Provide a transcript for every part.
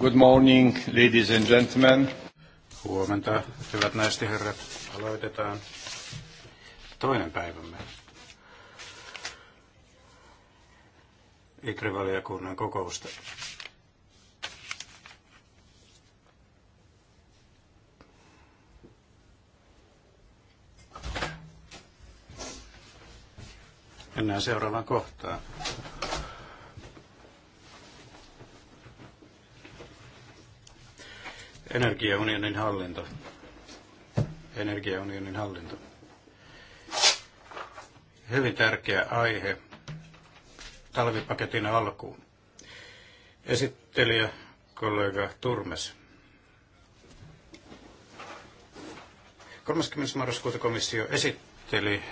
Good morning, ladies and gentlemen. Huomenta, hyvät naiset ja herrat. Aloitetaan toinen päivämme. Itrivaliokunnan e kokousta. Mennään seuraavaan kohtaan. Energiaunionin hallinto. Energiaunionin hallinto. Hyvin tärkeä aihe talvipaketin alkuun. Esittelijä kollega Turmes. 30. marraskuuta komissio esitteli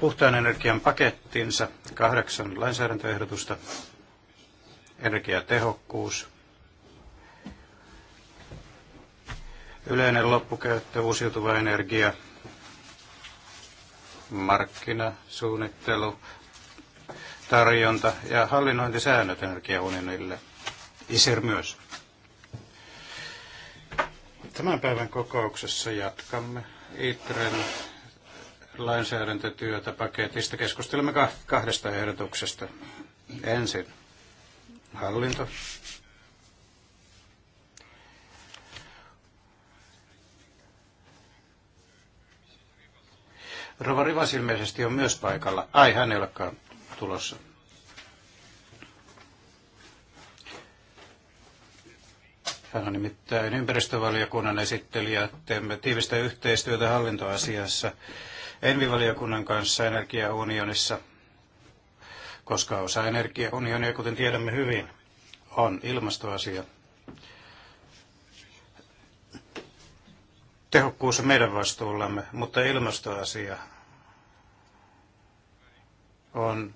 puhtaan energian pakettinsa kahdeksan lainsäädäntöehdotusta, energiatehokkuus, Yleinen loppukäyttö, uusiutuva energia, markkinasuunnittelu, tarjonta ja hallinnointisäännöt energiaunionille. ISER myös. Tämän päivän kokouksessa jatkamme ITREn lainsäädäntötyötä paketista. Keskustelemme kahdesta ehdotuksesta. Ensin hallinto Rova Rivas ilmeisesti on myös paikalla. Ai, hän ei olekaan tulossa. Hän on nimittäin ympäristövaliokunnan esittelijä. Teemme tiivistä yhteistyötä hallintoasiassa Envivaliokunnan kanssa energiaunionissa, koska osa energiaunionia, kuten tiedämme hyvin, on ilmastoasia – tehokkuus on meidän vastuullamme, mutta ilmastoasia on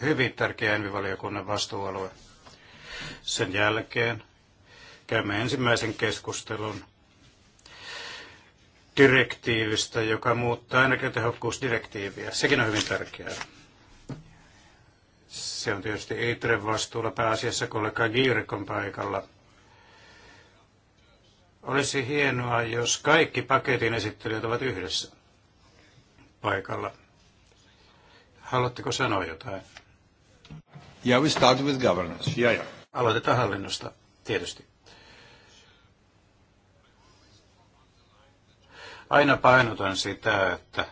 hyvin tärkeä envivaliokunnan vastuualue. Sen jälkeen käymme ensimmäisen keskustelun direktiivistä, joka muuttaa energiatehokkuusdirektiiviä. Sekin on hyvin tärkeää. Se on tietysti ITREn vastuulla pääasiassa kollega Giirikon paikalla – olisi hienoa, jos kaikki paketin esittelijät ovat yhdessä paikalla. Haluatteko sanoa jotain? Yeah, we start with governance. Yeah, yeah. Aloitetaan hallinnosta, tietysti. Aina painotan sitä, että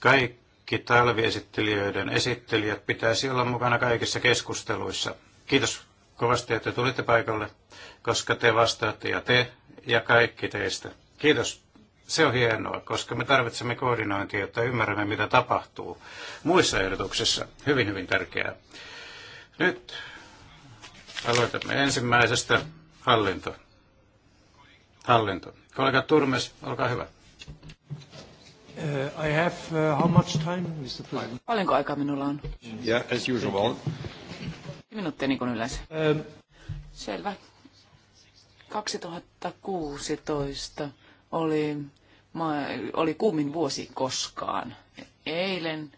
kaikki talviesittelijöiden esittelijät pitäisi olla mukana kaikissa keskusteluissa. Kiitos kovasti, että tulitte paikalle, koska te vastaatte ja te ja kaikki teistä. Kiitos. Se on hienoa, koska me tarvitsemme koordinointia, jotta ymmärrämme, mitä tapahtuu muissa ehdotuksissa. Hyvin, hyvin tärkeää. Nyt aloitamme ensimmäisestä hallinto. Hallinto. Kollega Turmes, olkaa hyvä. Uh, I have, uh, how much time, Mr. President? Paljonko aikaa minulla on? Yeah, as usual. Minuuttia niin kuin yleensä. Ähm. Selvä. 2016 oli, ma, oli kuumin vuosi koskaan. Eilen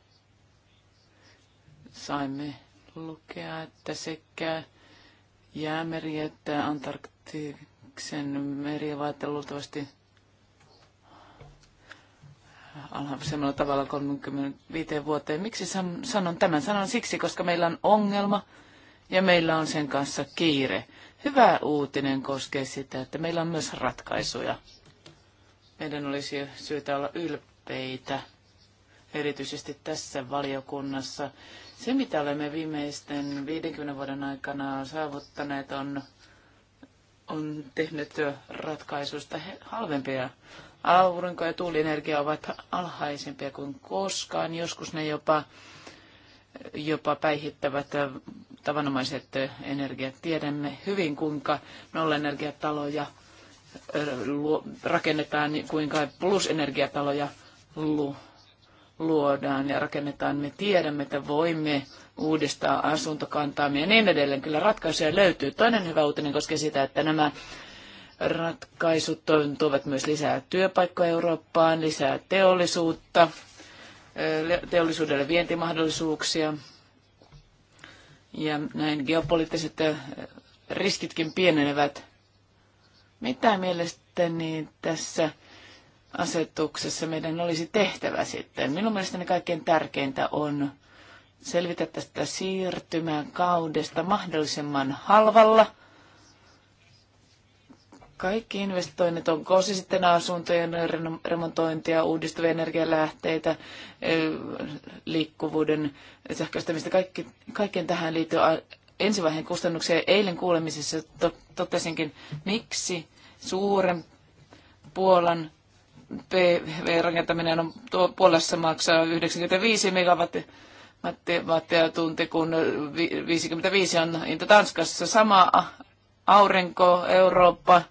saimme lukea, että sekä jäämeri että Antarktiksen meri ovat luultavasti alhaisemmalla tavalla 35 vuoteen. Miksi sanon tämän? Sanon siksi, koska meillä on ongelma – ja meillä on sen kanssa kiire. Hyvä uutinen koskee sitä, että meillä on myös ratkaisuja. Meidän olisi syytä olla ylpeitä, erityisesti tässä valiokunnassa. Se, mitä olemme viimeisten 50 vuoden aikana saavuttaneet, on, on tehnyt ratkaisusta halvempia. Aurinko- ja tuulienergia ovat alhaisempia kuin koskaan. Joskus ne jopa, jopa päihittävät tavanomaiset energiat. Tiedämme hyvin, kuinka nollaenergiataloja rakennetaan, kuinka plusenergiataloja luodaan ja rakennetaan. Me tiedämme, että voimme uudistaa asuntokantaamme ja niin edelleen. Kyllä ratkaisuja löytyy. Toinen hyvä uutinen koskee sitä, että nämä ratkaisut tuovat myös lisää työpaikkoja Eurooppaan, lisää teollisuutta, teollisuudelle vientimahdollisuuksia ja näin geopoliittiset riskitkin pienenevät. Mitä mielestäni tässä asetuksessa meidän olisi tehtävä sitten? Minun mielestäni kaikkein tärkeintä on selvitä tästä siirtymäkaudesta mahdollisimman halvalla – kaikki investoinnit, onko se sitten asuntojen remontointia, uudistuvia energialähteitä, liikkuvuuden sähköistämistä, kaikki, kaikkeen tähän liittyy ensivaiheen kustannuksia. Eilen kuulemisessa to, totesinkin, miksi suuren Puolan PV-rakentaminen on tuo Puolassa maksaa 95 megawattia wattia tunti, kun 55 on inta Tanskassa. Sama aurinko, Eurooppa,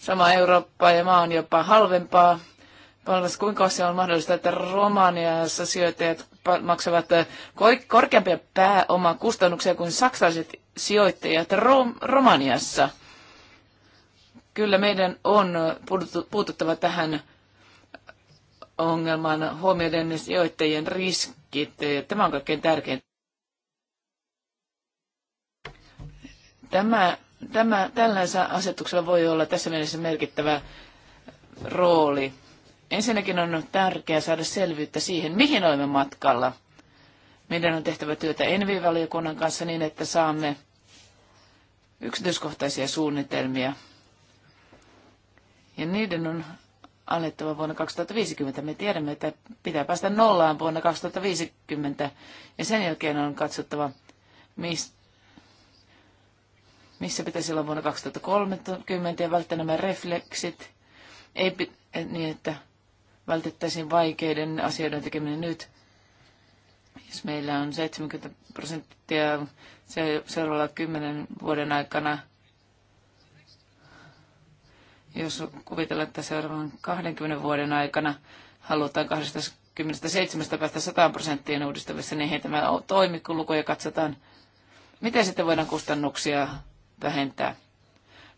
sama Eurooppa ja maa on jopa halvempaa. Palvelas, kuinka se on mahdollista, että Romaniassa sijoittajat maksavat eh, korkeampia pääomakustannuksia kuin saksalaiset sijoittajat Rom- Romaniassa? Kyllä meidän on puututtava tähän ongelmaan huomioiden sijoittajien riskit. Tämä on kaikkein tärkeintä. Tämä Tämä, tällaisella asetuksella voi olla tässä mielessä merkittävä rooli. Ensinnäkin on tärkeää saada selvyyttä siihen, mihin olemme matkalla. Meidän on tehtävä työtä Envi-valiokunnan kanssa niin, että saamme yksityiskohtaisia suunnitelmia. Ja niiden on alettava vuonna 2050. Me tiedämme, että pitää päästä nollaan vuonna 2050 ja sen jälkeen on katsottava, mistä missä pitäisi olla vuonna 2030 ja välttää nämä refleksit. Ei eh, niin, että vältettäisiin vaikeiden asioiden tekeminen nyt. Jos meillä on 70 prosenttia se, seuraavalla kymmenen vuoden aikana, jos kuvitellaan, että seuraavan 20 vuoden aikana halutaan 27 päästä 100 prosenttiin uudistavissa, niin ei tämä toimi, kun lukuja katsotaan. Miten sitten voidaan kustannuksia vähentää.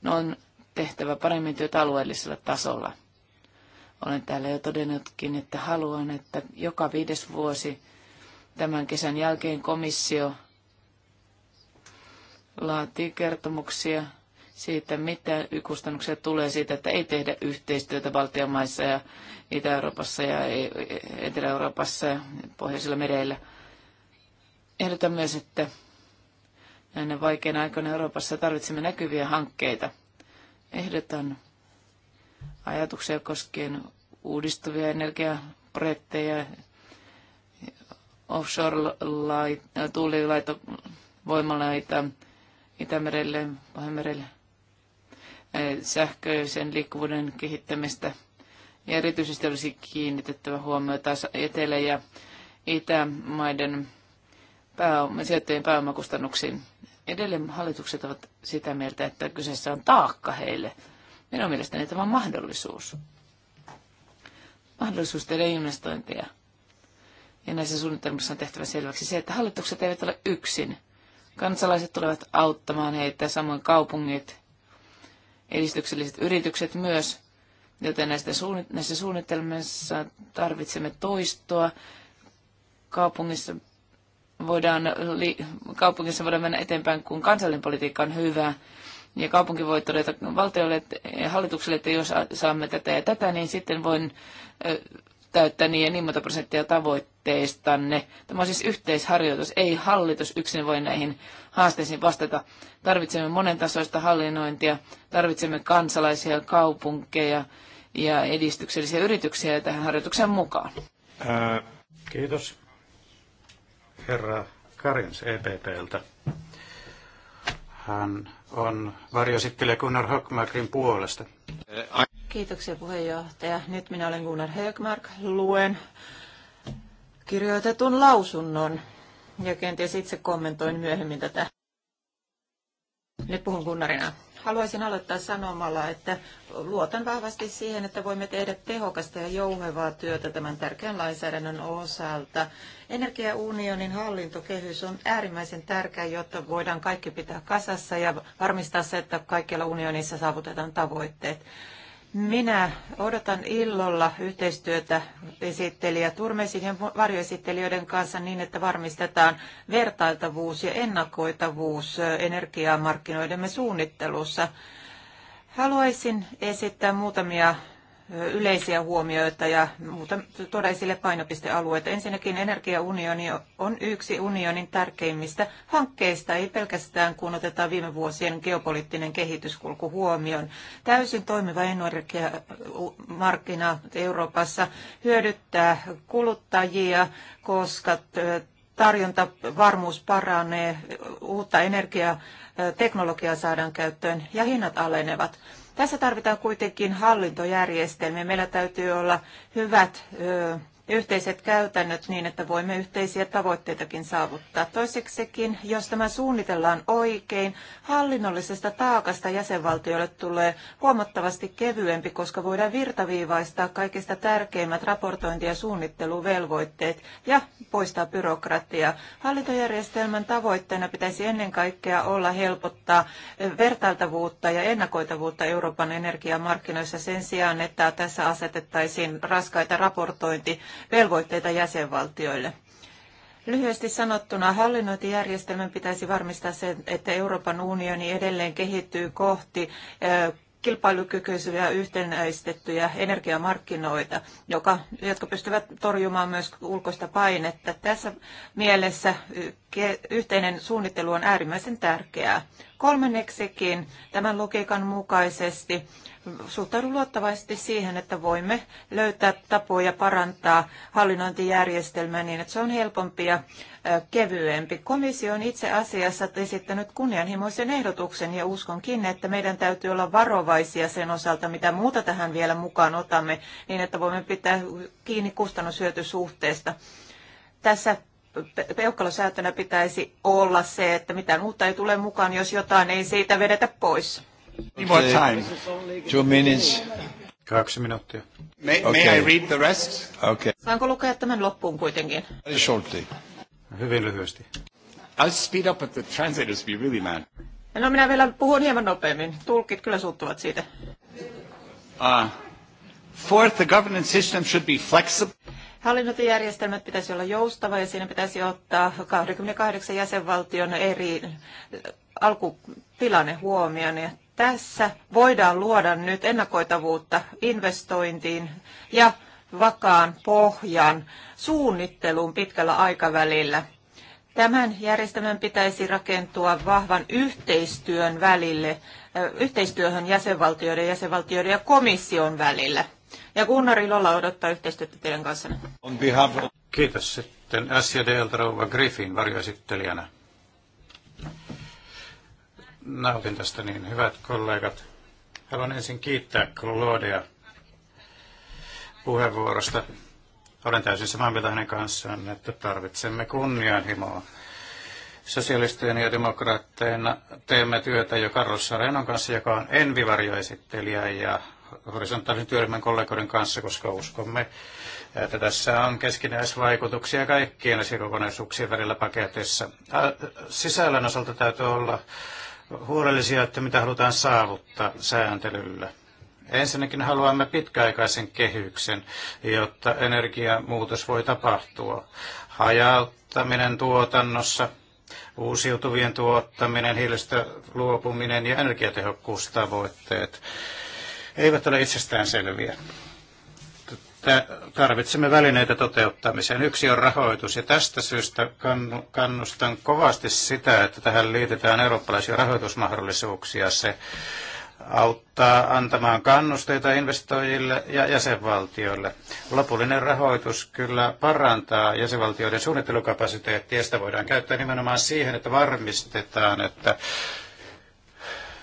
Ne no, on tehtävä paremmin työtä alueellisella tasolla. Olen täällä jo todennutkin, että haluan, että joka viides vuosi tämän kesän jälkeen komissio laatii kertomuksia siitä, mitä kustannuksia tulee siitä, että ei tehdä yhteistyötä Baltian maissa ja Itä-Euroopassa ja e- e- Etelä-Euroopassa ja Pohjoisilla mereillä. Ehdotan myös, että Näinä vaikeina aikoina Euroopassa tarvitsemme näkyviä hankkeita. Ehdotan ajatuksia koskien uudistuvia energiaprojekteja, offshore tuulilaitovoimalaita Itämerelle, Pohjanmerelle, sähköisen liikkuvuuden kehittämistä. Ja erityisesti olisi kiinnitettävä huomiota Etelä- ja Itämaiden pääoma, sijoittajien pääomakustannuksiin. Edelleen hallitukset ovat sitä mieltä, että kyseessä on taakka heille. Minun mielestäni tämä on mahdollisuus. Mahdollisuus tehdä investointeja. Ja näissä suunnitelmissa on tehtävä selväksi se, että hallitukset eivät ole yksin. Kansalaiset tulevat auttamaan heitä, samoin kaupungit, edistykselliset yritykset myös. Joten näissä suunnitelmissa tarvitsemme toistoa. Kaupungissa voidaan, kaupungissa voidaan mennä eteenpäin, kun kansallinen politiikka on hyvä. Ja kaupunki voi todeta valtiolle ja hallitukselle, että jos saamme tätä ja tätä, niin sitten voin täyttää niin ja niin monta prosenttia tavoitteistanne. Tämä on siis yhteisharjoitus, ei hallitus yksin voi näihin haasteisiin vastata. Tarvitsemme monen tasoista hallinnointia, tarvitsemme kansalaisia, kaupunkeja ja edistyksellisiä yrityksiä tähän harjoitukseen mukaan. Ää, kiitos herra Karins EPPltä. Hän on varjosittelijä Gunnar Högmarkin puolesta. Kiitoksia puheenjohtaja. Nyt minä olen Gunnar Högmark. Luen kirjoitetun lausunnon ja kenties itse kommentoin myöhemmin tätä. Nyt puhun Gunnarina. Haluaisin aloittaa sanomalla, että luotan vahvasti siihen, että voimme tehdä tehokasta ja jouhevaa työtä tämän tärkeän lainsäädännön osalta. Energiaunionin hallintokehys on äärimmäisen tärkeä, jotta voidaan kaikki pitää kasassa ja varmistaa se, että kaikkialla unionissa saavutetaan tavoitteet. Minä odotan illolla yhteistyötä esittelijä Turmesin ja varjoesittelijöiden kanssa niin, että varmistetaan vertailtavuus ja ennakoitavuus energiamarkkinoidemme suunnittelussa. Haluaisin esittää muutamia yleisiä huomioita ja muuta tuoda esille painopistealueita. Ensinnäkin energiaunioni on yksi unionin tärkeimmistä hankkeista, ei pelkästään kun otetaan viime vuosien geopoliittinen kehityskulku huomioon. Täysin toimiva energiamarkkina Euroopassa hyödyttää kuluttajia, koska tarjontavarmuus paranee, uutta energiateknologiaa saadaan käyttöön ja hinnat alenevat. Tässä tarvitaan kuitenkin hallintojärjestelmiä. Meillä täytyy olla hyvät yhteiset käytännöt niin, että voimme yhteisiä tavoitteitakin saavuttaa. Toiseksikin, jos tämä suunnitellaan oikein, hallinnollisesta taakasta jäsenvaltioille tulee huomattavasti kevyempi, koska voidaan virtaviivaistaa kaikista tärkeimmät raportointi- ja suunnitteluvelvoitteet ja poistaa byrokratiaa. Hallintojärjestelmän tavoitteena pitäisi ennen kaikkea olla helpottaa vertailtavuutta ja ennakoitavuutta Euroopan energiamarkkinoissa sen sijaan, että tässä asetettaisiin raskaita raportointi- velvoitteita jäsenvaltioille. Lyhyesti sanottuna hallinnointijärjestelmän pitäisi varmistaa sen, että Euroopan unioni edelleen kehittyy kohti kilpailukykyisiä yhtenäistettyjä energiamarkkinoita, joka, jotka pystyvät torjumaan myös ulkoista painetta. Tässä mielessä yhteinen suunnittelu on äärimmäisen tärkeää. Kolmanneksikin tämän logiikan mukaisesti suhtaudun luottavaisesti siihen, että voimme löytää tapoja parantaa hallinnointijärjestelmää niin, että se on helpompi ja kevyempi. Komissio on itse asiassa esittänyt kunnianhimoisen ehdotuksen ja uskonkin, että meidän täytyy olla varovaisia sen osalta, mitä muuta tähän vielä mukaan otamme, niin että voimme pitää kiinni kustannushyötysuhteesta. Tässä peukkalosäytönä pitäisi olla se, että mitään uutta ei tule mukaan, jos jotain ei siitä vedetä pois. Two minutes. Kaksi minuuttia. May, may okay. I read the rest? Okay. Saanko lukea tämän loppuun kuitenkin? Very shortly. Hyvin lyhyesti. I'll speed up, but the translators be really mad. No minä vielä puhun hieman nopeammin. Tulkit kyllä suuttuvat siitä. Uh, fourth, the governance system should be flexible. Hallinnointijärjestelmät pitäisi olla joustava ja siinä pitäisi ottaa 28 jäsenvaltion eri äh, alkutilanne huomioon ja tässä voidaan luoda nyt ennakoitavuutta investointiin ja vakaan pohjan suunnitteluun pitkällä aikavälillä. Tämän järjestelmän pitäisi rakentua vahvan yhteistyön välille, yhteistyöhön jäsenvaltioiden, jäsenvaltioiden ja komission välillä. Ja Gunnar Ilolla odottaa yhteistyötä teidän kanssanne. Kiitos sitten SJDltä Rouva Griffin varjoesittelijänä nautin tästä, niin hyvät kollegat. Haluan ensin kiittää Claudea puheenvuorosta. Olen täysin samaa mieltä hänen kanssaan, että tarvitsemme kunnianhimoa. Sosialistien ja demokraatteina teemme työtä jo Carlos Sarenon kanssa, joka on envivarjoesittelijä ja horisontaalisen työryhmän kollegoiden kanssa, koska uskomme, että tässä on keskinäisvaikutuksia kaikkien asiakokonaisuuksien välillä paketissa. Sisällön osalta täytyy olla huolellisia, että mitä halutaan saavuttaa sääntelyllä. Ensinnäkin haluamme pitkäaikaisen kehyksen, jotta energiamuutos voi tapahtua. Hajauttaminen tuotannossa, uusiutuvien tuottaminen, hiilestä luopuminen ja energiatehokkuustavoitteet eivät ole itsestään selviä tarvitsemme välineitä toteuttamiseen. Yksi on rahoitus ja tästä syystä kannustan kovasti sitä, että tähän liitetään eurooppalaisia rahoitusmahdollisuuksia. Se auttaa antamaan kannusteita investoijille ja jäsenvaltioille. Lopullinen rahoitus kyllä parantaa jäsenvaltioiden suunnittelukapasiteettia, sitä voidaan käyttää nimenomaan siihen, että varmistetaan, että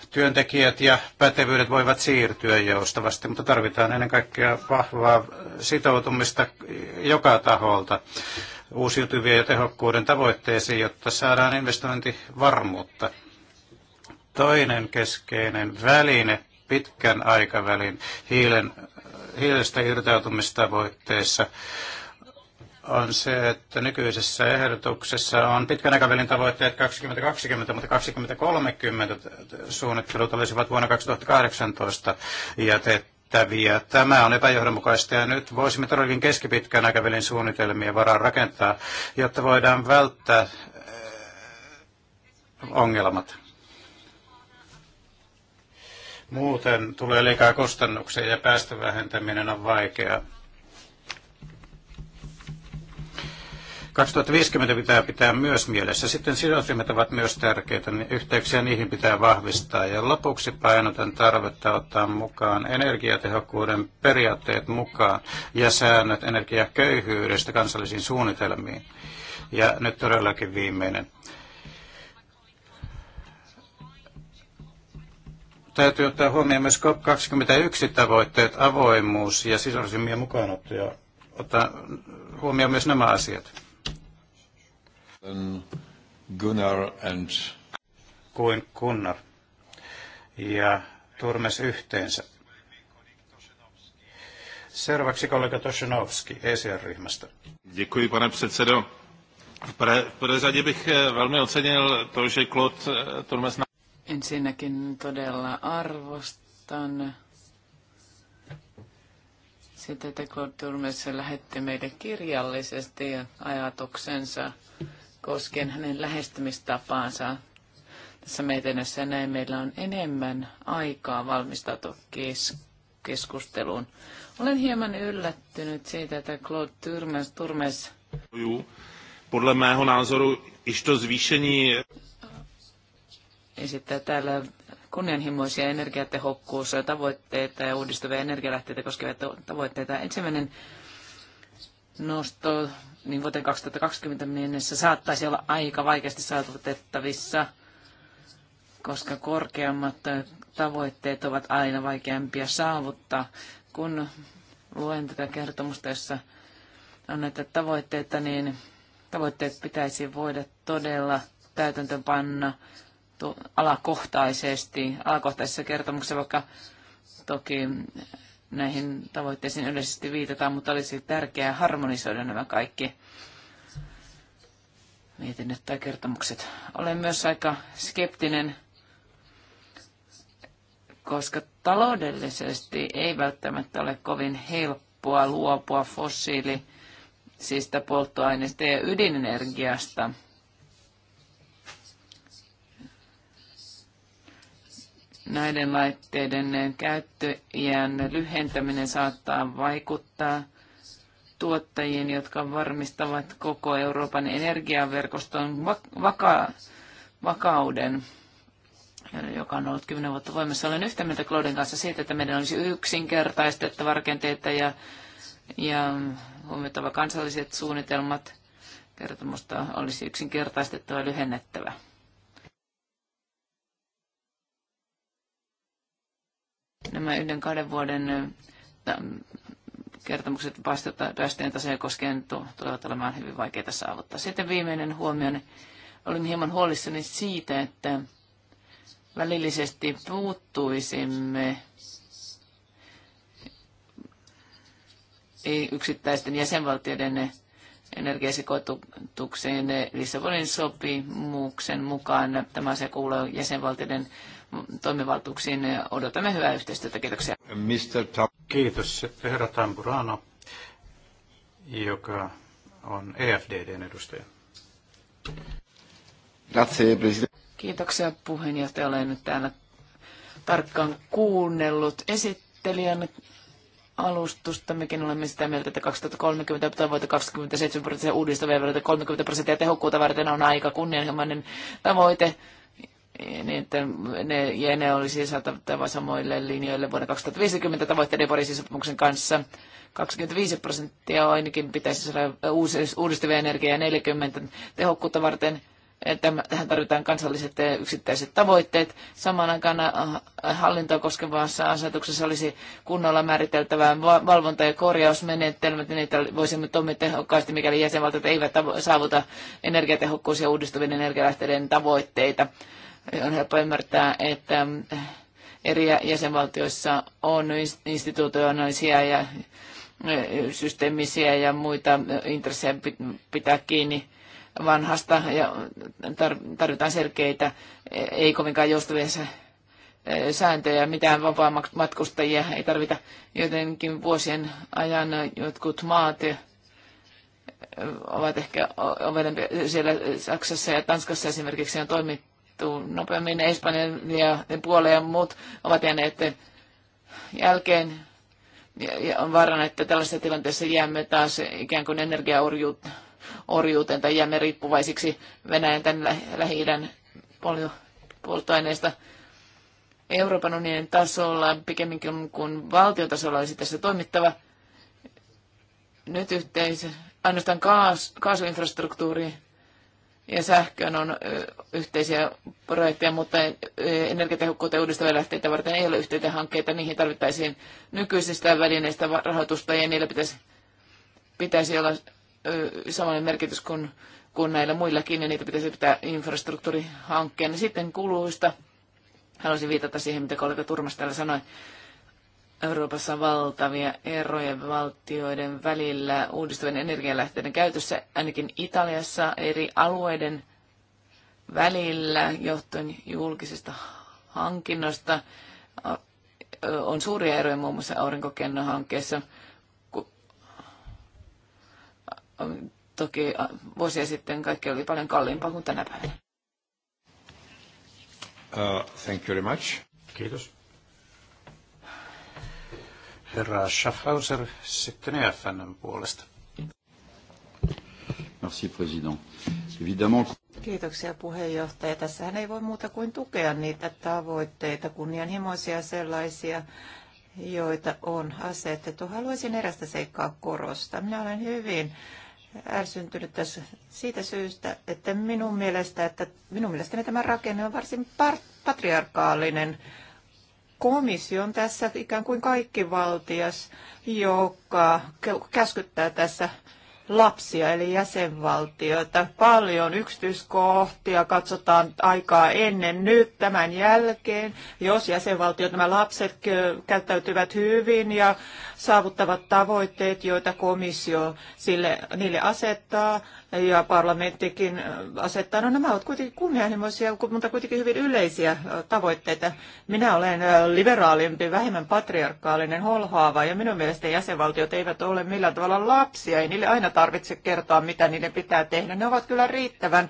työntekijät ja pätevyydet voivat siirtyä joustavasti, mutta tarvitaan ennen kaikkea vahvaa sitoutumista joka taholta uusiutuvien ja tehokkuuden tavoitteisiin, jotta saadaan investointivarmuutta. Toinen keskeinen väline pitkän aikavälin hiilen, hiilestä irtautumistavoitteissa on se, että nykyisessä ehdotuksessa on pitkän aikavälin tavoitteet 2020, mutta 2030 suunnittelut olisivat vuonna 2018 jätettäviä. Tämä on epäjohdonmukaista ja nyt voisimme todellakin keskipitkän aikavälin suunnitelmia varaa rakentaa, jotta voidaan välttää eh, ongelmat. Muuten tulee liikaa kustannuksia ja päästövähentäminen on vaikeaa. 2050 pitää pitää myös mielessä. Sitten sidosryhmät ovat myös tärkeitä, niin yhteyksiä niihin pitää vahvistaa. Ja lopuksi painotan tarvetta ottaa mukaan energiatehokkuuden periaatteet mukaan ja säännöt energiaköyhyydestä kansallisiin suunnitelmiin. Ja nyt todellakin viimeinen. Täytyy ottaa huomioon myös COP21 tavoitteet, avoimuus ja sisäryhmien mukaanotto ja ottaa huomioon myös nämä asiat. Gunnar and... Kuin Gunnar ja Turmes yhteensä. Seuraavaksi kollega Toshinovski ECR-ryhmästä. Děkuji, pane předsedo. V prvé řadě bych eh, velmi ocenil to, že Klot eh, Turmes... Ensinnäkin todella arvostan sitä, että Claude Turmes lähetti meille kirjallisesti ajatuksensa koskien hänen lähestymistapaansa tässä mietinnössä. Näin meillä on enemmän aikaa valmistautua keskusteluun. Olen hieman yllättynyt siitä, että Claude Turmes, Turmes podle mého názoru iž to zvýšení esittää täällä kunnianhimoisia tavoitteita ja uudistuvia energialähteitä koskevia tavoitteita. Ensimmäinen nosto niin vuoteen 2020 mennessä saattaisi olla aika vaikeasti saavutettavissa, koska korkeammat tavoitteet ovat aina vaikeampia saavuttaa. Kun luen tätä kertomusta, jossa on näitä tavoitteita, niin tavoitteet pitäisi voida todella täytäntöpanna alakohtaisesti, alakohtaisessa kertomuksessa, vaikka toki näihin tavoitteisiin yleisesti viitataan, mutta olisi tärkeää harmonisoida nämä kaikki mietinnöt tai kertomukset. Olen myös aika skeptinen, koska taloudellisesti ei välttämättä ole kovin helppoa luopua fossiili, siis polttoaineista ja ydinenergiasta – Näiden laitteiden käyttöiän lyhentäminen saattaa vaikuttaa tuottajien, jotka varmistavat koko Euroopan energiaverkoston vaka- vakauden, joka on ollut kymmenen vuotta voimassa. Olen yhtä mieltä Claudin kanssa siitä, että meidän olisi yksinkertaistettava rakenteita ja, ja huomioitava kansalliset suunnitelmat. Kertomusta olisi yksinkertaistettava ja lyhennettävä. Nämä yhden kahden vuoden kertomukset päästöjen tasoja koskien tulevat olemaan hyvin vaikeita saavuttaa. Sitten viimeinen huomio, niin olin hieman huolissani siitä, että välillisesti puuttuisimme yksittäisten jäsenvaltioiden energiasekoitukseen Lissabonin sopimuksen mukaan. Tämä asia kuuluu jäsenvaltioiden toimivaltuuksiin. Odotamme hyvää yhteistyötä. Kiitoksia. Mr. Kiitos. Herra Tamburano, joka on EFDDn edustaja. Kiitoksia puheenjohtaja. Olen nyt täällä tarkkaan kuunnellut esittelijän alustusta. Mekin olemme sitä mieltä, että 2030 tavoite 27 prosenttia uudistavia 30 prosenttia tehokkuutta varten on aika kunnianhimoinen tavoite niin että ne, ja ne olisi siis saatava samoille linjoille vuonna 2050 tavoitteiden Pariisin sopimuksen kanssa. 25 prosenttia ainakin pitäisi saada uudistuvia energiaa 40 tehokkuutta varten. Tähän tarvitaan kansalliset yksittäiset tavoitteet. Samaan aikaan äh, hallintoa koskevassa asetuksessa olisi kunnolla määriteltävää valvonta- ja korjausmenetelmät, niin niitä voisimme toimia tehokkaasti, mikäli jäsenvaltiot eivät saavuta energiatehokkuus- ja uudistuvien energialähteiden tavoitteita. On helppo ymmärtää, että eh, eri jäsenvaltioissa on institutionaalisia ja eh, systeemisiä ja muita eh, intressejä pitää kiinni vanhasta ja tarvitaan selkeitä, ei kovinkaan joustavia sääntöjä, mitään vapaa matkustajia ei tarvita. Jotenkin vuosien ajan jotkut maat ovat ehkä siellä Saksassa ja Tanskassa esimerkiksi on toimittu saavutettu nopeammin. Espanjan ja Puola ja muut ovat jääneet jälkeen. Ja on varana, että tällaisessa tilanteessa jäämme taas ikään kuin energiaorjuuteen tai jäämme riippuvaisiksi Venäjän tämän Lähi-idän polttoaineista. Euroopan unionin tasolla, pikemminkin kuin valtiotasolla olisi tässä toimittava. Nyt yhteisö, ainoastaan kaas, kaasuinfrastruktuuri ja sähköön on yhteisiä projekteja, mutta energiatehokkuuteen uudistavia lähteitä varten ei ole yhteitä hankkeita. Niihin tarvittaisiin nykyisistä välineistä rahoitusta ja niillä pitäisi, pitäisi olla samanlainen merkitys kuin, kuin näillä muillakin ja niitä pitäisi pitää infrastruktuurihankkeena. Sitten kuluista. Haluaisin viitata siihen, mitä kollega Turmas täällä sanoi. Euroopassa valtavia eroja valtioiden välillä uudistuvien energialähteiden käytössä, ainakin Italiassa eri alueiden välillä johtuen julkisista hankinnoista. On suuria eroja muun muassa aurinkokennon hankkeessa. Toki vuosia sitten kaikki oli paljon kalliimpaa kuin tänä päivänä. Uh, thank you very much. Kiitos. Herra Schaffhauser sitten EFNn puolesta. Merci, president. Évidemment... Kiitoksia puheenjohtaja. Tässähän ei voi muuta kuin tukea niitä tavoitteita, kunnianhimoisia sellaisia, joita on asetettu. Haluaisin erästä seikkaa korostaa. Minä olen hyvin ärsyntynyt tässä siitä syystä, että minun, mielestä, että minun mielestäni tämä rakenne on varsin patriarkaalinen komissio on tässä ikään kuin kaikki valtias, joka käskyttää tässä lapsia eli jäsenvaltioita. Paljon yksityiskohtia katsotaan aikaa ennen nyt tämän jälkeen. Jos jäsenvaltiot, nämä lapset käyttäytyvät hyvin ja saavuttavat tavoitteet, joita komissio sille, niille asettaa, ja parlamenttikin asettaa. No nämä ovat kuitenkin kunnianhimoisia, mutta kuitenkin hyvin yleisiä tavoitteita. Minä olen liberaalimpi, vähemmän patriarkaalinen, holhaava ja minun mielestäni jäsenvaltiot eivät ole millään tavalla lapsia. Ei niille aina tarvitse kertoa, mitä niiden pitää tehdä. Ne ovat kyllä riittävän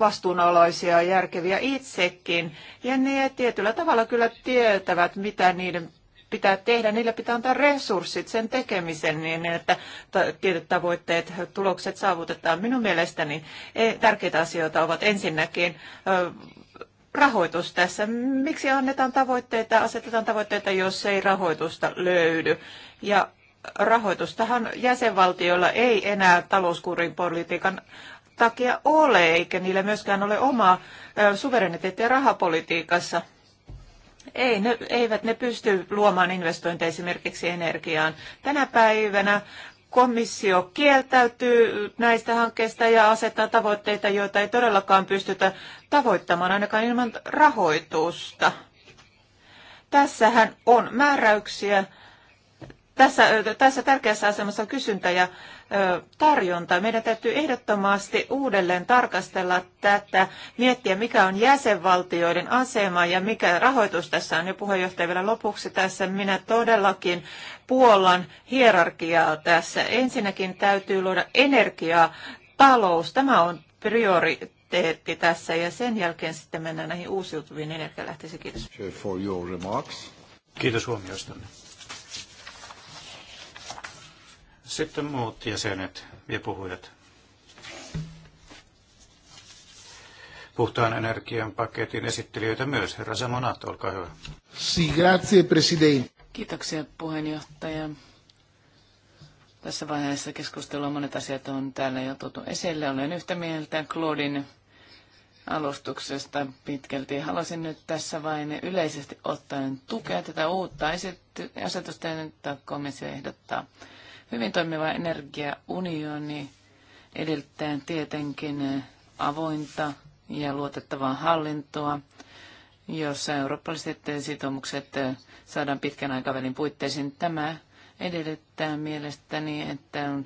vastuunalaisia ja järkeviä itsekin. Ja ne tietyllä tavalla kyllä tietävät, mitä niiden pitää tehdä, niille pitää antaa resurssit sen tekemisen niin, että tietyt tavoitteet, tulokset saavutetaan. Minun mielestäni e, tärkeitä asioita ovat ensinnäkin rahoitus tässä. Miksi annetaan tavoitteita, asetetaan tavoitteita, jos ei rahoitusta löydy? Ja rahoitustahan jäsenvaltioilla ei enää talouskurin politiikan takia ole, eikä niillä myöskään ole omaa suvereniteettia rahapolitiikassa. Ei, ne, eivät ne pysty luomaan investointeja esimerkiksi energiaan. Tänä päivänä komissio kieltäytyy näistä hankkeista ja asettaa tavoitteita, joita ei todellakaan pystytä tavoittamaan ainakaan ilman rahoitusta. Tässähän on määräyksiä, tässä, tässä tärkeässä asemassa on kysyntä ja tarjonta. Meidän täytyy ehdottomasti uudelleen tarkastella tätä, miettiä mikä on jäsenvaltioiden asema ja mikä rahoitus tässä on. Ja puheenjohtaja vielä lopuksi tässä, minä todellakin puolan hierarkiaa tässä. Ensinnäkin täytyy luoda energiaa, talous, tämä on prioriteetti tässä ja sen jälkeen sitten mennään näihin uusiutuviin energialähteisiin. Kiitos. Kiitos huomioistanne. Sitten muut jäsenet ja puhujat. Puhtaan energian paketin esittelijöitä myös. Herra Samonat, olkaa hyvä. Si, grazie, president. Kiitoksia puheenjohtaja. Tässä vaiheessa keskustelua monet asiat on täällä jo tuotu esille. Olen yhtä mieltä Claudin alustuksesta pitkälti. Haluaisin nyt tässä vain yleisesti ottaen tukea tätä uutta asetusta, jota komissio ehdottaa. Hyvin toimiva energiaunioni edellyttää tietenkin avointa ja luotettavaa hallintoa, jossa eurooppalaiset sitoumukset saadaan pitkän aikavälin puitteisiin. Tämä edellyttää mielestäni, että on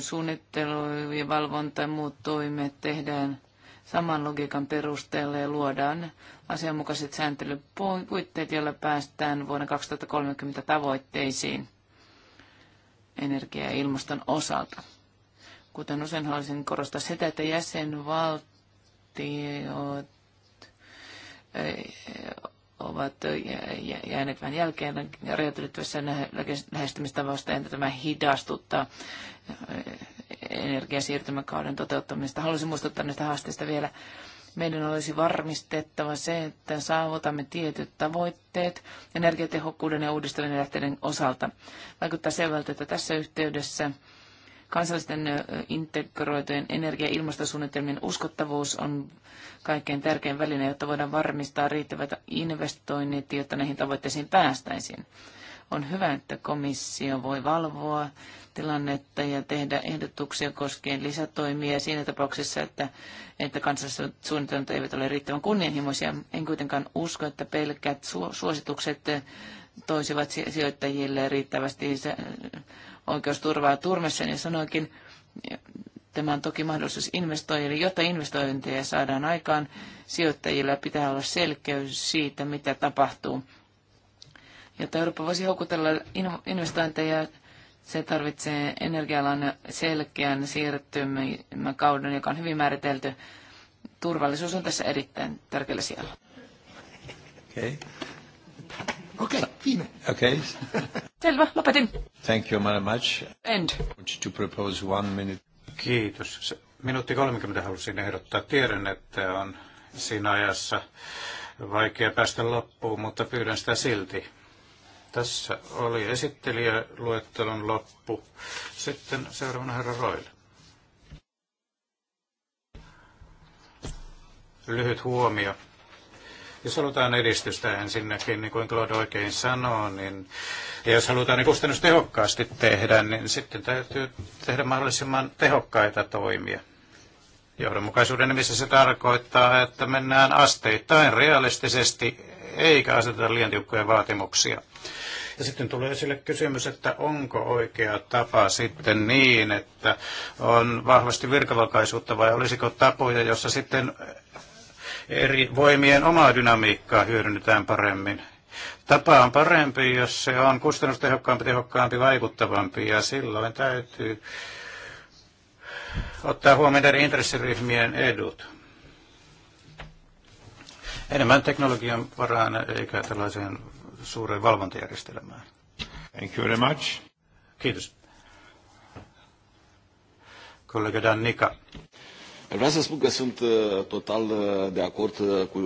suunnittelu ja valvonta ja muut toimet tehdään saman logiikan perusteella ja luodaan asianmukaiset sääntelypuitteet, joilla päästään vuonna 2030 tavoitteisiin energia- ja ilmaston osalta. Kuten usein haluaisin korostaa sitä, että jäsenvaltiot eh, ovat jääneet vähän jälkeen rajoitettavissa lähestymistavasta, entä tämä hidastuttaa eh, energiasiirtymäkauden toteuttamista. Haluaisin muistuttaa näistä haasteista vielä. Meidän olisi varmistettava se, että saavutamme tietyt tavoitteet energiatehokkuuden ja uudistuvien lähteiden osalta. Vaikuttaa selvältä, että tässä yhteydessä kansallisten integroitujen energia- ja ilmastosuunnitelmien uskottavuus on kaikkein tärkein väline, jotta voidaan varmistaa riittävät investoinnit, jotta näihin tavoitteisiin päästäisiin. On hyvä, että komissio voi valvoa tilannetta ja tehdä ehdotuksia koskien lisätoimia siinä tapauksessa, että, että kansalliset suunnitelmat eivät ole riittävän kunnianhimoisia. En kuitenkaan usko, että pelkät suositukset toisivat sijoittajille riittävästi oikeusturvaa turmessa, niin sanoinkin, tämä on toki mahdollisuus investoijille. Jotta investointeja saadaan aikaan, sijoittajilla pitää olla selkeys siitä, mitä tapahtuu. Jotta Eurooppa voisi houkutella investointeja, se tarvitsee energialan selkeän siirtymäkauden, joka on hyvin määritelty. Turvallisuus on tässä erittäin tärkeällä siellä. Okei. Okay. Okei, okay, viime. Okei. Okay. Selvä, lopetin. Thank you very much. End. Would you propose one minute? Kiitos. Minuutti 30 halusin ehdottaa. Tiedän, että on siinä ajassa vaikea päästä loppuun, mutta pyydän sitä silti. Tässä oli esittelijäluettelon loppu. Sitten seuraavana herra Roille. Lyhyt huomio. Jos halutaan edistystä ensinnäkin, niin kuin Claude oikein sanoo, niin ja jos halutaan niin kustannustehokkaasti tehdä, niin sitten täytyy tehdä mahdollisimman tehokkaita toimia. Johdonmukaisuuden nimissä se tarkoittaa, että mennään asteittain realistisesti eikä aseteta liian tiukkoja vaatimuksia. Ja sitten tulee esille kysymys, että onko oikea tapa sitten niin, että on vahvasti virkavakaisuutta vai olisiko tapoja, jossa sitten eri voimien omaa dynamiikkaa hyödynnetään paremmin. Tapa on parempi, jos se on kustannustehokkaampi, tehokkaampi, vaikuttavampi ja silloin täytyy ottaa huomioon eri intressiryhmien edut. Enemmän teknologian varaan eikä tällaiseen suureen valvontajärjestelmään. Thank you very much. Kiitos. Kollega Dan Nika. Vreau să spun că sunt uh, total uh, de acord uh, cu...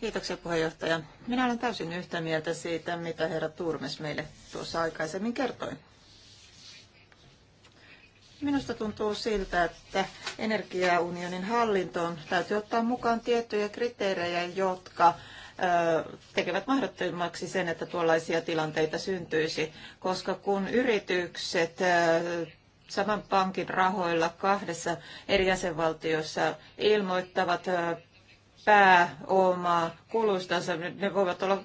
Kiitoksia puheenjohtaja. Minä olen täysin yhtä mieltä siitä, mitä herra Turmes meille tuossa aikaisemmin kertoi. Minusta tuntuu siltä, että energiaunionin hallintoon täytyy ottaa mukaan tiettyjä kriteerejä, jotka tekevät mahdottomaksi sen, että tuollaisia tilanteita syntyisi, koska kun yritykset saman pankin rahoilla kahdessa eri jäsenvaltiossa ilmoittavat pääomaa kulustansa, ne voivat olla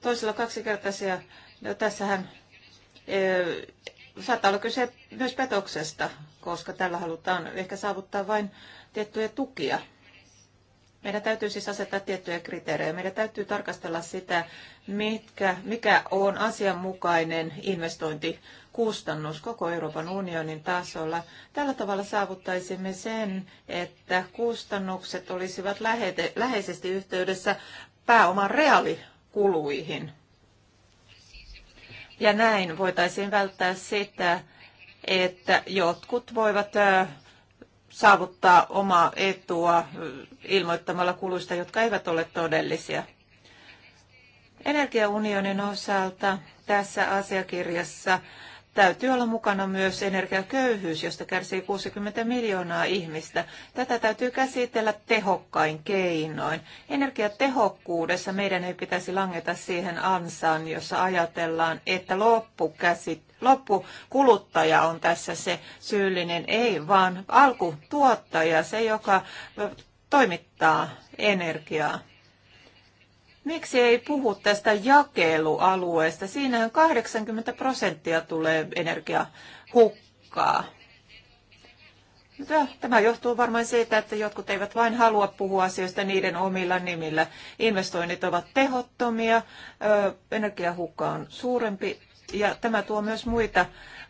toisella kaksikertaisia. No, tässähän saattaa olla kyse myös petoksesta, koska tällä halutaan ehkä saavuttaa vain tiettyjä tukia. Meidän täytyy siis asettaa tiettyjä kriteerejä. Meidän täytyy tarkastella sitä, mitkä, mikä on asianmukainen investointikustannus koko Euroopan unionin tasolla. Tällä tavalla saavuttaisimme sen, että kustannukset olisivat lähete, läheisesti yhteydessä pääoman reaalikuluihin. Ja näin voitaisiin välttää sitä, että jotkut voivat saavuttaa omaa etua ilmoittamalla kuluista, jotka eivät ole todellisia. Energiaunionin osalta tässä asiakirjassa täytyy olla mukana myös energiaköyhyys, josta kärsii 60 miljoonaa ihmistä. Tätä täytyy käsitellä tehokkain keinoin. Energiatehokkuudessa meidän ei pitäisi langeta siihen ansaan, jossa ajatellaan, että loppukäsit loppukuluttaja on tässä se syyllinen, ei vaan alkutuottaja, se joka toimittaa energiaa. Miksi ei puhu tästä jakelualueesta? Siinähän 80 prosenttia tulee energiahukkaa. Tämä johtuu varmaan siitä, että jotkut eivät vain halua puhua asioista niiden omilla nimillä. Investoinnit ovat tehottomia, energiahukka on suurempi ja tämä tuo myös muita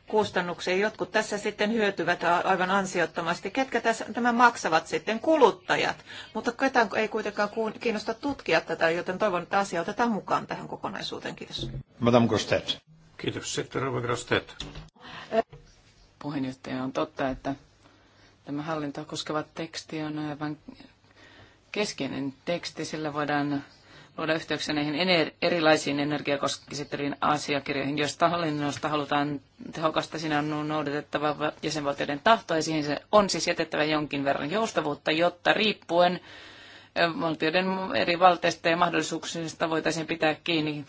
kustannuksia. Jotkut tässä sitten hyötyvät aivan ansiottomasti. Ketkä tässä, tämä maksavat sitten? Kuluttajat. Mutta ketään ei kuitenkaan kiinnosta tutkia tätä, joten toivon, että asia otetaan mukaan tähän kokonaisuuteen. Kiitos. Madame Grostet. Kiitos. Sitten Rova Grostet. Puheenjohtaja, on totta, että tämä hallintoa koskeva teksti on aivan keskeinen teksti. Sillä voidaan luoda yhteyksiä näihin ener- erilaisiin energiakoskisittelin asiakirjoihin. joista hallinnosta halutaan tehokasta, siinä on noudatettava jäsenvaltioiden tahto, ja siihen se on siis jätettävä jonkin verran joustavuutta, jotta riippuen valtioiden eri valteista ja mahdollisuuksista voitaisiin pitää kiinni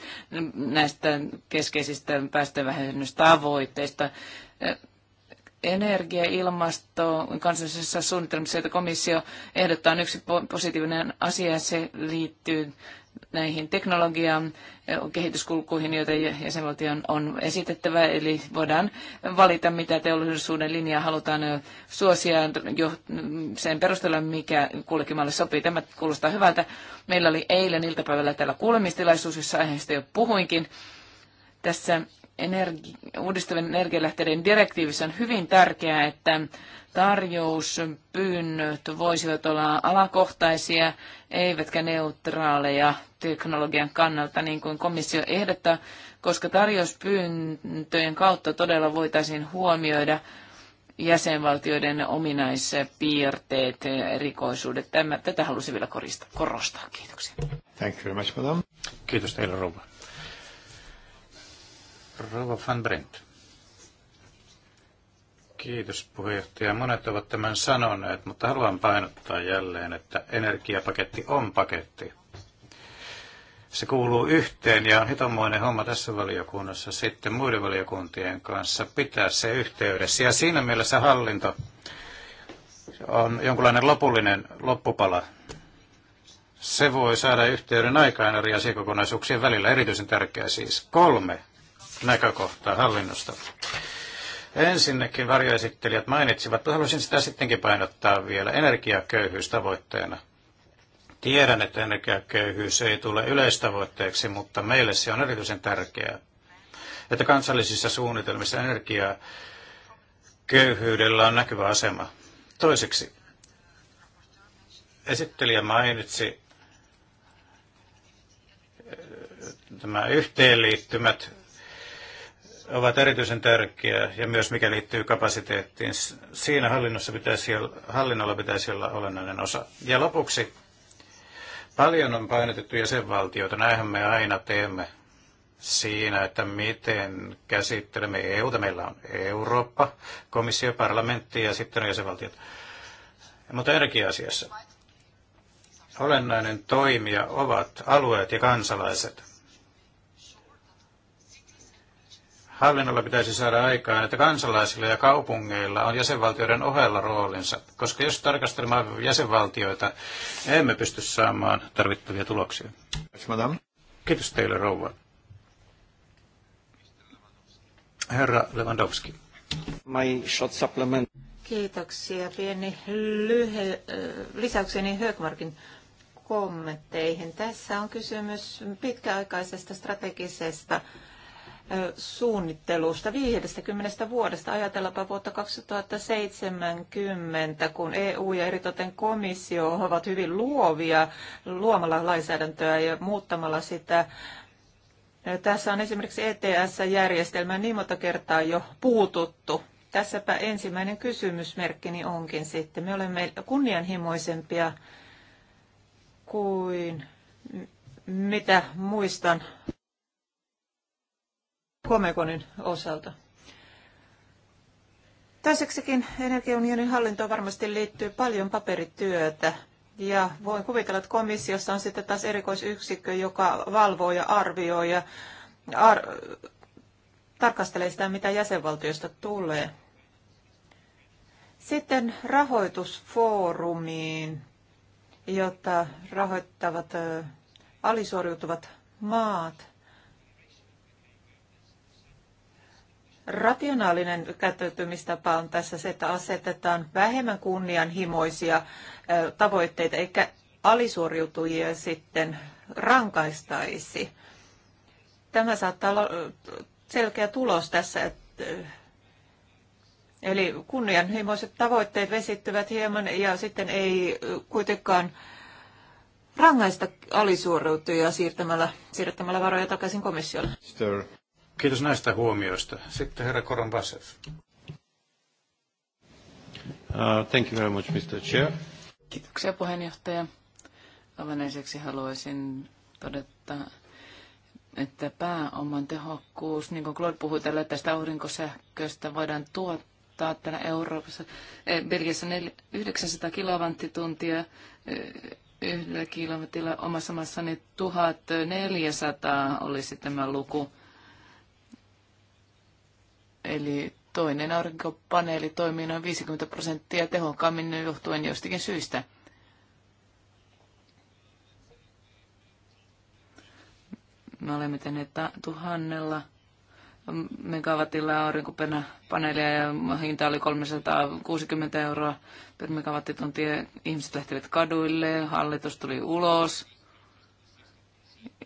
näistä keskeisistä päästövähennystavoitteista. Energia, ilmasto, kansallisessa suunnitelmassa, jota komissio ehdottaa on yksi positiivinen asia, se liittyy näihin teknologiaan, kehityskulkuihin, joita jäsenvaltion on esitettävä. Eli voidaan valita, mitä teollisuuden linjaa halutaan suosia jo sen perusteella, mikä kulkimalle sopii. Tämä kuulostaa hyvältä. Meillä oli eilen iltapäivällä täällä kuulemistilaisuus, jossa aiheesta jo puhuinkin. Tässä energi- uudistuvien energialähteiden direktiivissä on hyvin tärkeää, että tarjouspyynnöt voisivat olla alakohtaisia, eivätkä neutraaleja teknologian kannalta, niin kuin komissio ehdottaa, koska tarjouspyyntöjen kautta todella voitaisiin huomioida jäsenvaltioiden ominaispiirteet, erikoisuudet. Tämä, tätä halusin vielä korista, korostaa. Kiitoksia. Thank you very much, madam. Kiitos teille, rouva. Rouva van Brent. Kiitos puheenjohtaja. Monet ovat tämän sanoneet, mutta haluan painottaa jälleen, että energiapaketti on paketti. Se kuuluu yhteen ja on hitomoinen homma tässä valiokunnassa sitten muiden valiokuntien kanssa pitää se yhteydessä. Ja siinä mielessä hallinto on jonkinlainen lopullinen loppupala. Se voi saada yhteyden aikaan eri asiakokonaisuuksien välillä, erityisen tärkeä siis. Kolme näkökohtaa hallinnosta. Ensinnäkin varjoesittelijät mainitsivat, mutta haluaisin sitä sittenkin painottaa vielä, energiaköyhyys tavoitteena. Tiedän, että energiaköyhyys ei tule yleistavoitteeksi, mutta meille se on erityisen tärkeää, että kansallisissa suunnitelmissa energiaköyhyydellä on näkyvä asema. Toiseksi, esittelijä mainitsi äh, nämä yhteenliittymät ovat erityisen tärkeä ja myös mikä liittyy kapasiteettiin. Siinä hallinnossa pitäisi, hallinnolla pitäisi olla olennainen osa. Ja lopuksi paljon on painotettu jäsenvaltioita. Näinhän me aina teemme siinä, että miten käsittelemme EUta. Meillä on Eurooppa, komissio, parlamentti ja sitten on jäsenvaltiot. Mutta energia-asiassa olennainen toimija ovat alueet ja kansalaiset hallinnolla pitäisi saada aikaan, että kansalaisilla ja kaupungeilla on jäsenvaltioiden ohella roolinsa, koska jos tarkastelemme jäsenvaltioita, emme pysty saamaan tarvittavia tuloksia. Kiitos teille, rouva. Herra Lewandowski. My short supplement. Kiitoksia. Pieni lyhe, lisäykseni Högmarkin kommentteihin. Tässä on kysymys pitkäaikaisesta strategisesta suunnittelusta 50 vuodesta. Ajatellaanpa vuotta 2070, kun EU ja eritoten komissio ovat hyvin luovia luomalla lainsäädäntöä ja muuttamalla sitä. Tässä on esimerkiksi ets järjestelmä niin monta kertaa jo puututtu. Tässäpä ensimmäinen kysymysmerkkini onkin sitten. Me olemme kunnianhimoisempia kuin mitä muistan Komekonin osalta. Toiseksikin energiaunionin hallintoon varmasti liittyy paljon paperityötä. Ja voin kuvitella, että komissiossa on sitten taas erikoisyksikkö, joka valvoo ja arvioi ja ar- tarkastelee sitä, mitä jäsenvaltioista tulee. Sitten rahoitusfoorumiin, jota rahoittavat alisuoriutuvat maat – rationaalinen käyttäytymistapa on tässä se, että asetetaan vähemmän kunnianhimoisia tavoitteita, eikä alisuoriutujia sitten rankaistaisi. Tämä saattaa olla selkeä tulos tässä, että Eli kunnianhimoiset tavoitteet vesittyvät hieman ja sitten ei kuitenkaan rangaista alisuoriutujia siirtämällä, siirtämällä varoja takaisin komissiolle. Kiitos näistä huomioista. Sitten herra Koron Uh, thank you very much, Mr. Chair. Kiitoksia puheenjohtaja. Aivan ensiksi haluaisin todeta, että pääoman tehokkuus, niin kuin Claude puhui tällä tästä aurinkosähköstä, voidaan tuottaa täällä Euroopassa, eh, Belgiassa 900 kilowattituntia eh, yhdellä kilometrillä omassa maassani 1400 olisi tämä luku. Eli toinen aurinkopaneeli toimii noin 50 prosenttia tehokkaammin johtuen jostakin syistä. Me olemme tehneet tuhannella megawattilla aurinkopaneelia ja hinta oli 360 euroa per megawattitunti. Ihmiset lähtivät kaduille, hallitus tuli ulos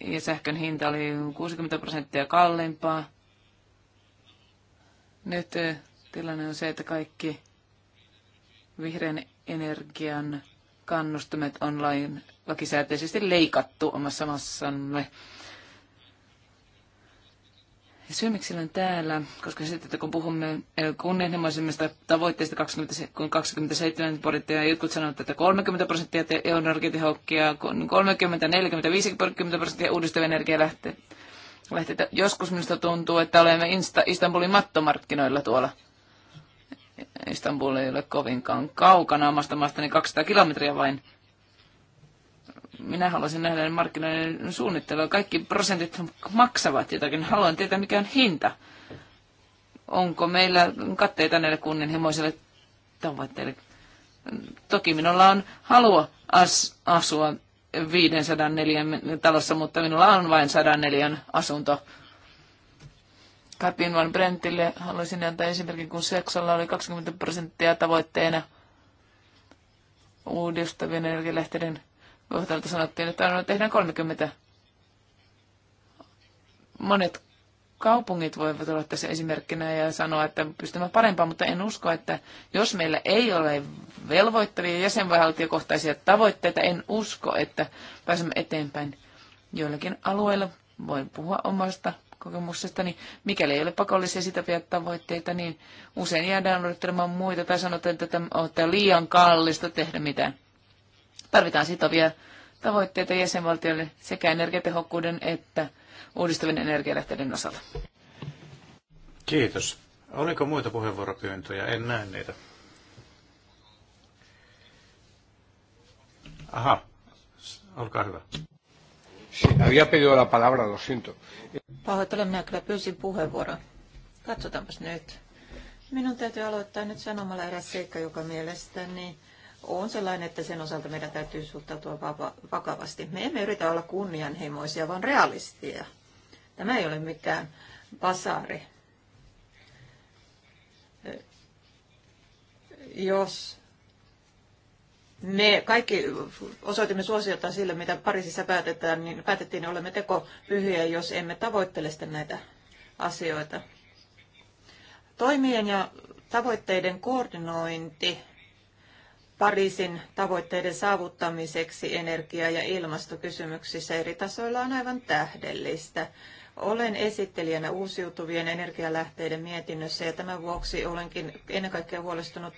ja sähkön hinta oli 60 prosenttia kalliimpaa nyt eh, tilanne on se, että kaikki vihreän energian kannustimet on lain lakisääteisesti leikattu omassa massamme. Ja syy, miksi olen täällä, koska sitten, että kun puhumme eh, kunnianhimoisemmista tavoitteista 20, kun 27 prosenttia, ja jotkut sanovat, että 30 prosenttia energiatehokkia, 30, 40, 50 prosenttia uudistuvia energialähteitä Lähtetä. Joskus minusta tuntuu, että olemme Insta- Istanbulin mattomarkkinoilla tuolla. Istanbul ei ole kovinkaan kaukana omasta maastani 200 kilometriä vain. Minä haluaisin nähdä markkinoiden suunnittelua. Kaikki prosentit maksavat jotakin. Haluan tietää, mikä on hinta. Onko meillä katteita näille kunnianhimoisille tavoitteille? Toki minulla on halua asua 504 talossa, mutta minulla on vain 104 asunto. Katrin van Brentille haluaisin antaa esimerkin, kun seksolla oli 20 prosenttia tavoitteena uudistavien energialähteiden kohdalta sanottiin, että tehdään 30. Monet kaupungit voivat olla tässä esimerkkinä ja sanoa, että pystymme parempaan, mutta en usko, että jos meillä ei ole velvoittavia jäsenvaltiokohtaisia tavoitteita, en usko, että pääsemme eteenpäin joillakin alueilla. Voin puhua omasta kokemuksestani, niin mikäli ei ole pakollisia sitäviä tavoitteita, niin usein jäädään odottelemaan muita tai sanotaan, että tämä on liian kallista tehdä mitään. Tarvitaan sitovia tavoitteita jäsenvaltioille sekä energiatehokkuuden että uudistuvien energialähteiden osalta. Kiitos. Oliko muita puheenvuoropyyntöjä? En näe niitä. Aha, olkaa hyvä. Había pedido la palabra, lo siento. Pahoittelen, minä kyllä pyysin puheenvuoron. Katsotaanpas nyt. Minun täytyy aloittaa nyt sanomalla eräs seikka, joka mielestäni on sellainen, että sen osalta meidän täytyy suhtautua vakavasti. Me emme yritä olla kunnianhimoisia, vaan realistia. Tämä ei ole mikään basaari. Jos me kaikki osoitimme suosiota sille, mitä Pariisissa päätetään, niin päätettiin, että olemme tekopyhiä, jos emme tavoittele sitten näitä asioita. Toimien ja tavoitteiden koordinointi Pariisin tavoitteiden saavuttamiseksi energia- ja ilmastokysymyksissä eri tasoilla on aivan tähdellistä. Olen esittelijänä uusiutuvien energialähteiden mietinnössä ja tämän vuoksi olenkin ennen kaikkea huolestunut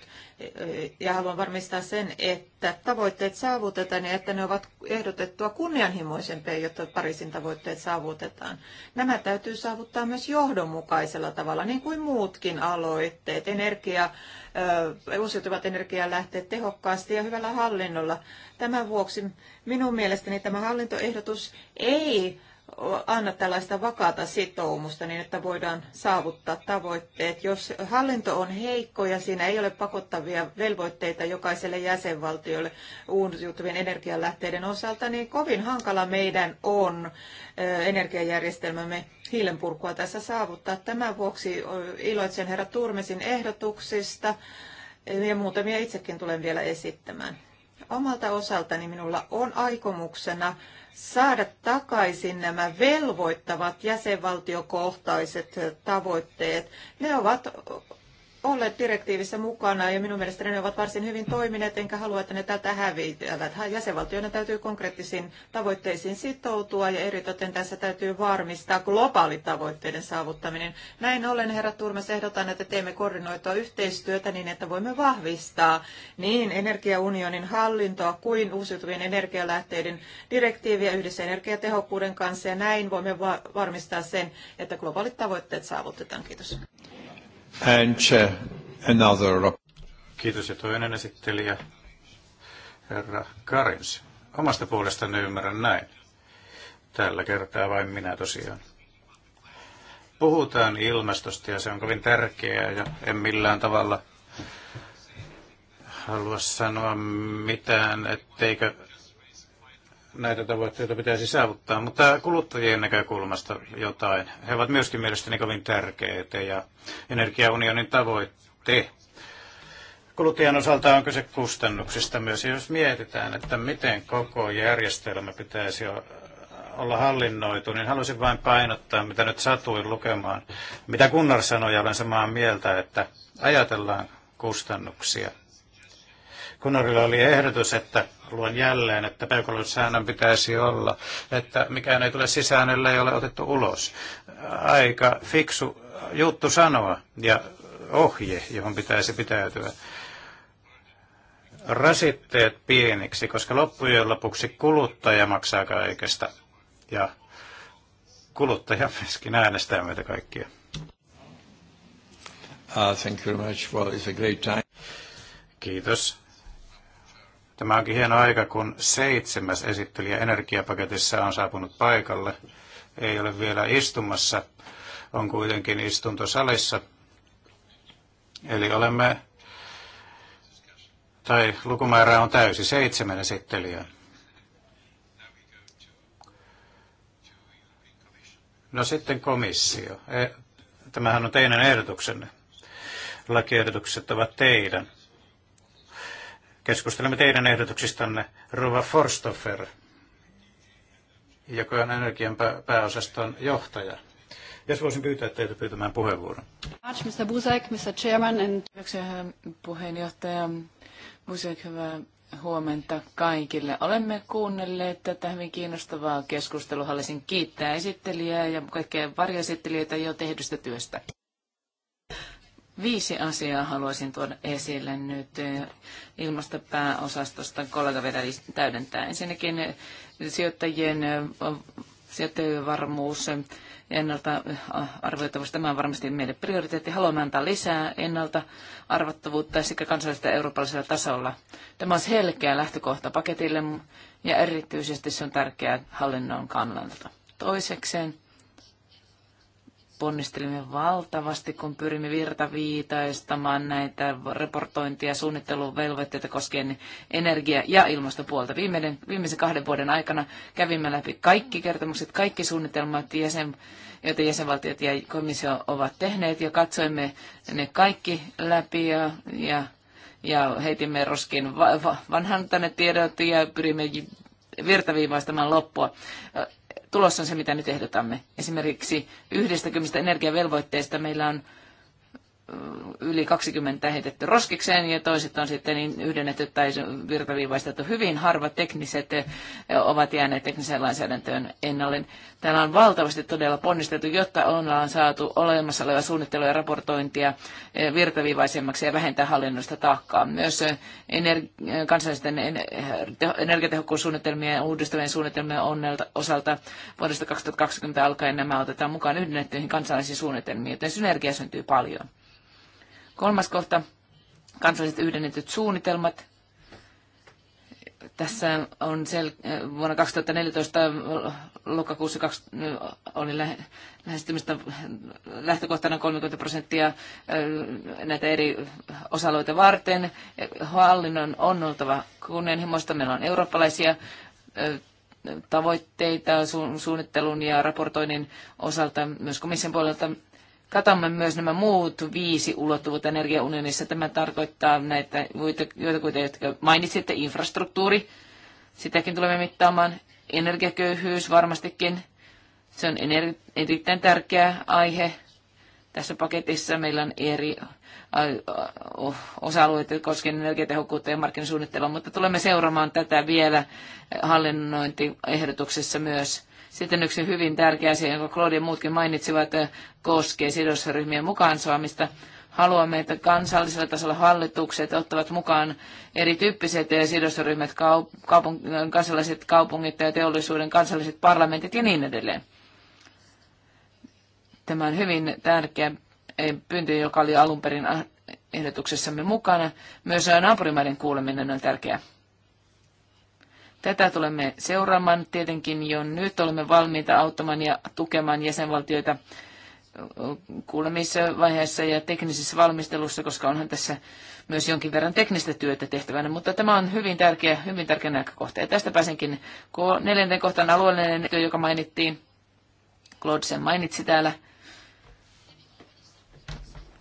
ja haluan varmistaa sen, että tavoitteet saavutetaan ja että ne ovat ehdotettua kunnianhimoisempia, jotta Pariisin tavoitteet saavutetaan. Nämä täytyy saavuttaa myös johdonmukaisella tavalla, niin kuin muutkin aloitteet, energia, uusiutuvat energialähteet tehokkaasti ja hyvällä hallinnolla. Tämän vuoksi minun mielestäni tämä hallintoehdotus ei anna tällaista vakaata sitoumusta niin, että voidaan saavuttaa tavoitteet. Jos hallinto on heikko ja siinä ei ole pakottavia velvoitteita jokaiselle jäsenvaltiolle uusiutuvien energialähteiden osalta, niin kovin hankala meidän on energiajärjestelmämme hiilenpurkua tässä saavuttaa. Tämän vuoksi iloitsen herra Turmesin ehdotuksista ja muutamia itsekin tulen vielä esittämään. Omalta osaltani minulla on aikomuksena saada takaisin nämä velvoittavat jäsenvaltiokohtaiset tavoitteet. Ne ovat olleet direktiivissä mukana ja minun mielestäni ne ovat varsin hyvin toimineet, enkä halua, että ne tältä häviävät. Jäsenvaltioiden täytyy konkreettisiin tavoitteisiin sitoutua ja eritoten tässä täytyy varmistaa globaalitavoitteiden tavoitteiden saavuttaminen. Näin ollen, herra Turmes, ehdotan, että teemme koordinoitua yhteistyötä niin, että voimme vahvistaa niin energiaunionin hallintoa kuin uusiutuvien energialähteiden direktiiviä yhdessä energiatehokkuuden kanssa ja näin voimme varmistaa sen, että globaalit tavoitteet saavutetaan. Kiitos. And chair, another... Kiitos ja toinen esittelijä, herra Karins. Omasta puolestani ymmärrän näin. Tällä kertaa vain minä tosiaan. Puhutaan ilmastosta ja se on kovin tärkeää ja en millään tavalla halua sanoa mitään, etteikö näitä tavoitteita pitäisi saavuttaa, mutta kuluttajien näkökulmasta jotain. He ovat myöskin mielestäni kovin tärkeitä ja energiaunionin tavoitte. Kuluttajan osalta on kyse kustannuksista myös, jos mietitään, että miten koko järjestelmä pitäisi olla hallinnoitu, niin haluaisin vain painottaa, mitä nyt satuin lukemaan. Mitä Gunnar sanoi, ja olen samaa mieltä, että ajatellaan kustannuksia. Kunnarilla oli ehdotus, että Haluan jälleen, että säännön pitäisi olla, että mikään ei tule sisään, ellei ole otettu ulos. Aika fiksu juttu sanoa ja ohje, johon pitäisi pitäytyä. Rasitteet pieniksi, koska loppujen lopuksi kuluttaja maksaa kaikesta. Ja kuluttaja myöskin äänestää meitä kaikkia. Uh, thank you very much. Well, it's a great time. Kiitos. Tämä onkin hieno aika, kun seitsemäs esittelijä energiapaketissa on saapunut paikalle. Ei ole vielä istumassa, on kuitenkin istuntosalissa. Eli olemme, tai lukumäärä on täysi, seitsemän esittelijää. No sitten komissio. E, tämähän on teidän ehdotuksenne. Lakiehdotukset ovat teidän. Keskustelemme teidän ehdotuksistanne Rova Forstoffer, joka on energian pääosaston johtaja. Jos voisin pyytää teitä pyytämään puheenvuoron. Mr. Busek, Mr. Chairman and... Kiitoksia puheenjohtaja Busek, hyvää huomenta kaikille. Olemme kuunnelleet tätä hyvin kiinnostavaa keskustelua. Haluaisin kiittää esittelijää ja kaikkia varjoesittelijöitä jo tehdystä työstä. Viisi asiaa haluaisin tuoda esille nyt eh, ilmastopääosastosta kollega vielä täydentää. Ensinnäkin eh, sijoittajien eh, sijoittajavarmuus varmuus ennalta arvioitavuus. Tämä on varmasti meille prioriteetti. Haluamme antaa lisää ennalta arvattavuutta sekä kansallisella ja eurooppalaisella tasolla. Tämä on selkeä lähtökohta paketille ja erityisesti se on tärkeää hallinnon kannalta. Toisekseen ponnistelimme valtavasti, kun pyrimme virtaviitaistamaan näitä raportointia ja suunnitteluvelvoitteita koskien energia- ja ilmastopuolta. Viimeinen, viimeisen kahden vuoden aikana kävimme läpi kaikki kertomukset, kaikki suunnitelmat, jäsen, joita jäsenvaltiot ja komissio ovat tehneet, ja katsoimme ne kaikki läpi ja, ja, ja heitimme roskin va, va, vanhan tänne tiedot ja pyrimme virtaviivaistamaan loppua tulos on se, mitä nyt ehdotamme. Esimerkiksi 20 energiavelvoitteesta meillä on yli 20 heitetty roskikseen ja toiset on sitten niin yhdennetty tai virtaviivaistettu. Hyvin harva tekniset eh, ovat jääneet tekniseen lainsäädäntöön ennallin. Täällä on valtavasti todella ponnisteltu, jotta ollaan saatu olemassa oleva suunnittelu ja raportointia eh, virtaviivaisemmaksi ja vähentää hallinnollista taakkaa. Myös eh, energi- kansallisten energiatehokkuussuunnitelmien ja uudistavien suunnitelmien osalta vuodesta 2020 alkaen nämä otetaan mukaan yhdennettyihin kansallisiin suunnitelmiin, joten synergia syntyy paljon. Kolmas kohta, kansalliset yhdennetyt suunnitelmat. Tässä on sel- vuonna 2014 lokakuussa oli lä- lähestymistä lähtökohtana 30 prosenttia näitä eri osaloita varten. Hallinnon on oltava kunnianhimoista. Meillä on eurooppalaisia tavoitteita su- suunnittelun ja raportoinnin osalta myös komission puolelta katamme myös nämä muut viisi ulottuvuutta energiaunionissa. Tämä tarkoittaa näitä joitakuita, jotka mainitsitte, infrastruktuuri. Sitäkin tulemme mittaamaan. Energiaköyhyys varmastikin. Se on erittäin tärkeä aihe. Tässä paketissa meillä on eri osa alueet koskien energiatehokkuutta ja markkinasuunnittelua, mutta tulemme seuraamaan tätä vielä hallinnointiehdotuksessa myös sitten yksi hyvin tärkeä asia, jonka Claudia muutkin mainitsivat, eh, koskee sidosryhmien mukaan saamista. Haluamme, että kansallisella tasolla hallitukset ottavat mukaan erityyppiset eh, sidosryhmät, kaupung, eh, kansalliset kaupungit ja teollisuuden kansalliset parlamentit ja niin edelleen. Tämä on hyvin tärkeä pyyntö, joka oli alun perin ah, ehdotuksessamme mukana. Myös naapurimaiden kuuleminen on tärkeää. Tätä tulemme seuraamaan tietenkin jo nyt. Olemme valmiita auttamaan ja tukemaan jäsenvaltioita kuulemisvaiheessa ja teknisessä valmistelussa, koska onhan tässä myös jonkin verran teknistä työtä tehtävänä, mutta tämä on hyvin tärkeä, hyvin tärkeä näkökohta. Ja tästä pääsenkin neljänteen kohtaan alueellinen työ, joka mainittiin. Claude sen mainitsi täällä.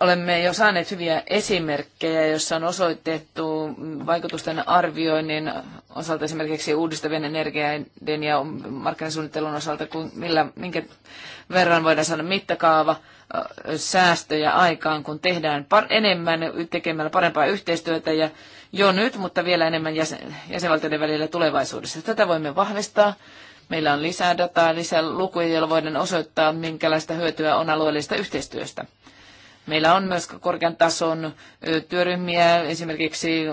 Olemme jo saaneet hyviä esimerkkejä, joissa on osoitettu vaikutusten arvioinnin osalta esimerkiksi uudistavien energiaiden ja markkinasuunnittelun osalta, kun millä, minkä verran voidaan saada mittakaava säästöjä aikaan, kun tehdään par- enemmän tekemällä parempaa yhteistyötä ja jo nyt, mutta vielä enemmän jäsen, jäsenvaltioiden välillä tulevaisuudessa. Tätä voimme vahvistaa. Meillä on lisää dataa, lisää lukuja, joilla voidaan osoittaa, minkälaista hyötyä on alueellisesta yhteistyöstä. Meillä on myös korkean tason työryhmiä esimerkiksi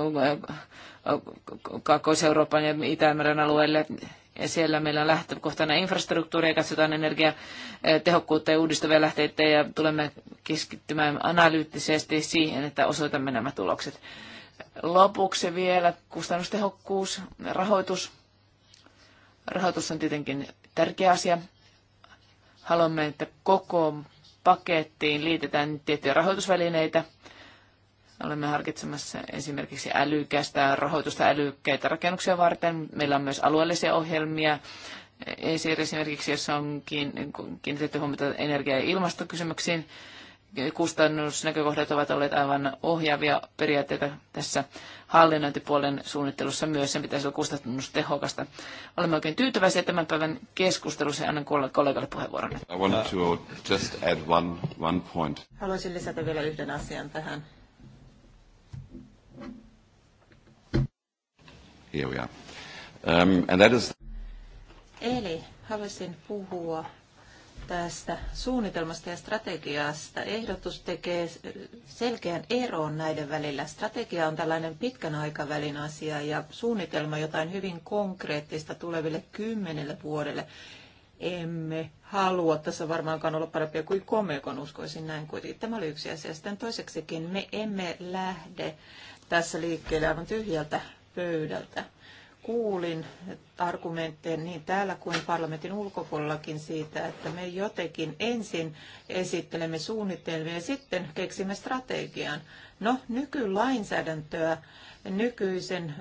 Kaakkois-Euroopan ja Itämeren alueelle. Ja siellä meillä on lähtökohtana infrastruktuuria, katsotaan energiatehokkuutta ja uudistavia lähteitä ja tulemme keskittymään analyyttisesti siihen, että osoitamme nämä tulokset. Lopuksi vielä kustannustehokkuus, rahoitus. Rahoitus on tietenkin tärkeä asia. Haluamme, että koko pakettiin liitetään tiettyjä rahoitusvälineitä. Olemme harkitsemassa esimerkiksi älykästä rahoitusta älykkäitä rakennuksia varten. Meillä on myös alueellisia ohjelmia. Esimerkiksi, jos on kiinnitetty huomiota energia- ja ilmastokysymyksiin kustannusnäkökohdat ovat olleet aivan ohjaavia periaatteita tässä hallinnointipuolen suunnittelussa myös. Sen pitäisi olla kustannustehokasta. Olemme oikein tyytyväisiä tämän päivän keskustelussa ja annan kollegalle puheenvuoron. Haluaisin lisätä vielä yhden asian tähän. Here we are. Um, and that is... Eli haluaisin puhua tästä suunnitelmasta ja strategiasta. Ehdotus tekee selkeän eron näiden välillä. Strategia on tällainen pitkän aikavälin asia ja suunnitelma jotain hyvin konkreettista tuleville kymmenelle vuodelle. Emme halua tässä varmaankaan olla parempia kuin komekon, uskoisin näin kuitenkin. Tämä oli yksi asia. Sitten toiseksikin me emme lähde tässä liikkeelle aivan tyhjältä pöydältä kuulin argumentteja niin täällä kuin parlamentin ulkopuolellakin siitä, että me jotenkin ensin esittelemme suunnitelmia ja sitten keksimme strategian. No, nykylainsäädäntöä nykyisen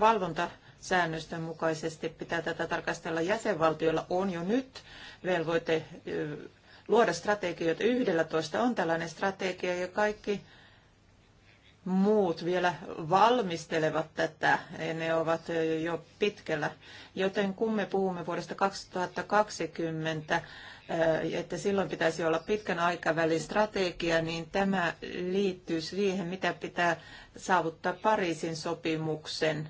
valvonta säännösten mukaisesti pitää tätä tarkastella. Jäsenvaltioilla on jo nyt velvoite luoda strategioita. 11 on tällainen strategia ja kaikki muut vielä valmistelevat tätä, ne ovat jo pitkällä. Joten kun me puhumme vuodesta 2020, eh, että silloin pitäisi olla pitkän aikavälin strategia, niin tämä liittyy siihen, mitä pitää saavuttaa Pariisin sopimuksen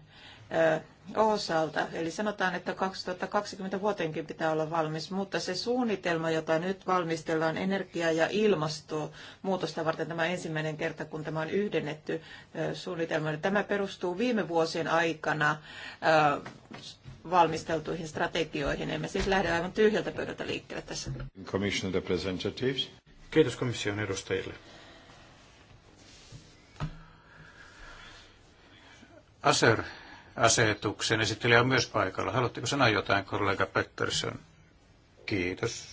eh, osalta. Eli sanotaan, että 2020 vuoteenkin pitää olla valmis, mutta se suunnitelma, jota nyt valmistellaan energia- ja ilmastonmuutosta varten, tämä ensimmäinen kerta, kun tämä on yhdennetty suunnitelma, niin tämä perustuu viime vuosien aikana valmisteltuihin strategioihin. Emme siis lähde aivan tyhjältä pöydältä liikkeelle tässä. Commission representatives. Kiitos komission edustajille. Aser asetuksen esittelijä on myös paikalla. Haluatteko sanoa jotain, kollega Pettersson? Kiitos.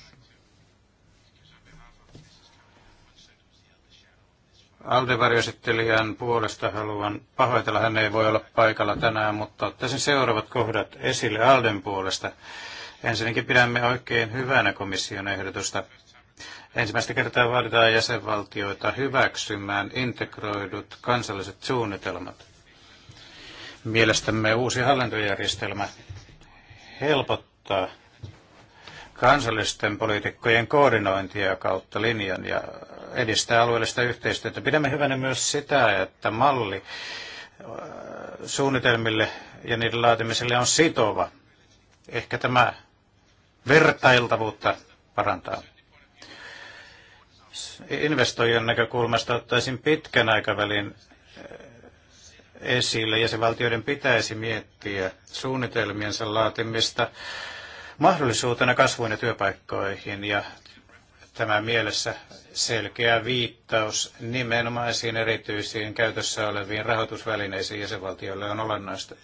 Aldevarjoesittelijän puolesta haluan pahoitella, hän ei voi olla paikalla tänään, mutta ottaisin seuraavat kohdat esille Alden puolesta. Ensinnäkin pidämme oikein hyvänä komission ehdotusta. Ensimmäistä kertaa vaaditaan jäsenvaltioita hyväksymään integroidut kansalliset suunnitelmat. Mielestämme uusi hallintojärjestelmä helpottaa kansallisten poliitikkojen koordinointia kautta linjan ja edistää alueellista yhteistyötä. Pidämme hyvänä myös sitä, että malli äh, suunnitelmille ja niiden laatimiselle on sitova. Ehkä tämä vertailtavuutta parantaa. Investoijan näkökulmasta ottaisin pitkän aikavälin äh, esille. Jäsenvaltioiden pitäisi miettiä suunnitelmiensa laatimista mahdollisuutena kasvuun ja työpaikkoihin ja tämä mielessä selkeä viittaus nimenomaisiin erityisiin käytössä oleviin rahoitusvälineisiin jäsenvaltioille on olennaista.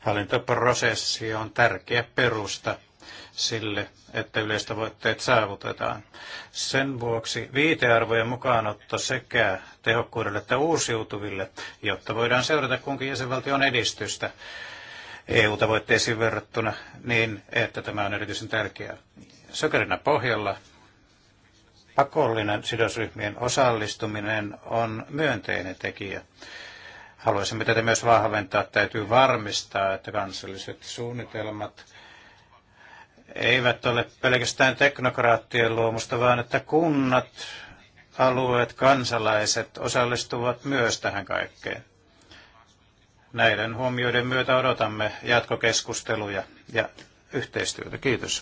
Hallintoprosessi on tärkeä perusta sille, että yleistavoitteet saavutetaan. Sen vuoksi viitearvojen mukaanotto sekä tehokkuudelle että uusiutuville, jotta voidaan seurata kunkin jäsenvaltion edistystä EU-tavoitteisiin verrattuna, niin että tämä on erityisen tärkeää. Sokerina pohjalla pakollinen sidosryhmien osallistuminen on myönteinen tekijä. Haluaisimme tätä myös vahventaa. Täytyy varmistaa, että kansalliset suunnitelmat eivät ole pelkästään teknokraattien luomusta, vaan että kunnat, alueet, kansalaiset osallistuvat myös tähän kaikkeen. Näiden huomioiden myötä odotamme jatkokeskusteluja ja yhteistyötä. Kiitos.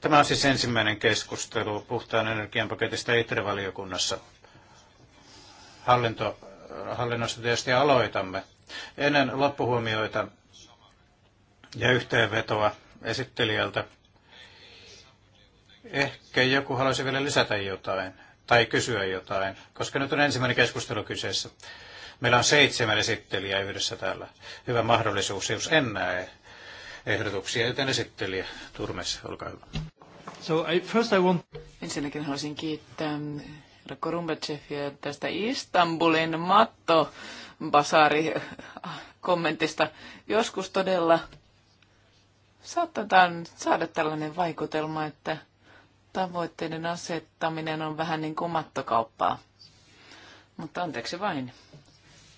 Tämä on siis ensimmäinen keskustelu puhtaan energian paketista ITRE-valiokunnassa. Hallinto, hallinnosta tietysti aloitamme. Ennen loppuhuomioita ja yhteenvetoa esittelijältä. Ehkä joku haluaisi vielä lisätä jotain tai kysyä jotain, koska nyt on ensimmäinen keskustelu kyseessä. Meillä on seitsemän esittelijää yhdessä täällä. Hyvä mahdollisuus, jos en näe ehdotuksia, joten esittelijä Turmes, olkaa hyvä. So I, first I want... Ensinnäkin haluaisin kiittää Korumbachevia tästä Istanbulin matto basaari kommentista. Joskus todella saatetaan saada tällainen vaikutelma, että tavoitteiden asettaminen on vähän niin kuin mattokauppaa. Mutta anteeksi vain.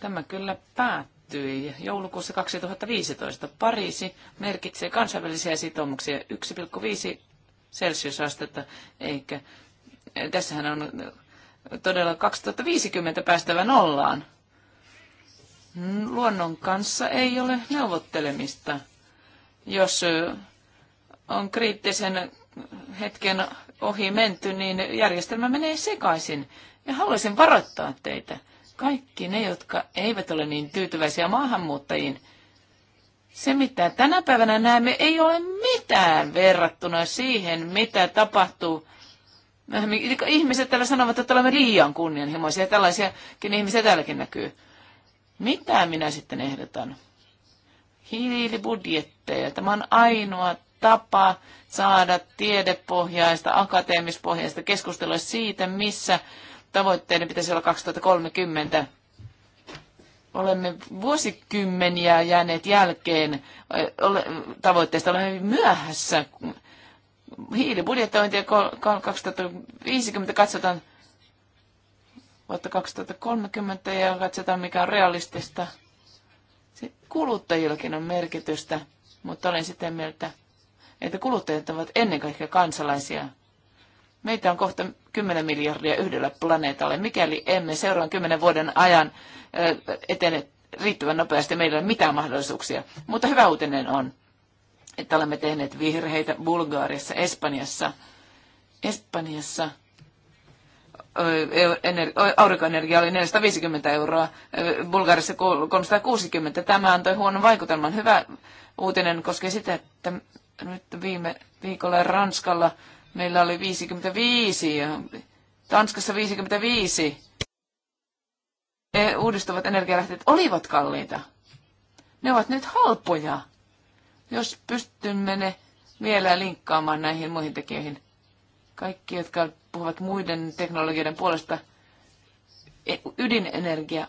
Tämä kyllä päättyi joulukuussa 2015. Pariisi merkitsee kansainvälisiä sitoumuksia 1,5 celsiusastetta, eikä tässähän on todella 2050 päästävä nollaan. Luonnon kanssa ei ole neuvottelemista jos on kriittisen hetken ohi menty, niin järjestelmä menee sekaisin. Ja haluaisin varoittaa teitä, kaikki ne, jotka eivät ole niin tyytyväisiä maahanmuuttajiin. Se, mitä tänä päivänä näemme, ei ole mitään verrattuna siihen, mitä tapahtuu. Äh, ihmiset täällä sanovat, että olemme liian kunnianhimoisia. Tällaisiakin ihmisiä täälläkin näkyy. Mitä minä sitten ehdotan? hiilibudjetteja. Tämä on ainoa tapa saada tiedepohjaista, akateemispohjaista keskustelua siitä, missä tavoitteiden pitäisi olla 2030. Olemme vuosikymmeniä jääneet jälkeen tavoitteista, olemme myöhässä. Hiilibudjetointia 2050 katsotaan vuotta 2030 ja katsotaan mikä on realistista. Se kuluttajillakin on merkitystä, mutta olen sitä mieltä, että kuluttajat ovat ennen kaikkea kansalaisia. Meitä on kohta 10 miljardia yhdellä planeetalla. Mikäli emme seuraavan 10 vuoden ajan etene riittävän nopeasti, meillä ei ole mitään mahdollisuuksia. Mutta hyvä uutinen on, että olemme tehneet virheitä Bulgaariassa, Espanjassa. Espanjassa aurinkoenergia oli 450 euroa, Bulgarissa 360. Tämä antoi huonon vaikutelman. Hyvä uutinen koskee sitä, että nyt viime viikolla Ranskalla meillä oli 55 ja Tanskassa 55. E, uudistuvat energialähteet olivat kalliita. Ne ovat nyt halpoja, jos pystymme ne vielä linkkaamaan näihin muihin tekijöihin. Kaikki, jotka puhuvat muiden teknologioiden puolesta, e, ydinenergia,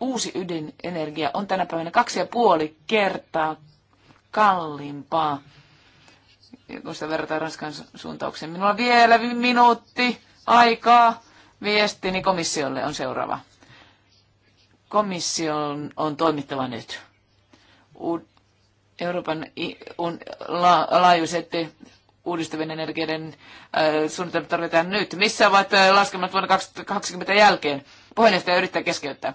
uusi ydinenergia on tänä päivänä kaksi ja puoli kertaa kalliimpaa, kun sitä verrataan Ranskan suuntaukseen. Minulla on vielä minuutti aikaa. Viestini komissiolle on seuraava. Komissio on toimittava nyt. Euroopan laajuiset uudistuvien energioiden äh, suunnitelmat tarvitaan nyt. Missä ovat äh, laskelmat vuonna 2020 jälkeen? Puheenjohtaja yrittää keskeyttää.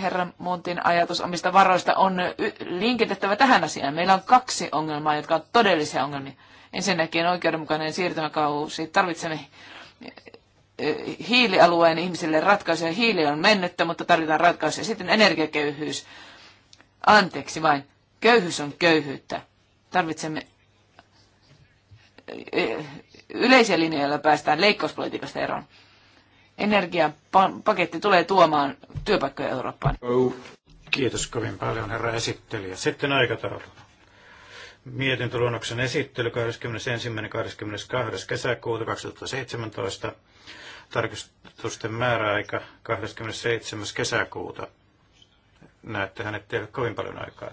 Herra Montin ajatus omista varoista on äh, linkitettävä tähän asiaan. Meillä on kaksi ongelmaa, jotka ovat todellisia ongelmia. Ensinnäkin oikeudenmukainen siirtymäkausi. Tarvitsemme hiilialueen ihmisille ratkaisuja. Hiili on mennyttä, mutta tarvitaan ratkaisuja. Sitten energiaköyhyys. Anteeksi vain. Köyhyys on köyhyyttä. Tarvitsemme yleisiä linjoja, päästään leikkauspolitiikasta eroon. Energiapaketti tulee tuomaan työpaikkoja Eurooppaan. Kiitos kovin paljon, herra esittelijä. Sitten aikataulu. Mietintöluonnoksen esittely 21.22. kesäkuuta 2017. Tarkistusten määräaika 27. kesäkuuta. Näette hänet teille kovin paljon aikaa.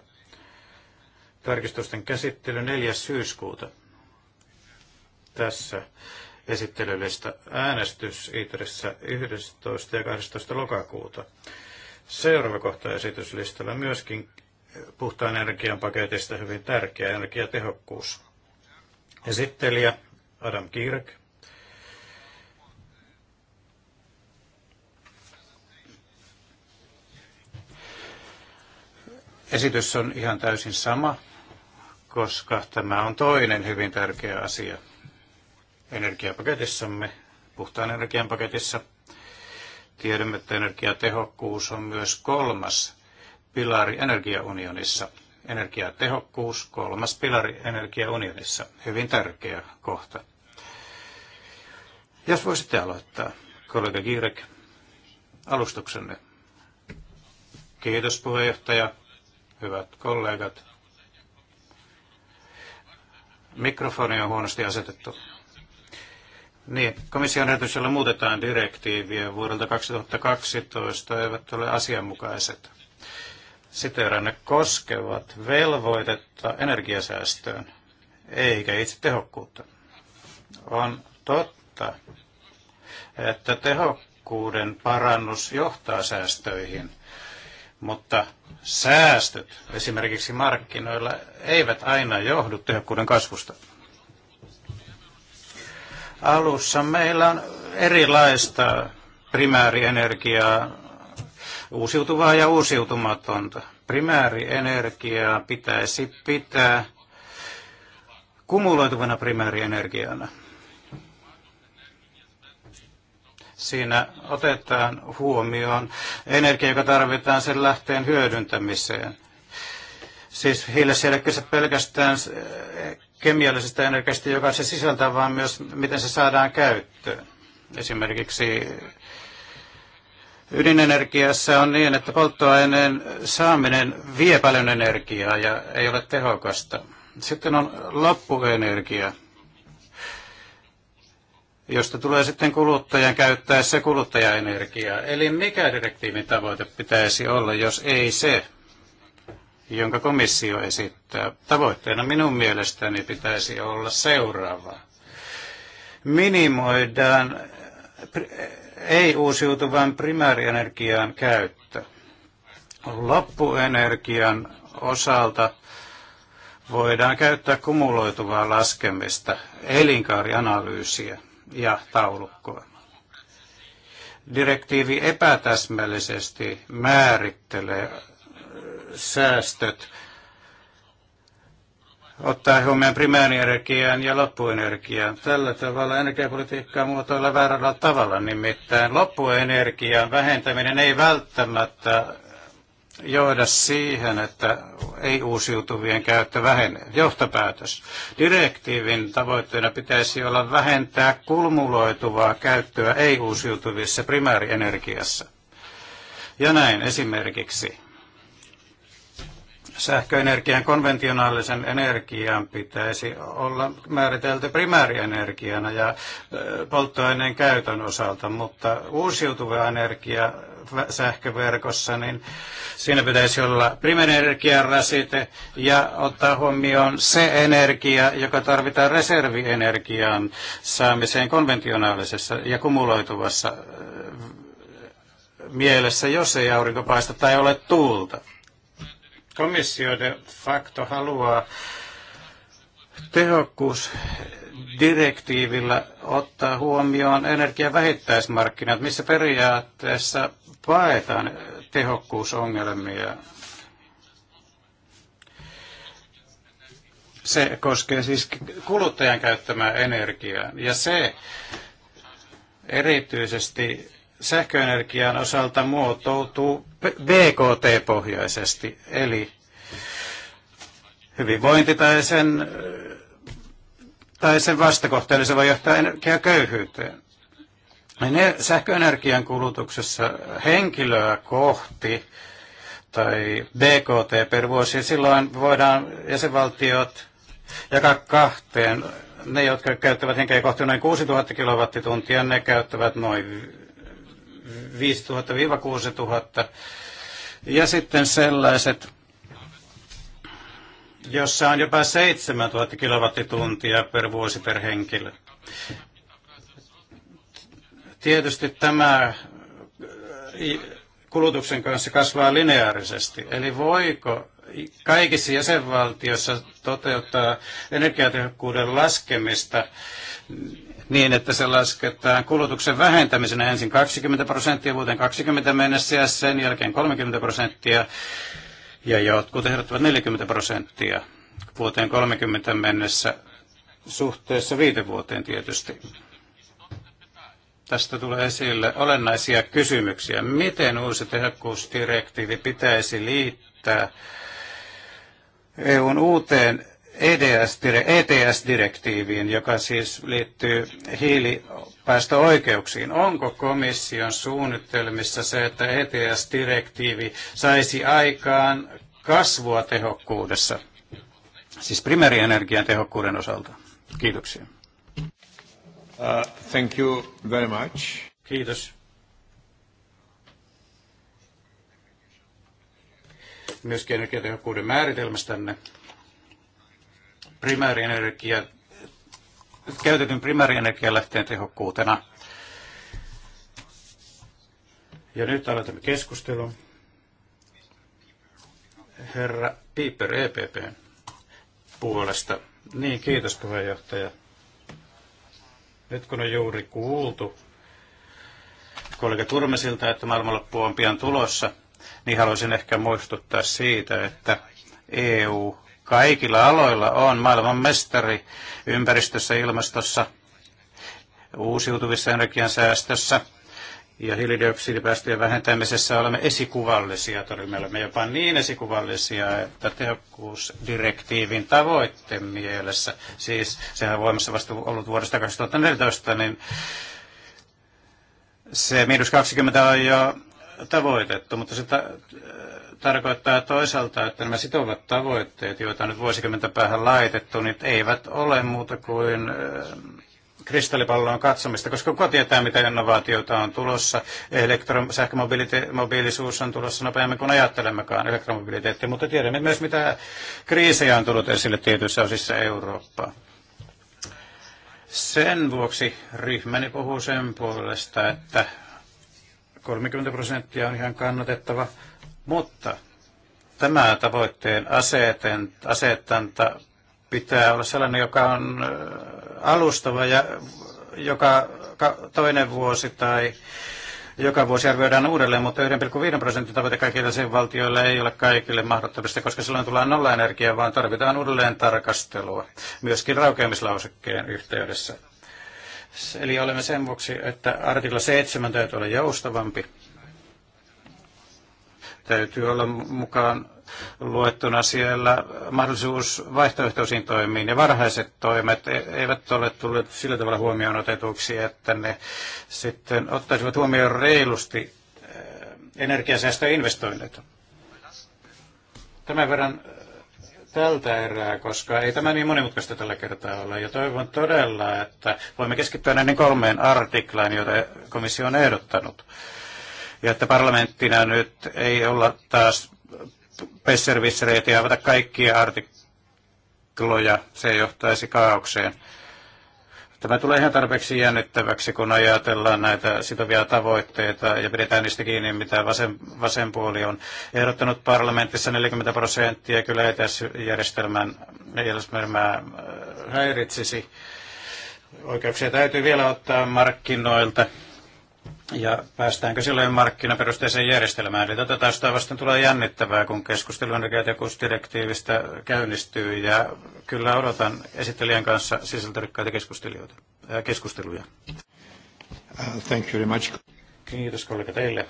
Tarkistusten käsittely 4. syyskuuta tässä esittelylistä äänestys Itressä 11. ja 12. lokakuuta. Seuraava kohta esityslistalla myöskin puhtaan energian paketista hyvin tärkeä energiatehokkuus. Esittelijä Adam Kirk. Esitys on ihan täysin sama, koska tämä on toinen hyvin tärkeä asia – energiapaketissamme, puhtaan energian paketissa. Tiedämme, että energiatehokkuus on myös kolmas pilari energiaunionissa. Energiatehokkuus, kolmas pilari energiaunionissa. Hyvin tärkeä kohta. Jos voisitte aloittaa, kollega Girek? alustuksenne. Kiitos puheenjohtaja, hyvät kollegat. Mikrofoni on huonosti asetettu. Niin, komission ehdotuksella muutetaan direktiiviä vuodelta 2012, eivät ole asianmukaiset. Siteeraan ne koskevat velvoitetta energiasäästöön, eikä itse tehokkuutta. On totta, että tehokkuuden parannus johtaa säästöihin, mutta säästöt esimerkiksi markkinoilla eivät aina johdu tehokkuuden kasvusta alussa meillä on erilaista primäärienergiaa, uusiutuvaa ja uusiutumatonta. Primäärienergiaa pitäisi pitää kumuloituvana primäärienergiana. Siinä otetaan huomioon energia, joka tarvitaan sen lähteen hyödyntämiseen. Siis hiilisjälkeiset pelkästään kemiallisesta energiasta, joka se sisältää, vaan myös miten se saadaan käyttöön. Esimerkiksi ydinenergiassa on niin, että polttoaineen saaminen vie paljon energiaa ja ei ole tehokasta. Sitten on loppuenergia, josta tulee sitten kuluttajan käyttäessä kuluttajaenergiaa. Eli mikä direktiivin tavoite pitäisi olla, jos ei se? jonka komissio esittää. Tavoitteena minun mielestäni pitäisi olla seuraava. Minimoidaan ei-uusiutuvan primäärienergian käyttö. Loppuenergian osalta voidaan käyttää kumuloituvaa laskemista, elinkaarianalyysiä ja taulukkoa. Direktiivi epätäsmällisesti määrittelee säästöt ottaa huomioon primäärienergian ja loppuenergian. Tällä tavalla energiapolitiikkaa muotoilla väärällä tavalla, nimittäin loppuenergian vähentäminen ei välttämättä johda siihen, että ei-uusiutuvien käyttö vähenee. Johtopäätös. Direktiivin tavoitteena pitäisi olla vähentää kulmuloituvaa käyttöä ei-uusiutuvissa primäärienergiassa. Ja näin esimerkiksi sähköenergian konventionaalisen energian pitäisi olla määritelty primäärienergiana ja polttoaineen käytön osalta, mutta uusiutuva energia sähköverkossa, niin siinä pitäisi olla primäärin rasite ja ottaa huomioon se energia, joka tarvitaan reservienergiaan saamiseen konventionaalisessa ja kumuloituvassa mielessä, jos ei aurinko paista tai ole tuulta komissio de facto haluaa tehokkuusdirektiivillä ottaa huomioon energian vähittäismarkkinat, missä periaatteessa paetaan tehokkuusongelmia. Se koskee siis kuluttajan käyttämää energiaa. Ja se erityisesti sähköenergian osalta muotoutuu BKT-pohjaisesti, eli hyvinvointi tai sen, tai sen vastakohta, eli se voi johtaa energiaköyhyyteen. Ne sähköenergian kulutuksessa henkilöä kohti tai BKT per vuosi, silloin voidaan jäsenvaltiot jakaa kahteen. Ne, jotka käyttävät henkeä kohti noin 6000 kilowattituntia, ne käyttävät noin 5000-6000. Ja sitten sellaiset, jossa on jopa 7000 kilowattituntia per vuosi per henkilö. Tietysti tämä äh, kulutuksen kanssa kasvaa lineaarisesti. Eli voiko kaikissa jäsenvaltioissa toteuttaa energiatehokkuuden laskemista niin, että se lasketaan kulutuksen vähentämisenä ensin 20 prosenttia vuoteen 20 mennessä ja sen jälkeen 30 prosenttia ja jotkut ehdottavat 40 prosenttia vuoteen 30 mennessä suhteessa viiden vuoteen tietysti. Tästä tulee esille olennaisia kysymyksiä. Miten uusi tehokkuusdirektiivi pitäisi liittää EUn uuteen ETS-direktiiviin, e joka siis liittyy hiilipäästöoikeuksiin. Onko komission suunnitelmissa se, että ETS-direktiivi saisi aikaan kasvua tehokkuudessa, siis primäärienergian tehokkuuden osalta? Kiitoksia. Uh, thank you very much. Kiitos. Myöskin energiatehokkuuden määritelmästänne primäärienergia, käytetyn primäärienergialähteen tehokkuutena. Ja nyt aloitamme keskustelun. Herra Piper EPP puolesta. Niin, kiitos puheenjohtaja. Nyt kun on juuri kuultu kollega Turmesilta, että maailmanloppu on pian tulossa, niin haluaisin ehkä muistuttaa siitä, että EU Kaikilla aloilla on maailman mestari ympäristössä, ilmastossa, uusiutuvissa energiansäästössä ja hiilidioksidipäästöjen vähentämisessä olemme esikuvallisia, todella me olemme jopa niin esikuvallisia, että tehokkuusdirektiivin tavoitteen mielessä, siis sehän on voimassa vasta ollut vuodesta 2014, niin se miinus 20 on jo tavoitettu, mutta se ta- tarkoittaa toisaalta, että nämä sitovat tavoitteet, joita nyt vuosikymmentä päähän laitettu, niin eivät ole muuta kuin kristallipalloon katsomista, koska kuka tietää, mitä innovaatioita on tulossa. Elektrosähkömobiilisuus on tulossa nopeammin kuin ajattelemmekaan elektromobiliteetti, mutta tiedämme myös, mitä kriisejä on tullut esille tietyissä osissa Eurooppaa. Sen vuoksi ryhmäni puhuu sen puolesta, että 30 prosenttia on ihan kannatettava mutta tämä tavoitteen asetanta pitää olla sellainen, joka on äh, alustava ja joka toinen vuosi tai joka vuosi arvioidaan uudelleen, mutta 1,5 prosentin tavoite kaikille sen valtioille ei ole kaikille mahdollista, koska silloin tullaan nollaenergiaa, vaan tarvitaan uudelleen tarkastelua myöskin raukeamislausekkeen yhteydessä. Eli olemme sen vuoksi, että artikla 7 täytyy olla joustavampi täytyy olla mukaan luettuna siellä mahdollisuus vaihtoehtoisiin toimiin ja varhaiset toimet e- eivät ole tulleet sillä tavalla huomioon otetuksi, että ne sitten ottaisivat huomioon reilusti e- energiasäästöinvestoinnit. Tämän verran e- tältä erää, koska ei tämä niin monimutkaista tällä kertaa ole. Ja toivon todella, että voimme keskittyä näiden kolmeen artiklaan, joita komissio on ehdottanut. Ja että parlamenttina nyt ei olla taas pesservissereitä ja avata kaikkia artikloja, se johtaisi kaaukseen. Tämä tulee ihan tarpeeksi jännittäväksi, kun ajatellaan näitä sitovia tavoitteita ja pidetään niistä kiinni, mitä vasen, vasen puoli on ehdottanut parlamentissa 40 prosenttia. Kyllä ei tässä järjestelmän, järjestelmää äh, häiritsisi. Oikeuksia täytyy vielä ottaa markkinoilta ja päästäänkö silloin markkinaperusteiseen järjestelmään. Eli tätä taustaa vasten tulee jännittävää, kun keskustelu energiatekuusdirektiivistä käynnistyy, ja kyllä odotan esittelijän kanssa sisältörikkaita keskustelijoita, äh, keskusteluja. Uh, thank you very much. Kiitos kollega teille.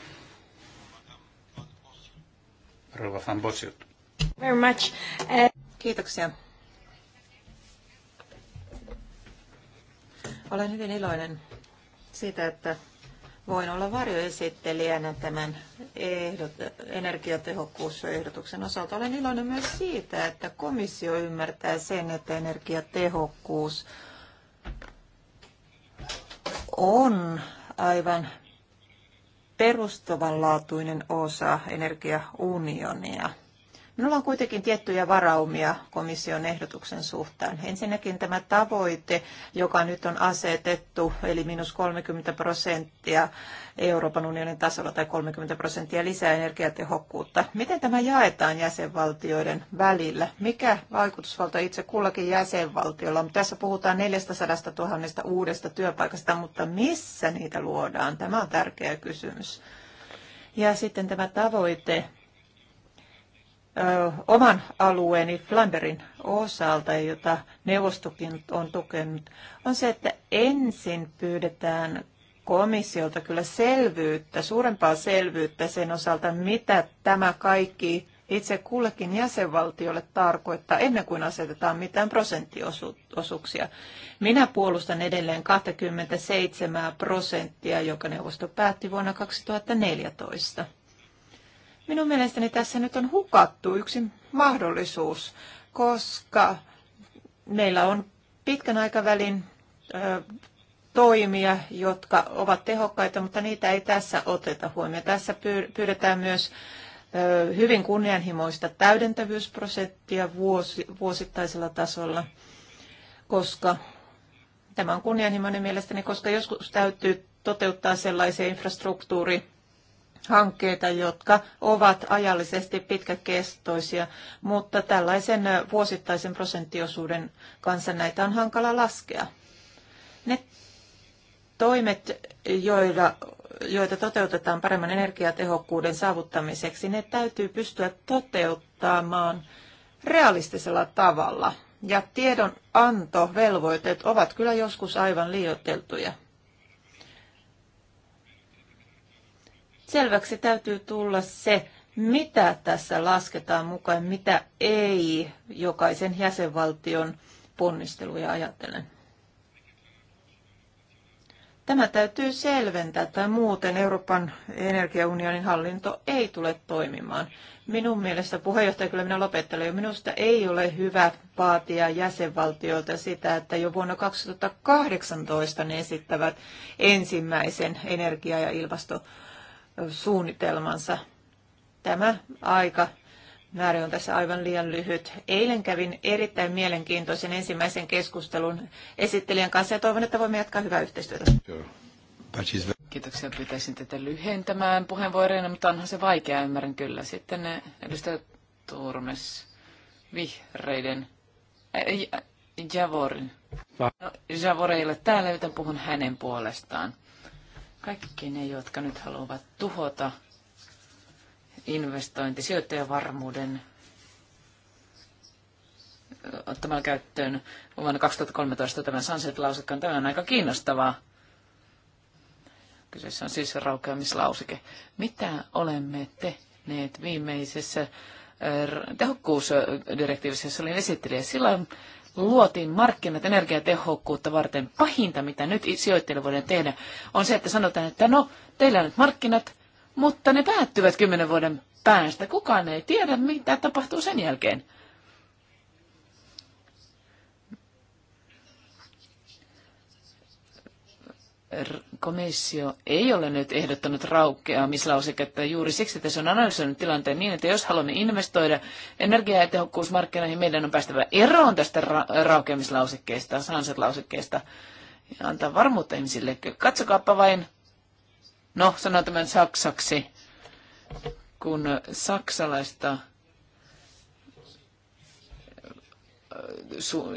Rova van Bossiut. Very much. Uh... Kiitoksia. Olen hyvin iloinen siitä, että Voin olla varjoesittelijänä tämän ehdot, energiatehokkuusehdotuksen osalta. Olen iloinen myös siitä, että komissio ymmärtää sen, että energiatehokkuus on aivan perustavanlaatuinen osa energiaunionia. Minulla on kuitenkin tiettyjä varaumia komission ehdotuksen suhteen. Ensinnäkin tämä tavoite, joka nyt on asetettu, eli miinus 30 prosenttia Euroopan unionin tasolla tai 30 prosenttia lisää energiatehokkuutta. Miten tämä jaetaan jäsenvaltioiden välillä? Mikä vaikutusvalta itse kullakin jäsenvaltiolla on? Tässä puhutaan 400 000 uudesta työpaikasta, mutta missä niitä luodaan? Tämä on tärkeä kysymys. Ja sitten tämä tavoite oman alueeni Flanderin osalta, jota neuvostokin on tukenut, on se, että ensin pyydetään komissiolta kyllä selvyyttä, suurempaa selvyyttä sen osalta, mitä tämä kaikki itse kullekin jäsenvaltiolle tarkoittaa ennen kuin asetetaan mitään prosenttiosuuksia. Minä puolustan edelleen 27 prosenttia, joka neuvosto päätti vuonna 2014. Minun mielestäni tässä nyt on hukattu yksi mahdollisuus, koska meillä on pitkän aikavälin toimia, jotka ovat tehokkaita, mutta niitä ei tässä oteta huomioon. Tässä pyydetään myös hyvin kunnianhimoista täydentävyysprosenttia vuosi, vuosittaisella tasolla, koska tämä on kunnianhimoinen mielestäni, koska joskus täytyy toteuttaa sellaisia infrastruktuuri hankkeita, jotka ovat ajallisesti pitkäkestoisia, mutta tällaisen vuosittaisen prosenttiosuuden kanssa näitä on hankala laskea. Ne toimet, joilla, joita toteutetaan paremman energiatehokkuuden saavuttamiseksi, ne täytyy pystyä toteuttamaan realistisella tavalla. Ja tiedonantovelvoitteet ovat kyllä joskus aivan liioiteltuja. selväksi täytyy tulla se, mitä tässä lasketaan mukaan, mitä ei jokaisen jäsenvaltion ponnisteluja ajatellen. Tämä täytyy selventää, tai muuten Euroopan energiaunionin hallinto ei tule toimimaan. Minun mielestä, puheenjohtaja, kyllä minä lopettelen jo, minusta ei ole hyvä vaatia jäsenvaltioilta sitä, että jo vuonna 2018 ne esittävät ensimmäisen energia- ja ilmastopaketin suunnitelmansa. Tämä aika määrä on tässä aivan liian lyhyt. Eilen kävin erittäin mielenkiintoisen ensimmäisen keskustelun esittelijän kanssa ja toivon, että voimme jatkaa hyvää yhteistyötä. Kiitoksia. Pyytäisin tätä lyhentämään puheenvuoroina, mutta onhan se vaikea, ymmärrän kyllä. Sitten eh, edustaja Turmes, vihreiden, eh, Javorin. No, Javor ei ole täällä, joten puhun hänen puolestaan. Kaikki ne, jotka nyt haluavat tuhota investointi, sijoittajavarmuuden ottamalla käyttöön vuonna 2013 tämän sunset-lausekkaan. Tämä on aika kiinnostavaa. Kyseessä on siis raukeamislausike. Mitä olemme tehneet viimeisessä tehokkuusdirektiivissä, jossa olin esittelijä? Silloin luotiin markkinat energiatehokkuutta varten. Pahinta, mitä nyt sijoittajille voidaan tehdä, on se, että sanotaan, että no, teillä on nyt markkinat, mutta ne päättyvät kymmenen vuoden päästä. Kukaan ei tiedä, mitä tapahtuu sen jälkeen. komissio ei ole nyt ehdottanut raukeamislauseketta juuri siksi, että se on analysoinut tilanteen niin, että jos haluamme investoida energiaa ja tehokkuusmarkkinoihin, meidän on päästävä eroon tästä ra- raukeamislausekkeesta, sunset-lausekkeesta ja antaa varmuutta ihmisille. Katsokaapa vain, no sanotaan tämän saksaksi, kun saksalaista äh,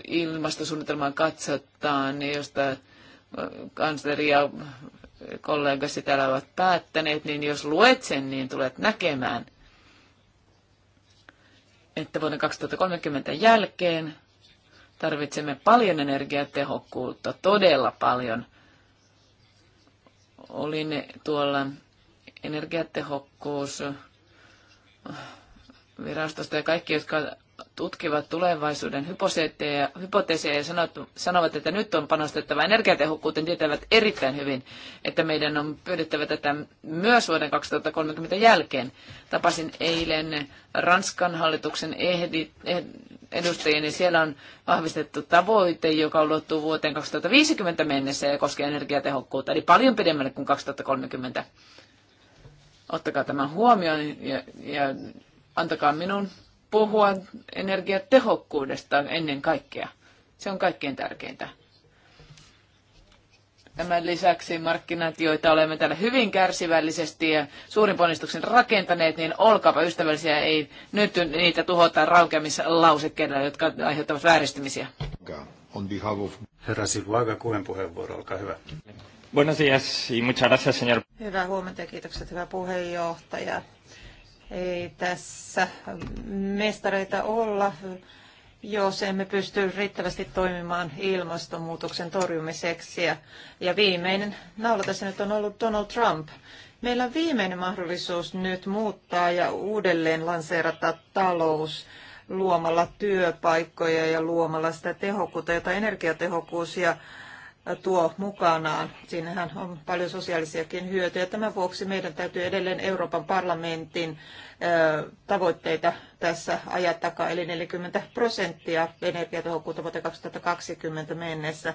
ilmastosuunnitelmaa katsotaan, niin josta kansleri ja kollegasi täällä ovat päättäneet, niin jos luet sen, niin tulet näkemään, että vuoden 2030 jälkeen tarvitsemme paljon energiatehokkuutta, todella paljon. Olin tuolla energiatehokkuus virastosta ja kaikki, jotka tutkivat tulevaisuuden hypoteeseja ja sanovat, että nyt on panostettava energiatehokkuuteen, tietävät erittäin hyvin, että meidän on pyydettävä tätä myös vuoden 2030 jälkeen. Tapasin eilen Ranskan hallituksen ehdi, eh- edustajien, niin ja siellä on vahvistettu tavoite, joka ulottuu vuoteen 2050 mennessä ja koskee energiatehokkuutta, eli paljon pidemmälle kuin 2030. Ottakaa tämän huomioon ja, ja antakaa minun puhua energiatehokkuudesta ennen kaikkea. Se on kaikkein tärkeintä. Tämän lisäksi markkinat, joita olemme täällä hyvin kärsivällisesti ja suurin ponnistuksen rakentaneet, niin olkaapa ystävällisiä, ei nyt niitä tuhota lausekkeilla, jotka aiheuttavat vääristymisiä. On behalf of... Herra Silvaga, puheenvuoro, olkaa hyvä. Buenos días y muchas gracias, señor. Hyvää huomenta ja kiitokset, hyvä puheenjohtaja. Ei tässä mestareita olla, jos emme pysty riittävästi toimimaan ilmastonmuutoksen torjumiseksi. Ja viimeinen naula tässä nyt on ollut Donald Trump. Meillä on viimeinen mahdollisuus nyt muuttaa ja uudelleen lanseerata talous luomalla työpaikkoja ja luomalla sitä tehokkuutta, jota energiatehokkuus ja tuo mukanaan. Siinähän on paljon sosiaalisiakin hyötyjä. Tämän vuoksi meidän täytyy edelleen Euroopan parlamentin tavoitteita tässä ajat takaa, eli 40 prosenttia energiatehokkuutta vuoteen 2020 mennessä.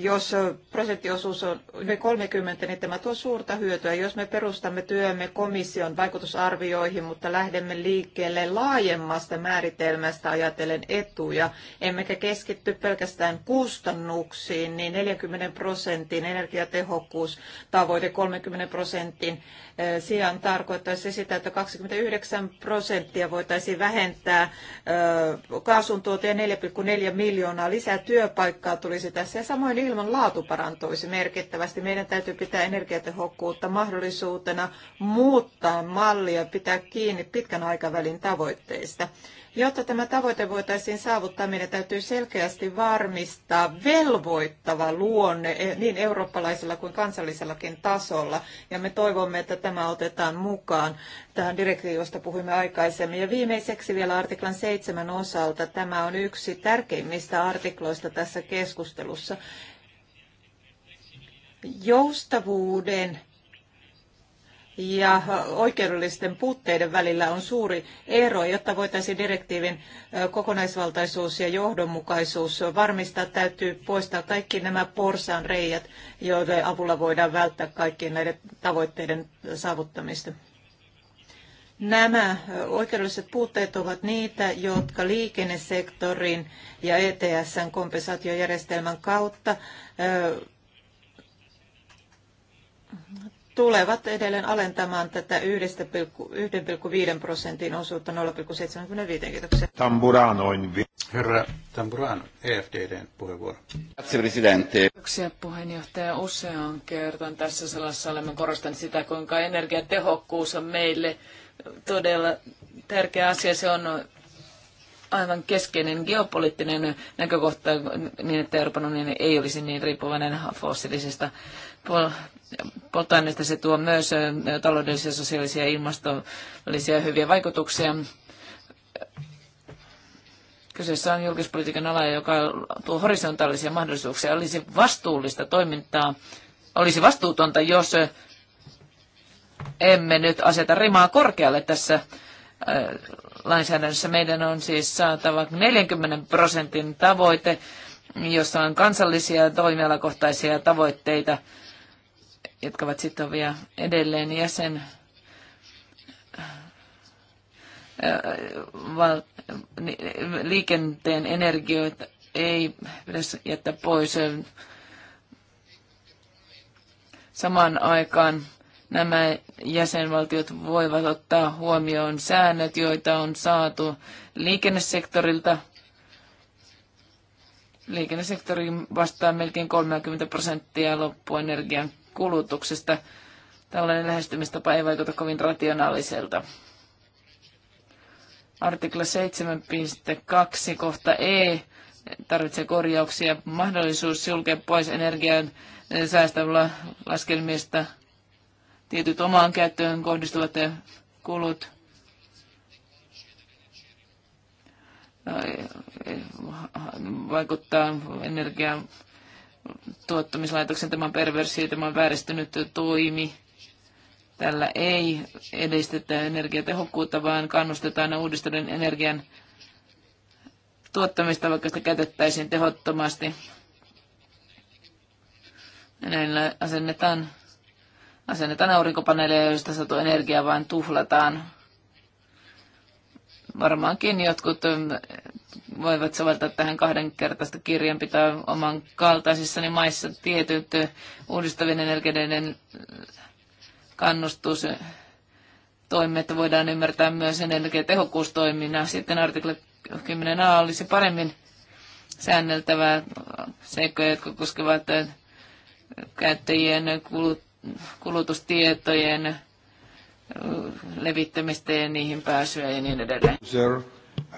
Jos prosenttiosuus on yli 30, niin tämä tuo suurta hyötyä. Jos me perustamme työmme komission vaikutusarvioihin, mutta lähdemme liikkeelle laajemmasta määritelmästä ajatellen etuja, emmekä keskitty pelkästään kustannuksiin, niin 40 prosentin energiatehokkuustavoite 30 prosentin eh, sijaan tarkoittaisi sitä, että 29 prosenttia voitaisiin vähentää eh, kaasuntuote ja 4,4 miljoonaa lisää työpaikkaa tulisi tässä Samoin ilman laatu parantuisi merkittävästi. Meidän täytyy pitää energiatehokkuutta mahdollisuutena muuttaa mallia, pitää kiinni pitkän aikavälin tavoitteista. Jotta tämä tavoite voitaisiin saavuttaa, meidän täytyy selkeästi varmistaa velvoittava luonne e- niin eurooppalaisella kuin kansallisellakin tasolla. Ja me toivomme, että tämä otetaan mukaan tähän direktiiviin, josta puhuimme aikaisemmin. Ja viimeiseksi vielä artiklan seitsemän osalta. Tämä on yksi tärkeimmistä artikloista tässä keskustelussa. Joustavuuden ja oikeudellisten puutteiden välillä on suuri ero, jotta voitaisiin direktiivin kokonaisvaltaisuus ja johdonmukaisuus varmistaa, täytyy poistaa kaikki nämä porsaan reijät, joiden avulla voidaan välttää kaikkien näiden tavoitteiden saavuttamista. Nämä oikeudelliset puutteet ovat niitä, jotka liikennesektorin ja ETSn kompensaatiojärjestelmän kautta tulevat edelleen alentamaan tätä 1,5 prosentin osuutta 0,75. Kiitoksia. Tamburanoin. Herra Tamburano, EFDDn puheenvuoro. Kiitoksia puheenjohtaja. Useaan kertaan tässä salassa olemme korostaneet sitä, kuinka energiatehokkuus on meille todella tärkeä asia. Se on aivan keskeinen geopoliittinen näkökohta niin, että Euroopan unioni ei olisi niin riippuvainen fossiilisista polttoaineista se tuo myös taloudellisia, sosiaalisia ja ilmastollisia hyviä vaikutuksia. Kyseessä on julkispolitiikan ala, joka tuo horisontaalisia mahdollisuuksia. Olisi vastuullista toimintaa, olisi vastuutonta, jos emme nyt aseta rimaa korkealle tässä lainsäädännössä. Meidän on siis saatava 40 prosentin tavoite, jossa on kansallisia toimialakohtaisia tavoitteita jotka ovat sitovia edelleen jäsen äh, val, liikenteen energioita ei pitäisi jättää pois. Samaan aikaan nämä jäsenvaltiot voivat ottaa huomioon säännöt, joita on saatu liikennesektorilta. Liikennesektori vastaa melkein 30 prosenttia loppuenergian kulutuksesta. Tällainen lähestymistapa ei vaikuta kovin rationaaliselta. Artikla 7.2 kohta E tarvitsee korjauksia. Mahdollisuus sulkea pois energian säästävällä laskelmista tietyt omaan käyttöön kohdistuvat kulut. No, vaikuttaa energian tuottamislaitoksen. Tämä perversio, tämä on vääristynyt toimi. Tällä ei edistetä energiatehokkuutta, vaan kannustetaan uudistuneen energian tuottamista, vaikka sitä käytettäisiin tehottomasti. Näillä asennetaan, asennetaan aurinkopaneeleja, joista saatu energiaa vain tuhlataan. Varmaankin jotkut voivat soveltaa tähän kahdenkertaista kirjanpitoa oman kaltaisissani maissa tietyt uudistavien energioiden kannustus toimet voidaan ymmärtää myös energiatehokkuustoimina. Sitten artikla 10a olisi paremmin säänneltävää seikkoja, jotka koskevat käyttäjien kulutustietojen levittämistä ja niihin pääsyä ja niin edelleen.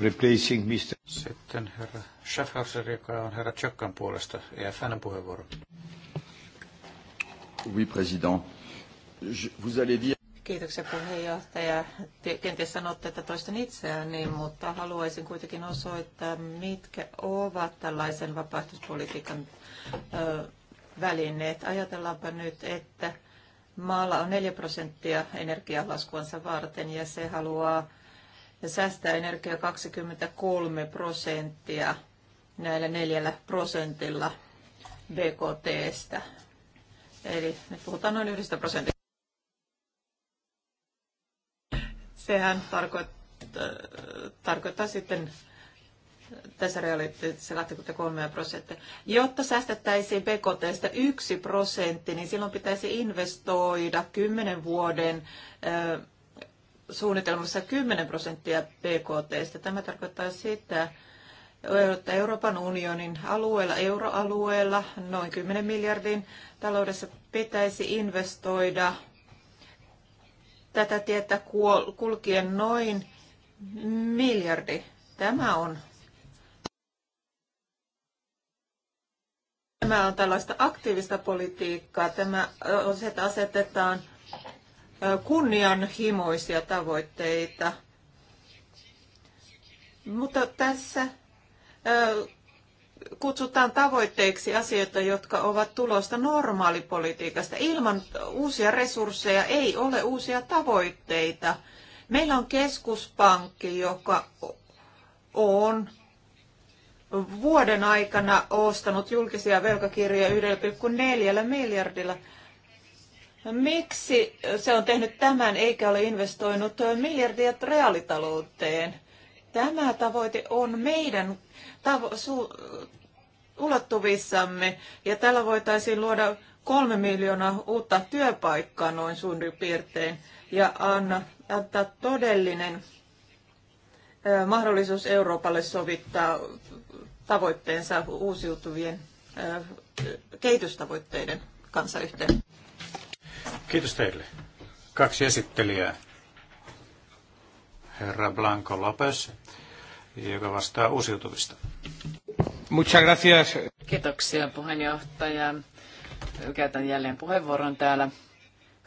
Replacing Mr. Sitten herra Schaffhauser, joka on herra Chakkan puolesta, EFN puheenvuoro. Oui, président. Je, vous allez dire... Kiitoksia puheenjohtaja. Kenties sanotte, että toistan itseäni, mutta haluaisin kuitenkin osoittaa, mitkä ovat tällaisen vapaaehtoispolitiikan välineet. Ajatellaanpa nyt, että maalla on 4 prosenttia energialaskuansa varten ja se haluaa säästää energiaa 23 prosenttia näillä neljällä prosentilla BKTstä. Eli me puhutaan noin yhdestä prosentista. Sehän tarkoittaa, tarkoittaa sitten tässä realiteetissa 23 prosenttia. Jotta säästettäisiin BKTstä 1 prosentti, niin silloin pitäisi investoida 10 vuoden suunnitelmassa 10 prosenttia BKTstä. Tämä tarkoittaa sitä, että Euroopan unionin alueella, euroalueella, noin 10 miljardin taloudessa pitäisi investoida tätä tietä kulkien noin miljardi. Tämä on Tämä on tällaista aktiivista politiikkaa. Tämä on se, että asetetaan kunnianhimoisia tavoitteita. Mutta tässä kutsutaan tavoitteiksi asioita, jotka ovat tulosta normaalipolitiikasta. Ilman uusia resursseja ei ole uusia tavoitteita. Meillä on keskuspankki, joka on vuoden aikana ostanut julkisia velkakirjoja 1,4 miljardilla. Miksi se on tehnyt tämän eikä ole investoinut miljardia reaalitalouteen? Tämä tavoite on meidän tavo- su- ulottuvissamme ja tällä voitaisiin luoda kolme miljoonaa uutta työpaikkaa noin suurin piirtein ja anna, antaa todellinen mahdollisuus Euroopalle sovittaa tavoitteensa uusiutuvien kehitystavoitteiden kanssa yhteen. Kiitos teille. Kaksi esittelijää. Herra Blanco Lopes, joka vastaa uusiutuvista. Muchas gracias. Kiitoksia puheenjohtaja. Käytän jälleen puheenvuoron täällä.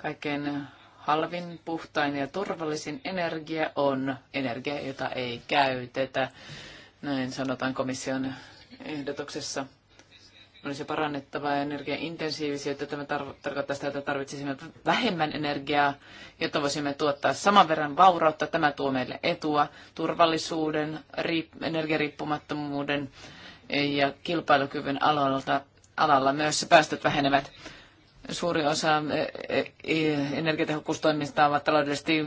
Kaikkein halvin, puhtain ja turvallisin energia on energia, jota ei käytetä. Näin sanotaan komission ehdotuksessa olisi parannettava ja energiaintensiivisiä, tämä tar- tarkoittaa sitä, että tarvitsisimme vähemmän energiaa, jotta voisimme tuottaa saman verran vaurautta. Tämä tuo meille etua, turvallisuuden, riip- energiariippumattomuuden ja kilpailukyvyn alalta, alalla myös päästöt vähenevät. Suuri osa e- e- e- energiatehokkuustoimista ovat taloudellisesti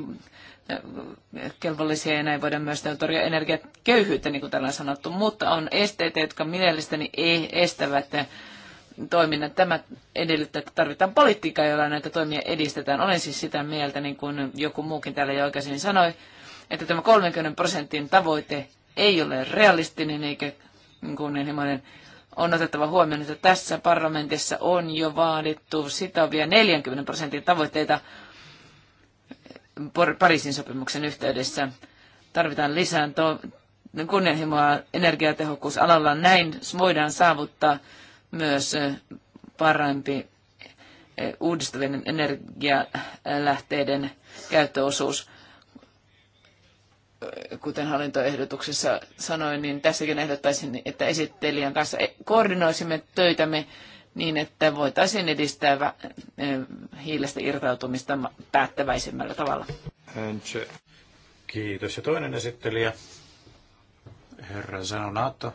kelvollisia ja näin voidaan myös torjua energiaköyhyyttä, niin kuin täällä on sanottu, mutta on esteitä, jotka mielestäni e- estävät toiminnan Tämä edellyttää, että tarvitaan politiikkaa, jolla näitä toimia edistetään. Olen siis sitä mieltä, niin kuin joku muukin täällä jo aikaisemmin sanoi, että tämä 30 prosentin tavoite ei ole realistinen eikä niin kunnianhimoinen. On otettava huomioon, että tässä parlamentissa on jo vaadittu sitovia 40 prosentin tavoitteita Pariisin sopimuksen yhteydessä. Tarvitaan lisää to- kunnianhimoa energiatehokkuusalalla. Näin voidaan saavuttaa myös parempi uudistuvien energialähteiden käyttöosuus. Kuten hallintoehdotuksessa sanoin, niin tässäkin ehdottaisin, että esittelijän kanssa koordinoisimme töitämme niin, että voitaisiin edistää eh, hiilestä irtautumista päättäväisemmällä tavalla. Kiitos. Ja toinen esittelijä, herra Zanonato,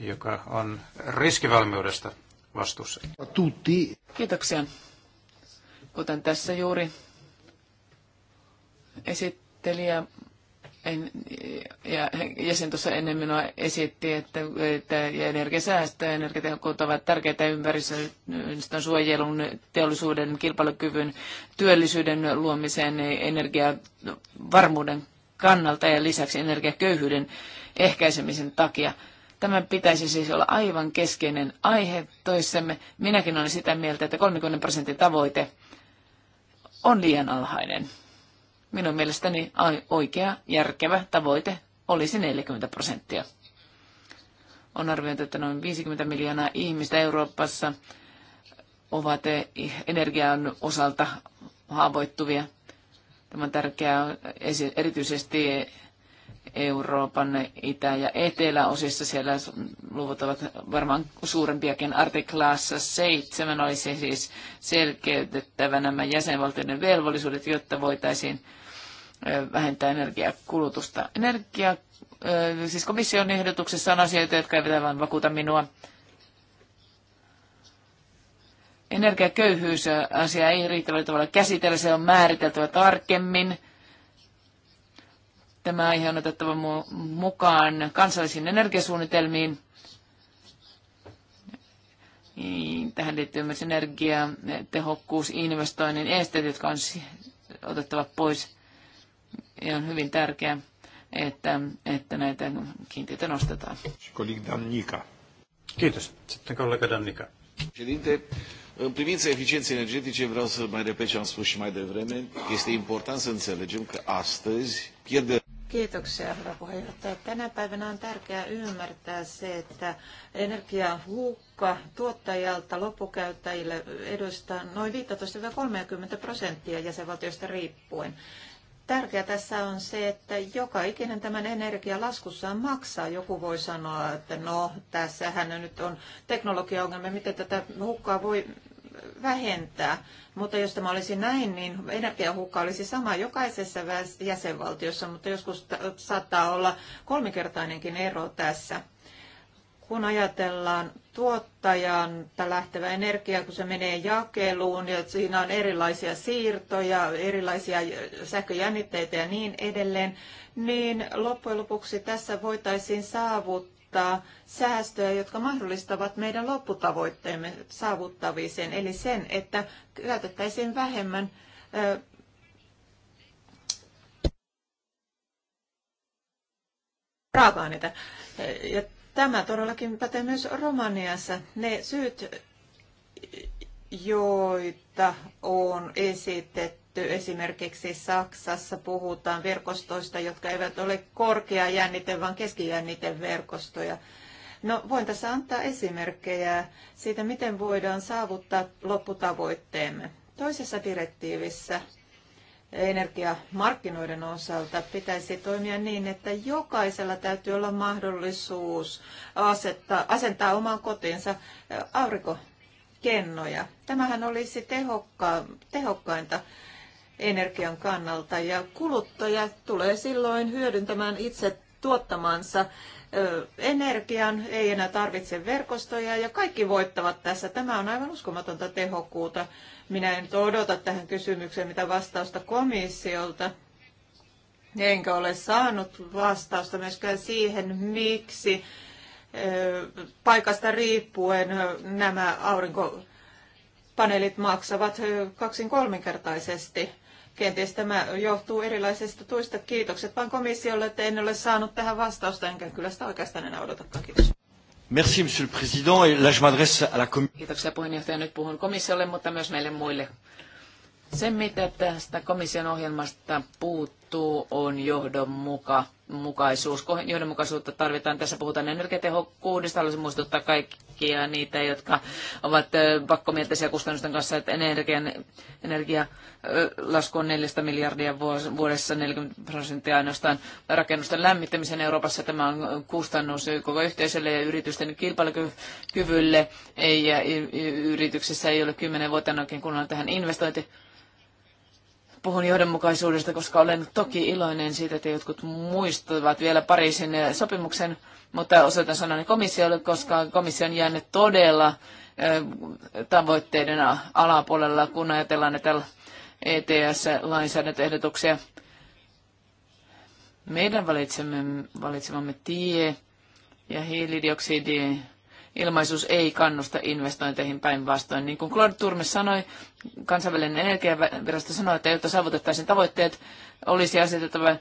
joka on riskivalmiudesta vastuussa. Tutti. Kiitoksia. Kuten tässä juuri esittelijä ja jäsen tuossa ennen minua esitti, että, että energiasäästö ja energiatehokkuus ovat tärkeitä ympäristön suojelun, teollisuuden, kilpailukyvyn, työllisyyden luomiseen, energiavarmuuden kannalta ja lisäksi energiaköyhyyden ehkäisemisen takia. tämä pitäisi siis olla aivan keskeinen aihe toissemme. Minäkin olen sitä mieltä, että 30 prosentin tavoite on liian alhainen. Minun mielestäni oikea, järkevä tavoite olisi 40 prosenttia. On arvioitu, että noin 50 miljoonaa ihmistä Euroopassa ovat eh, energian osalta haavoittuvia. Tämä on tärkeää erityisesti Euroopan itä- ja eteläosissa. Siellä luvut ovat varmaan suurempiakin. Artiklaassa 7 olisi siis selkeytettävä nämä jäsenvaltioiden velvollisuudet, jotta voitaisiin vähentää energiakulutusta. Energia, siis komission ehdotuksessa on asioita, jotka eivät vain vakuuta minua. Energiaköyhyys asia ei riittävällä tavalla käsitellä, se on määriteltävä tarkemmin. Tämä aihe on otettava mukaan kansallisiin energiasuunnitelmiin. Tähän liittyy myös energiatehokkuusinvestoinnin esteet, jotka on otettava pois ja on hyvin tärkeää, että, että näitä kiintiöitä nostetaan. Kiitos. Sitten kollega Dannika. în privința eficienței energetice vreau să mai repet ce am spus și mai devreme. Este important să înțelegem că astăzi pierde... Kiitoksia, herra puheenjohtaja. Tänä päivänä on tärkeää ymmärtää se, että energian energiahukka tuottajalta loppukäyttäjille edustaa noin 15-30 prosenttia jäsenvaltioista riippuen. Tärkeää tässä on se, että joka ikinen tämän energialaskussaan maksaa. Joku voi sanoa, että no, tässähän nyt on teknologiaongelma, miten tätä hukkaa voi vähentää. Mutta jos tämä olisi näin, niin energiahukka olisi sama jokaisessa jäsenvaltiossa, mutta joskus saattaa olla kolmikertainenkin ero tässä. Kun ajatellaan tuottajan lähtevä energia, kun se menee jakeluun ja siinä on erilaisia siirtoja, erilaisia sähköjännitteitä ja niin edelleen, niin loppujen lopuksi tässä voitaisiin saavuttaa säästöjä, jotka mahdollistavat meidän lopputavoitteemme saavuttavisen, eli sen, että käytettäisiin vähemmän raaka-aineita. Tämä todellakin pätee myös Romaniassa. Ne syyt, joita on esitetty. Esimerkiksi Saksassa puhutaan verkostoista, jotka eivät ole korkea jännite, vaan verkostoja. No, voin tässä antaa esimerkkejä siitä, miten voidaan saavuttaa lopputavoitteemme. Toisessa direktiivissä energiamarkkinoiden osalta pitäisi toimia niin, että jokaisella täytyy olla mahdollisuus asetta, asentaa omaan kotiinsa aurinkokennoja. Tämähän olisi tehokka, tehokkainta energian kannalta ja kuluttaja tulee silloin hyödyntämään itse tuottamansa energian, ei enää tarvitse verkostoja ja kaikki voittavat tässä. Tämä on aivan uskomatonta tehokkuutta. Minä en nyt odota tähän kysymykseen mitä vastausta komissiolta. Enkä ole saanut vastausta myöskään siihen, miksi paikasta riippuen nämä aurinkopaneelit maksavat kaksin kolminkertaisesti Kenties tämä johtuu erilaisista tuista. Kiitokset vaan komissiolle, että en ole saanut tähän vastausta, enkä kyllä sitä oikeastaan enää odotakaan. Kiitos. Merci, monsieur le président, et là je m'adresse à la Kiitoksia puheenjohtaja. Nyt puhun komissiolle, mutta myös meille muille. Se, mitä tästä komission ohjelmasta puuttuu, vastuu on johdonmuka, mukaisuus. Johdonmukaisuutta tarvitaan. Tässä puhutaan energiatehokkuudesta. Haluaisin muistuttaa kaikkia niitä, jotka ovat pakkomielteisiä kustannusten kanssa, että energian, energialasku on 4 miljardia vuodessa, 40 prosenttia ainoastaan rakennusten lämmittämisen Euroopassa. Tämä on kustannus koko yhteisölle ja yritysten kilpailukyvylle. Ei, ja yrityksessä ei ole kymmenen vuotta oikein kunnolla tähän investointi puhun johdonmukaisuudesta, koska olen toki iloinen siitä, että jotkut muistuvat vielä Pariisin sopimuksen, mutta osoitan sanani komissiolle, koska komissio on jäänyt todella tavoitteiden alapuolella, kun ajatellaan näitä ETS-lainsäädäntöehdotuksia. Meidän valitsemamme tie ja hiilidioksidi ilmaisuus ei kannusta investointeihin päinvastoin. Niin kuin Claude Turmes sanoi, kansainvälinen energiavirasto sanoi, että jotta saavutettaisiin tavoitteet, olisi asetettava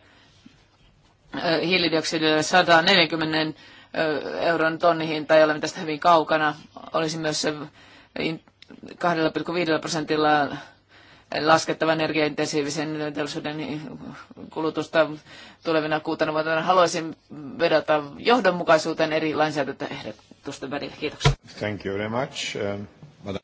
hiilidioksidille 140 euron tonnihinta, ei ole tästä hyvin kaukana. Olisi myös 2,5 prosentilla laskettava energiaintensiivisen teollisuuden kulutusta tulevina kuutena vuotena. Haluaisin vedota johdonmukaisuuteen eri lainsäädäntöehdotusten välillä. Kiitoksia. Thank you very much. Uh,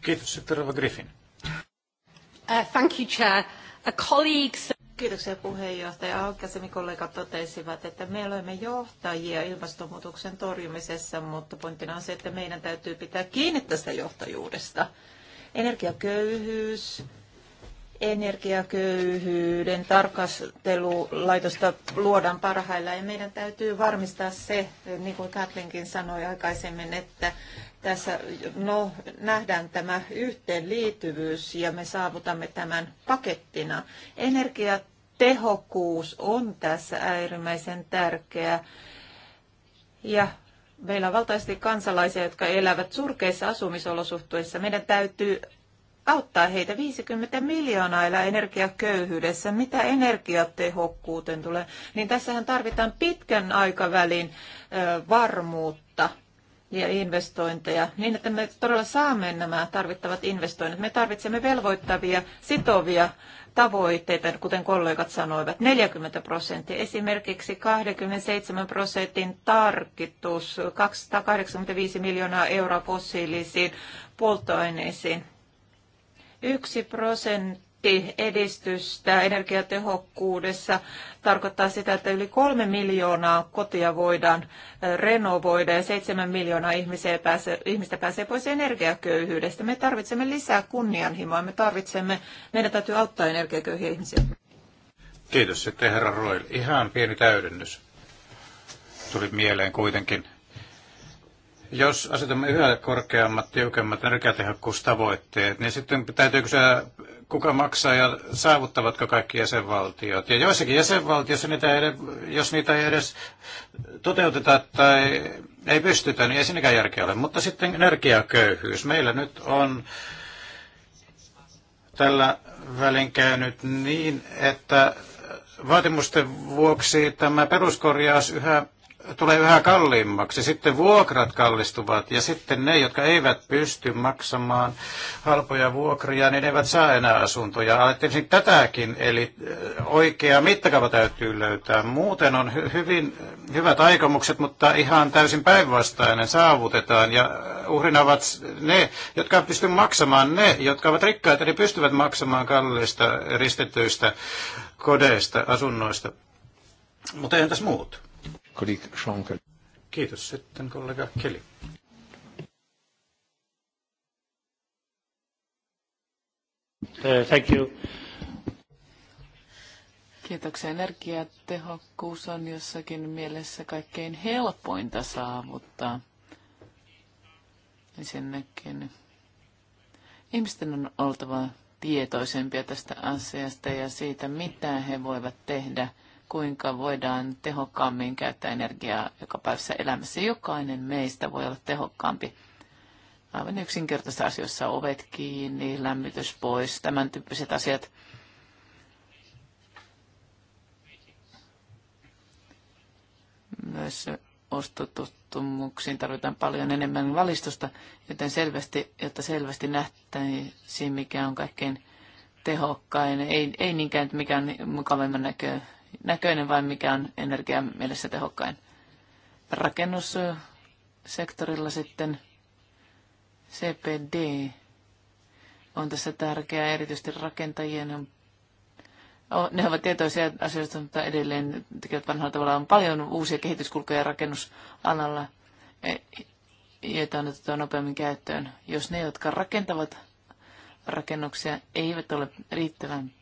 Kiitos. Sitten Rova Griffin. Uh, thank you, Chair. A colleagues... Kiitoksia puheenjohtaja. Aikaisemmin kollegat totesivat, että me olemme johtajia ilmastonmuutoksen torjumisessa, mutta pointtina on se, että meidän täytyy pitää kiinni tästä johtajuudesta. Energiaköyhyys, energiaköyhyyden tarkastelulaitosta luodaan parhaillaan ja meidän täytyy varmistaa se, niin kuin Katlinkin sanoi aikaisemmin, että tässä no, nähdään tämä yhteenliittyvyys ja me saavutamme tämän pakettina. Energiatehokkuus on tässä äärimmäisen tärkeä ja meillä on valtaisesti kansalaisia, jotka elävät surkeissa asumisolosuhteissa. Meidän täytyy auttaa heitä 50 miljoonaa elää energiaköyhyydessä. Mitä energiatehokkuuteen tulee, niin tässähän tarvitaan pitkän aikavälin varmuutta ja investointeja, niin että me todella saamme nämä tarvittavat investoinnit. Me tarvitsemme velvoittavia, sitovia tavoitteita, kuten kollegat sanoivat, 40 prosenttia. Esimerkiksi 27 prosentin tarkitus 285 miljoonaa euroa fossiilisiin polttoaineisiin. Yksi prosentti prosentti edistystä energiatehokkuudessa tarkoittaa sitä, että yli kolme miljoonaa kotia voidaan renovoida ja seitsemän miljoonaa pääsee, ihmistä pääsee pois energiaköyhyydestä. Me tarvitsemme lisää kunnianhimoa, me tarvitsemme, meidän täytyy auttaa energiaköyhiä ihmisiä. Kiitos sitten herra Roil. Ihan pieni täydennys tuli mieleen kuitenkin. Jos asetamme yhä korkeammat, tiukemmat energiatehokkuustavoitteet, niin sitten täytyykö se kuka maksaa ja saavuttavatko kaikki jäsenvaltiot. Ja joissakin jäsenvaltioissa, niitä ei, jos niitä ei edes toteuteta tai ei pystytä, niin ei sinnekään järkeä ole. Mutta sitten energiaköyhyys. Meillä nyt on tällä välin käynyt niin, että vaatimusten vuoksi tämä peruskorjaus yhä tulee yhä kalliimmaksi. Sitten vuokrat kallistuvat ja sitten ne, jotka eivät pysty maksamaan halpoja vuokria, niin eivät saa enää asuntoja. Ajattelin tätäkin, eli oikea mittakaava täytyy löytää. Muuten on hy- hyvin hyvät aikomukset, mutta ihan täysin päinvastainen saavutetaan ja uhrina ovat ne, jotka pystyvät maksamaan, ne, jotka ovat rikkaita, niin pystyvät maksamaan kalliista ristetyistä kodeista, asunnoista. Mutta entäs muut? Kolik Schonkel. Kiitos sitten kollega Keli. Uh, thank you. Kiitoksia. Energiatehokkuus on jossakin mielessä kaikkein helpointa saavuttaa. Ensinnäkin ihmisten on oltava tietoisempia tästä asiasta ja siitä, mitä he voivat tehdä kuinka voidaan tehokkaammin käyttää energiaa joka päivässä elämässä. Jokainen meistä voi olla tehokkaampi. Aivan yksinkertaisissa asioissa ovet kiinni, lämmitys pois, tämän tyyppiset asiat. Myös ostotuttumuksiin tarvitaan paljon enemmän valistusta, joten selvästi, jotta selvästi nähtäisiin, mikä on kaikkein tehokkain, ei, ei niinkään, että mikä on mukavimman näkö, näköinen vai mikä on energian mielessä tehokkain. Rakennussektorilla sitten CPD on tässä tärkeää, erityisesti rakentajien on ne ovat tietoisia asioista, mutta edelleen tekevät vanhalla tavalla. On paljon uusia kehityskulkuja rakennusalalla, e, joita on otettu nopeammin käyttöön. Jos ne, jotka rakentavat rakennuksia, eivät ole riittävän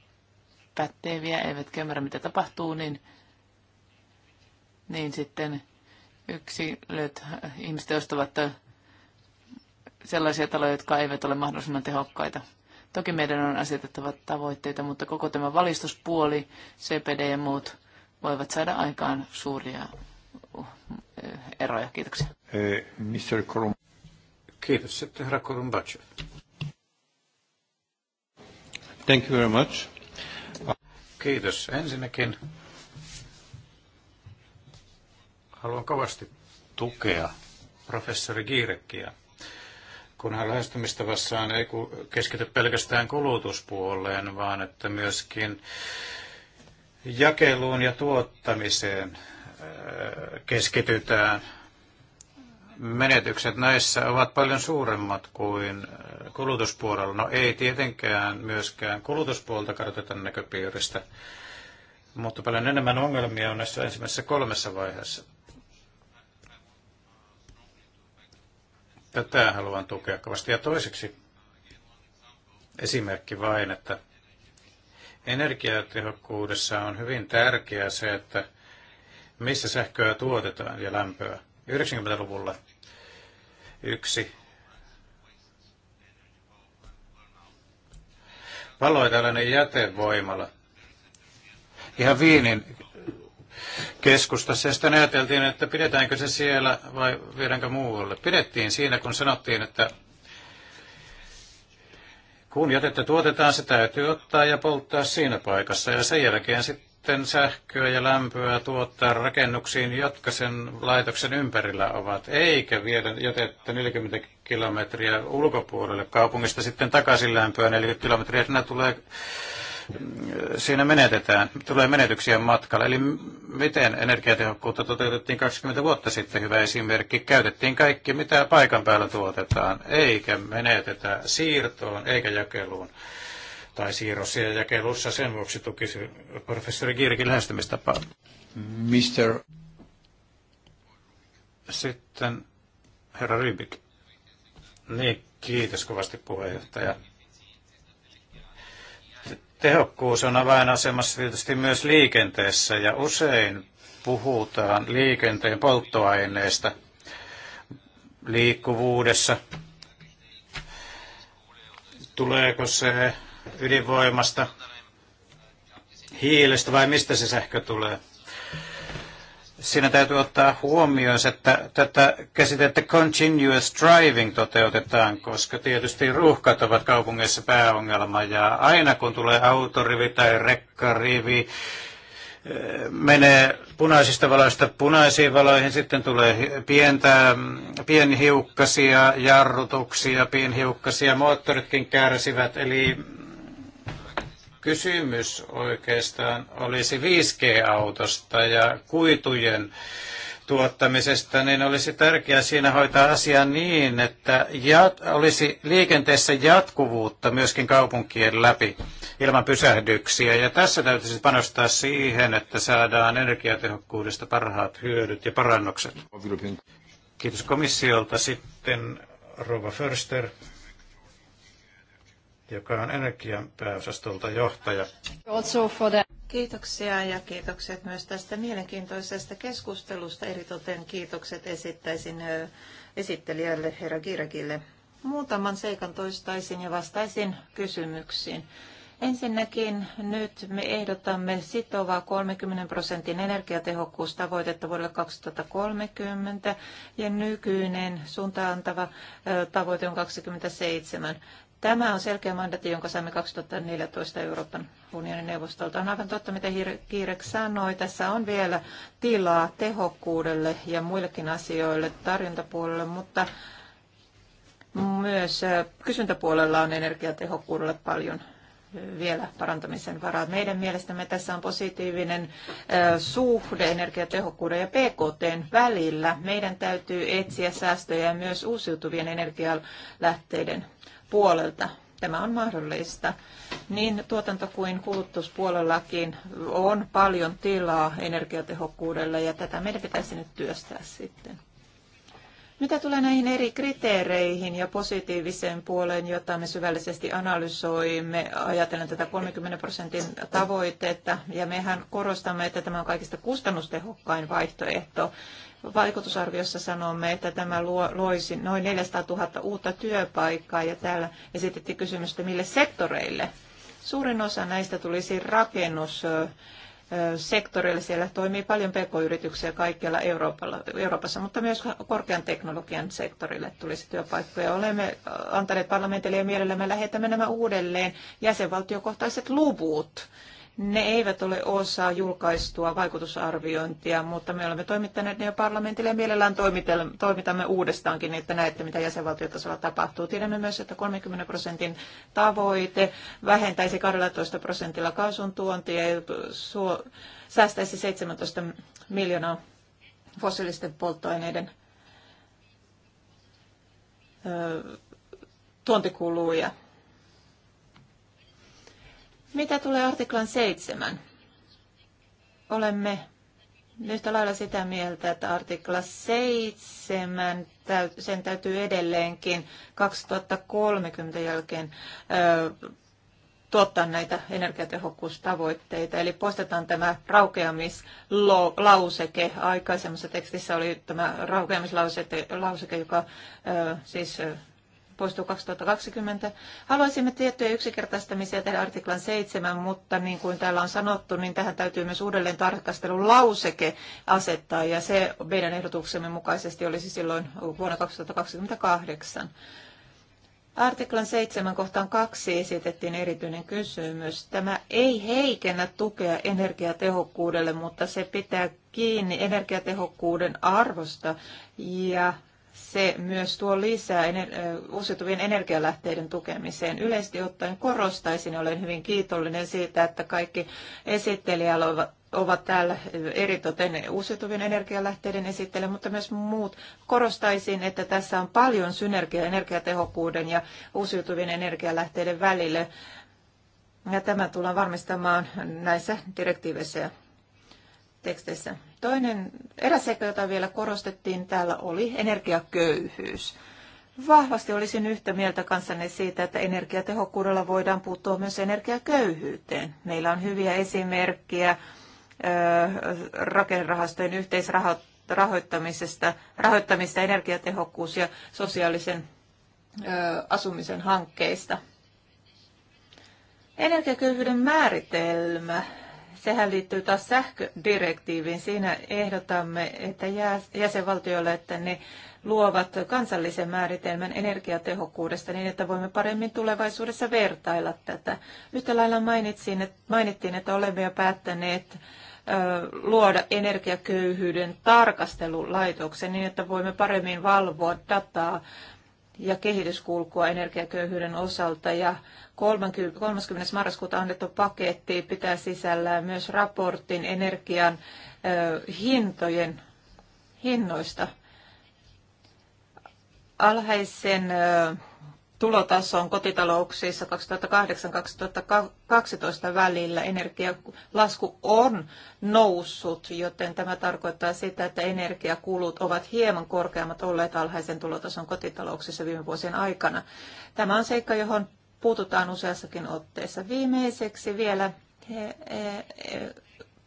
päteviä, eivätkä ymmärrä mitä tapahtuu, niin, niin sitten yksilöt, ihmiset ostavat sellaisia taloja, jotka eivät ole mahdollisimman tehokkaita. Toki meidän on asetettava tavoitteita, mutta koko tämä valistuspuoli, CPD ja muut voivat saada aikaan suuria uh, eroja. Kiitoksia. Eh, Mr. Kiitos. Sitten herra Thank you very much. Kiitos. Ensinnäkin haluan kovasti tukea professori Giirekkiä, kun hän lähestymistavassaan ei keskity pelkästään kulutuspuoleen, vaan että myöskin jakeluun ja tuottamiseen äh, keskitytään menetykset näissä ovat paljon suuremmat kuin äh, kulutuspuolella. No ei tietenkään myöskään kulutuspuolta kartoiteta näköpiiristä, mutta paljon enemmän ongelmia on näissä ensimmäisessä kolmessa vaiheessa. Tätä haluan tukea kovasti. Ja toiseksi esimerkki vain, että energiatehokkuudessa on hyvin tärkeää se, että missä sähköä tuotetaan ja lämpöä. 90-luvulla Yksi. Paloi tällainen jätevoimala. Ihan Viinin keskustassa ja sitten ajateltiin, että pidetäänkö se siellä vai viedäänkö muualle. Pidettiin siinä, kun sanottiin, että kun jätettä tuotetaan, se täytyy ottaa ja polttaa siinä paikassa ja sen jälkeen sitten sitten sähköä ja lämpöä tuottaa rakennuksiin, jotka sen laitoksen ympärillä ovat, eikä viedä jätettä 40 kilometriä ulkopuolelle kaupungista sitten takaisin lämpöä 40 kilometriä. että tulee siinä menetetään, tulee menetyksiä matkalla. Eli miten energiatehokkuutta toteutettiin 20 vuotta sitten, hyvä esimerkki, käytettiin kaikki, mitä paikan päällä tuotetaan, eikä menetetä siirtoon eikä jakeluun tai siirrossa ja jakelussa. Sen vuoksi tukisi professori Kirkin lähestymistapaa. Mister... Sitten herra Rybik. Niin, kiitos kovasti puheenjohtaja. Tehokkuus on avainasemassa tietysti myös liikenteessä ja usein puhutaan liikenteen polttoaineista liikkuvuudessa. Tuleeko se ydinvoimasta, hiilestä vai mistä se sähkö tulee. Siinä täytyy ottaa huomioon, että tätä käsitettä continuous driving toteutetaan, koska tietysti ruuhkat ovat kaupungeissa pääongelma ja aina kun tulee autorivi tai rekkarivi, eh, menee punaisista valoista punaisiin valoihin, sitten tulee pientä, pienhiukkasia jarrutuksia, pienhiukkasia, moottoritkin kärsivät, eli kysymys oikeastaan olisi 5G-autosta ja kuitujen tuottamisesta, niin olisi tärkeää siinä hoitaa asia niin, että jat- olisi liikenteessä jatkuvuutta myöskin kaupunkien läpi ilman pysähdyksiä. Ja tässä täytyisi panostaa siihen, että saadaan energiatehokkuudesta parhaat hyödyt ja parannukset. Kiitos komissiolta. Sitten Rova Förster joka on energian pääosastolta johtaja. Kiitoksia ja kiitokset myös tästä mielenkiintoisesta keskustelusta. Eritoten kiitokset esittäisin esittelijälle herra Kirkille. Muutaman seikan toistaisin ja vastaisin kysymyksiin. Ensinnäkin nyt me ehdotamme sitovaa 30 prosentin energiatehokkuustavoitetta vuodelle 2030 ja nykyinen suuntaantava tavoite on 27. Tämä on selkeä mandaatti, jonka saimme 2014 Euroopan unionin neuvostolta. On aivan totta, mitä Kiirek sanoi. Tässä on vielä tilaa tehokkuudelle ja muillekin asioille tarjontapuolelle, mutta myös kysyntäpuolella on energiatehokkuudelle paljon vielä parantamisen varaa. Meidän mielestämme tässä on positiivinen suhde energiatehokkuuden ja PKTn välillä. Meidän täytyy etsiä säästöjä myös uusiutuvien energialähteiden puolelta. Tämä on mahdollista. Niin tuotanto- kuin kulutuspuolellakin on paljon tilaa energiatehokkuudelle ja tätä meidän pitäisi nyt työstää sitten. Mitä tulee näihin eri kriteereihin ja positiiviseen puoleen, jota me syvällisesti analysoimme, ajatellen tätä 30 prosentin tavoitetta, ja mehän korostamme, että tämä on kaikista kustannustehokkain vaihtoehto, vaikutusarviossa sanomme, että tämä luo, loisi noin 400 000 uutta työpaikkaa ja täällä esitettiin kysymys, että mille sektoreille. Suurin osa näistä tulisi rakennus sektorille. Siellä toimii paljon pk-yrityksiä kaikkialla Euroopalla, Euroopassa, mutta myös korkean teknologian sektorille tulisi työpaikkoja. Olemme antaneet parlamentille ja mielellämme lähetämme nämä uudelleen jäsenvaltiokohtaiset luvut ne eivät ole osa julkaistua vaikutusarviointia, mutta me olemme toimittaneet ne jo parlamentille ja mielellään toimitamme uudestaankin, että näette, mitä jäsenvaltiotasolla tapahtuu. Tiedämme myös, että 30 prosentin tavoite vähentäisi 12 prosentilla kaasun tuontia ja säästäisi 17 miljoonaa fossiilisten polttoaineiden tuontikuluja. Mitä tulee artiklan seitsemän? Olemme yhtä lailla sitä mieltä, että artikla seitsemän sen täytyy edelleenkin 2030 jälkeen tuottaa näitä energiatehokkuustavoitteita. Eli poistetaan tämä raukeamislauseke. Aikaisemmassa tekstissä oli tämä raukeamislauseke, joka siis poistuu 2020. Haluaisimme tiettyjä yksinkertaistamisia tehdä artiklan 7, mutta niin kuin täällä on sanottu, niin tähän täytyy myös uudelleen tarkastelun lauseke asettaa, ja se meidän ehdotuksemme mukaisesti olisi silloin vuonna 2028. Artiklan 7 kohtaan 2 esitettiin erityinen kysymys. Tämä ei heikennä tukea energiatehokkuudelle, mutta se pitää kiinni energiatehokkuuden arvosta ja se myös tuo lisää uusiutuvien energialähteiden tukemiseen. Yleisesti ottaen korostaisin, olen hyvin kiitollinen siitä, että kaikki esittelijät ovat täällä eritoten uusiutuvien energialähteiden esittely, mutta myös muut. Korostaisin, että tässä on paljon synergiaa energiatehokkuuden ja uusiutuvien energialähteiden välille. Ja tämä tullaan varmistamaan näissä direktiiveissä ja teksteissä. Toinen eräs seikka, jota vielä korostettiin täällä, oli energiaköyhyys. Vahvasti olisin yhtä mieltä kanssanne siitä, että energiatehokkuudella voidaan puuttua myös energiaköyhyyteen. Meillä on hyviä esimerkkejä rakennerahastojen yhteisrahoittamisesta, rahoittamista energiatehokkuus- ja sosiaalisen asumisen hankkeista. Energiaköyhyyden määritelmä sehän liittyy taas sähködirektiiviin. Siinä ehdotamme, että jäsenvaltioille, että ne luovat kansallisen määritelmän energiatehokkuudesta niin, että voimme paremmin tulevaisuudessa vertailla tätä. Yhtä lailla mainitsin, että, mainittiin, että olemme jo päättäneet luoda energiaköyhyyden tarkastelulaitoksen niin, että voimme paremmin valvoa dataa ja kehityskulkua energiaköyhyyden osalta ja 30, 30. marraskuuta annettu paketti pitää sisällään myös raportin energian ö, hintojen hinnoista. Alhaisen ö, on kotitalouksissa 2008-2012 välillä energialasku on noussut, joten tämä tarkoittaa sitä, että energiakulut ovat hieman korkeammat olleet alhaisen tulotason kotitalouksissa viime vuosien aikana. Tämä on seikka, johon puututaan useassakin otteessa. Viimeiseksi vielä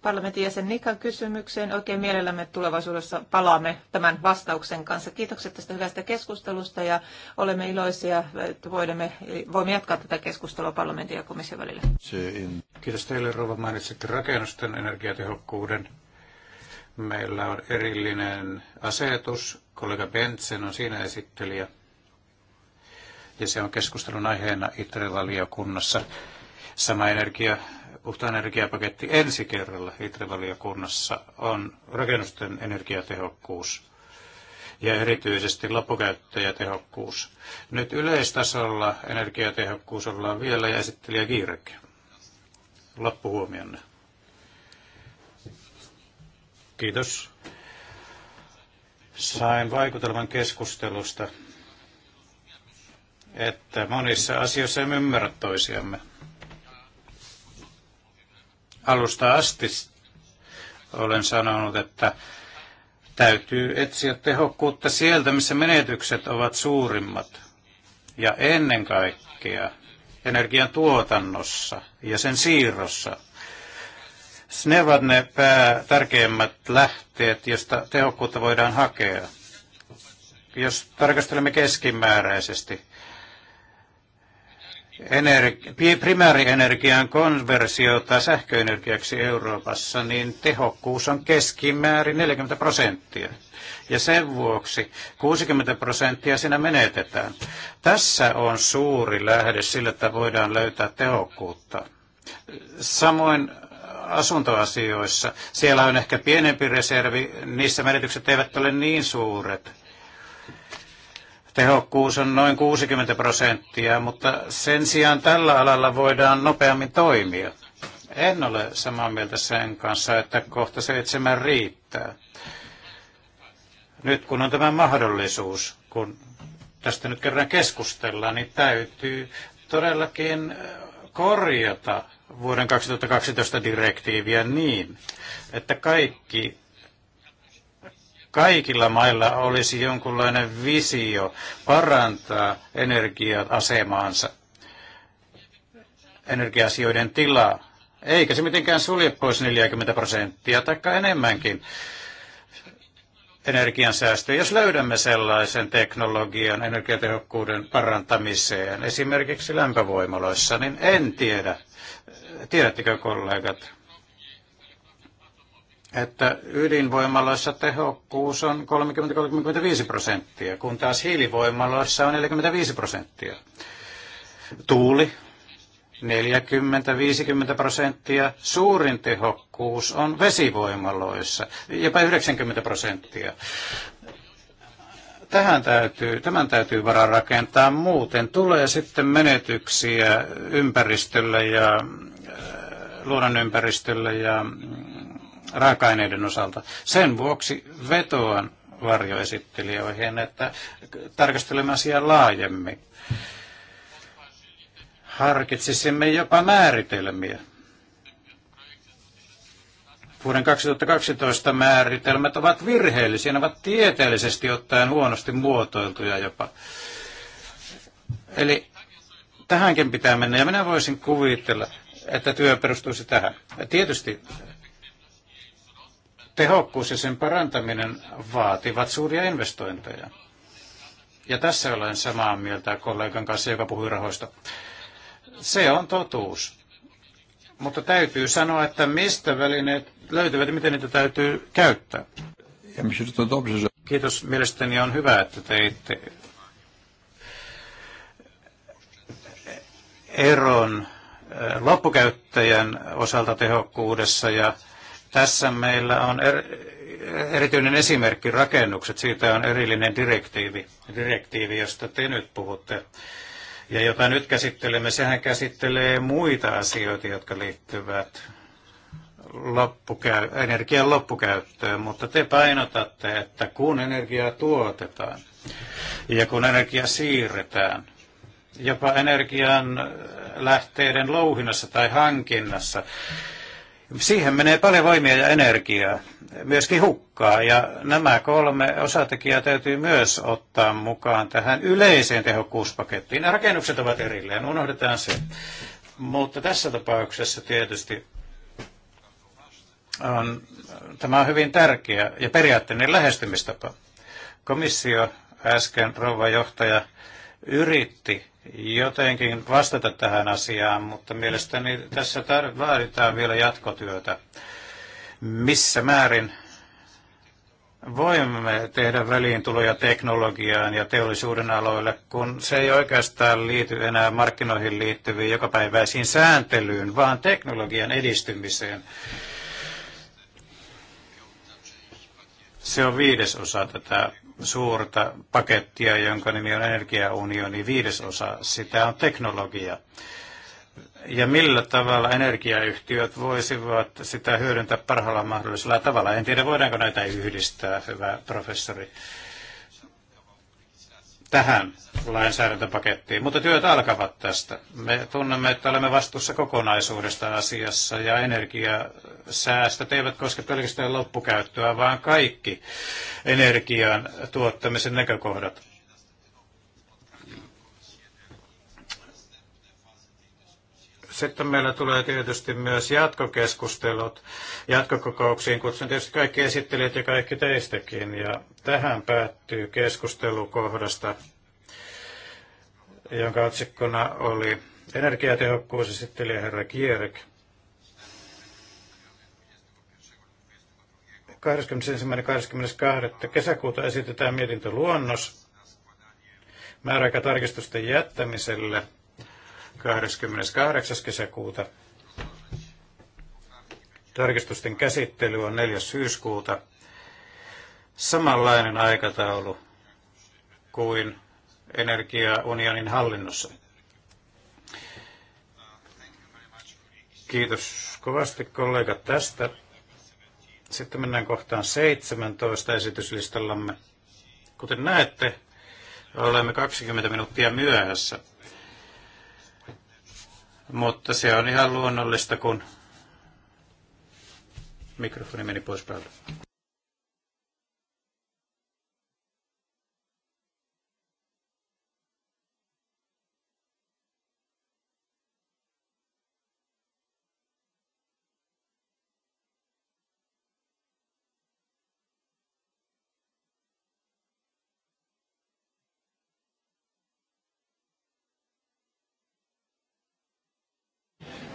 parlamentin jäsen Nikan kysymykseen. Oikein mielellämme tulevaisuudessa palaamme tämän vastauksen kanssa. Kiitokset tästä hyvästä keskustelusta ja olemme iloisia, että voimme, voimme jatkaa tätä keskustelua parlamentin ja komission välillä. Kiitos teille, Rova. Mainitsitte rakennusten energiatehokkuuden. Meillä on erillinen asetus. Kollega Bentsen on siinä esittelijä. Ja se on keskustelun aiheena Itre-valiokunnassa. Sama energia puhtaan energiapaketti ensi kerralla Itrevaliokunnassa on rakennusten energiatehokkuus ja erityisesti loppukäyttäjätehokkuus. Nyt yleistasolla energiatehokkuus ollaan vielä ja esittelijä Kiirek. Loppuhuomionne. Kiitos. Sain vaikutelman keskustelusta, että monissa asioissa emme ymmärrä toisiamme alusta asti olen sanonut, että täytyy etsiä tehokkuutta sieltä, missä menetykset ovat suurimmat. Ja ennen kaikkea energian tuotannossa ja sen siirrossa. Ne ovat ne pää, tärkeimmät lähteet, josta tehokkuutta voidaan hakea. Jos tarkastelemme keskimääräisesti, energi- primäärienergian konversiota sähköenergiaksi Euroopassa, niin tehokkuus on keskimäärin 40 prosenttia. Ja sen vuoksi 60 prosenttia siinä menetetään. Tässä on suuri lähde sillä, että voidaan löytää tehokkuutta. Samoin asuntoasioissa. Siellä on ehkä pienempi reservi, niissä menetykset eivät ole niin suuret tehokkuus on noin 60 prosenttia, mutta sen sijaan tällä alalla voidaan nopeammin toimia. En ole samaa mieltä sen kanssa, että kohta seitsemän riittää. Nyt kun on tämä mahdollisuus, kun tästä nyt kerran keskustellaan, niin täytyy todellakin korjata vuoden 2012 direktiiviä niin, että kaikki kaikilla mailla olisi jonkunlainen visio parantaa energia-asemaansa, energiasioiden tilaa, eikä se mitenkään sulje pois 40 prosenttia tai enemmänkin energiansäästöä, jos löydämme sellaisen teknologian energiatehokkuuden parantamiseen, esimerkiksi lämpövoimaloissa, niin en tiedä. Tiedättekö kollegat, että ydinvoimaloissa tehokkuus on 30-35 prosenttia, kun taas hiilivoimaloissa on 45 prosenttia. Tuuli 40-50 prosenttia. Suurin tehokkuus on vesivoimaloissa, jopa 90 prosenttia. Tähän täytyy, tämän täytyy varaa rakentaa, muuten tulee sitten menetyksiä ympäristölle ja äh, luonnonympäristölle ja mm, raaka-aineiden osalta. Sen vuoksi vetoan varjoesittelijöihin, että tarkastelemme asiaa laajemmin. Harkitsisimme jopa määritelmiä. Vuoden 2012 määritelmät ovat virheellisiä, ne ovat tieteellisesti ottaen huonosti muotoiltuja jopa. Eli tähänkin pitää mennä, ja minä voisin kuvitella, että työ perustuisi tähän. Ja tietysti tehokkuus ja sen parantaminen vaativat suuria investointeja. Ja tässä olen samaa mieltä kollegan kanssa, joka puhui rahoista. Se on totuus. Mutta täytyy sanoa, että mistä välineet löytyvät ja miten niitä täytyy käyttää. Kiitos. Mielestäni on hyvä, että teitte eron loppukäyttäjän osalta tehokkuudessa ja tässä meillä on er, erityinen esimerkki rakennukset. Siitä on erillinen direktiivi, direktiivi josta te nyt puhutte. Ja jota nyt käsittelemme, sehän käsittelee muita asioita, jotka liittyvät loppukäy- energian loppukäyttöön, mutta te painotatte, että kun energiaa tuotetaan ja kun energiaa siirretään, jopa energian lähteiden louhinnassa tai hankinnassa, Siihen menee paljon voimia ja energiaa, myöskin hukkaa, ja nämä kolme osatekijää täytyy myös ottaa mukaan tähän yleiseen tehokkuuspakettiin. Nämä rakennukset ovat erilleen, unohdetaan se. Mutta tässä tapauksessa tietysti on, tämä on hyvin tärkeä ja periaatteinen lähestymistapa. Komissio äsken rouva johtaja yritti jotenkin vastata tähän asiaan, mutta mielestäni tässä tar- vaaditaan vielä jatkotyötä. Missä määrin voimme tehdä väliintuloja teknologiaan ja teollisuuden aloille, kun se ei oikeastaan liity enää markkinoihin liittyviin jokapäiväisiin sääntelyyn, vaan teknologian edistymiseen. Se on viides osa tätä suurta pakettia, jonka nimi on energiaunioni, viidesosa sitä on teknologia. Ja millä tavalla energiayhtiöt voisivat sitä hyödyntää parhaalla mahdollisella tavalla? En tiedä, voidaanko näitä yhdistää, hyvä professori tähän lainsäädäntöpakettiin, mutta työt alkavat tästä. Me tunnemme, että olemme vastuussa kokonaisuudesta asiassa ja energiasäästöt eivät koske pelkästään loppukäyttöä, vaan kaikki energian tuottamisen näkökohdat. Sitten meillä tulee tietysti myös jatkokeskustelut jatkokokouksiin. Kutsun tietysti kaikki esittelijät ja kaikki teistäkin. Ja tähän päättyy keskustelukohdasta, jonka otsikkona oli energiatehokkuus esittelijä herra Kierk. 21.22. kesäkuuta esitetään mietintöluonnos määräaika tarkistusten jättämiselle 28. kesäkuuta. Tarkistusten käsittely on 4. syyskuuta. Samanlainen aikataulu kuin energiaunionin hallinnossa. Kiitos kovasti kollegat tästä. Sitten mennään kohtaan 17 esityslistallamme. Kuten näette, olemme 20 minuuttia myöhässä. Mutta se on ihan luonnollista, kun mikrofoni meni pois päältä.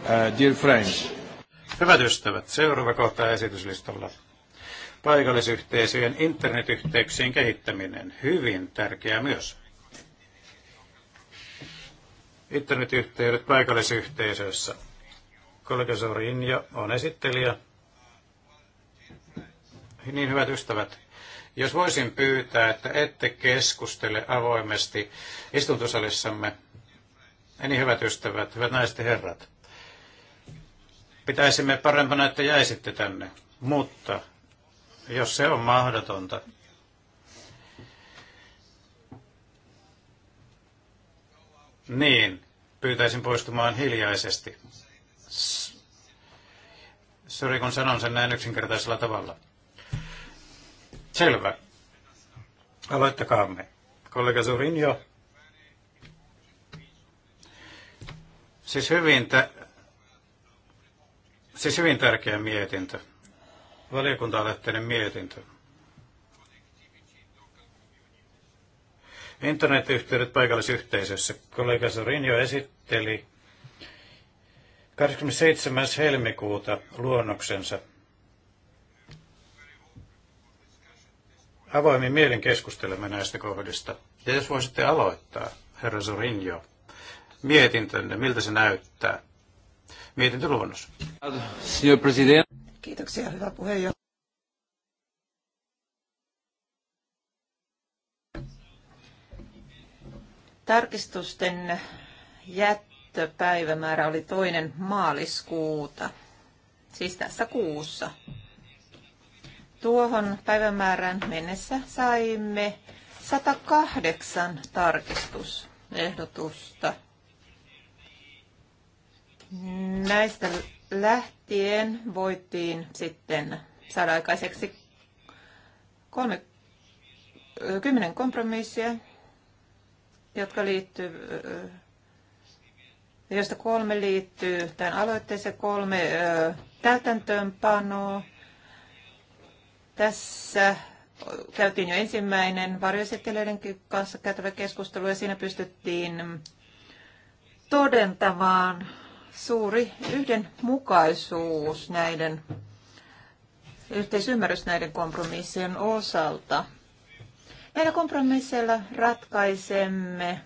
Uh, dear friends. Hyvät ystävät, seuraava kohta esityslistalla. Paikallisyhteisöjen internetyhteyksien kehittäminen. Hyvin tärkeää myös. Internetyhteydet paikallisyhteisöissä. Kollega Zorinja on esittelijä. Niin hyvät ystävät, jos voisin pyytää, että ette keskustele avoimesti istuntosalissamme. Niin hyvät ystävät, hyvät naiset ja herrat. Pitäisimme parempana, että jäisitte tänne, mutta jos se on mahdotonta, niin pyytäisin poistumaan hiljaisesti. Sori, kun sanon sen näin yksinkertaisella tavalla. Selvä. Aloittakaamme. Kollega jo. Siis hyvin Siis hyvin tärkeä mietintö. valiokunta lähteinen mietintö. Internetyhteydet paikallisyhteisössä. Kollega jo esitteli 27. helmikuuta luonnoksensa avoimin mielen keskustelemme näistä kohdista. Ja jos voisitte aloittaa, herra Sorinjo, mietintönne, miltä se näyttää. Mietintöluonnos. Kiitoksia, hyvä puheenjohtaja. Tarkistusten jättöpäivämäärä oli toinen maaliskuuta, siis tässä kuussa. Tuohon päivämäärän mennessä saimme 108 tarkistusehdotusta. Näistä lähtien voitiin sitten saada aikaiseksi kolme, kymmenen kompromissia, jotka liittyy, joista kolme liittyy tämän aloitteeseen, kolme täytäntöönpanoa. Tässä käytiin jo ensimmäinen varjoesittelijöiden kanssa käytävä keskustelu ja siinä pystyttiin todentamaan suuri yhdenmukaisuus näiden, yhteisymmärrys näiden kompromissien osalta. Näillä kompromisseilla ratkaisemme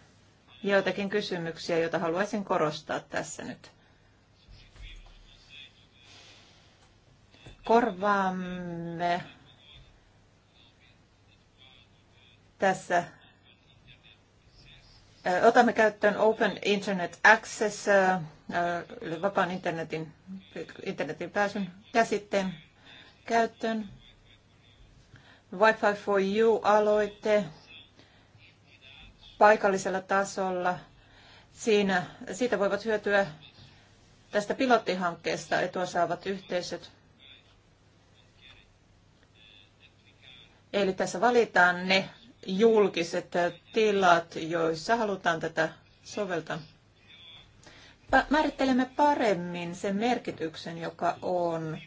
joitakin kysymyksiä, joita haluaisin korostaa tässä nyt. Korvaamme tässä Otamme käyttöön Open Internet Access vapaan internetin, internetin pääsyn käsitteen käyttöön. Wi-Fi for You-aloite paikallisella tasolla. Siinä, siitä voivat hyötyä tästä pilottihankkeesta etua saavat yhteisöt. Eli tässä valitaan ne julkiset tilat, joissa halutaan tätä soveltaa määrittelemme paremmin sen merkityksen, joka on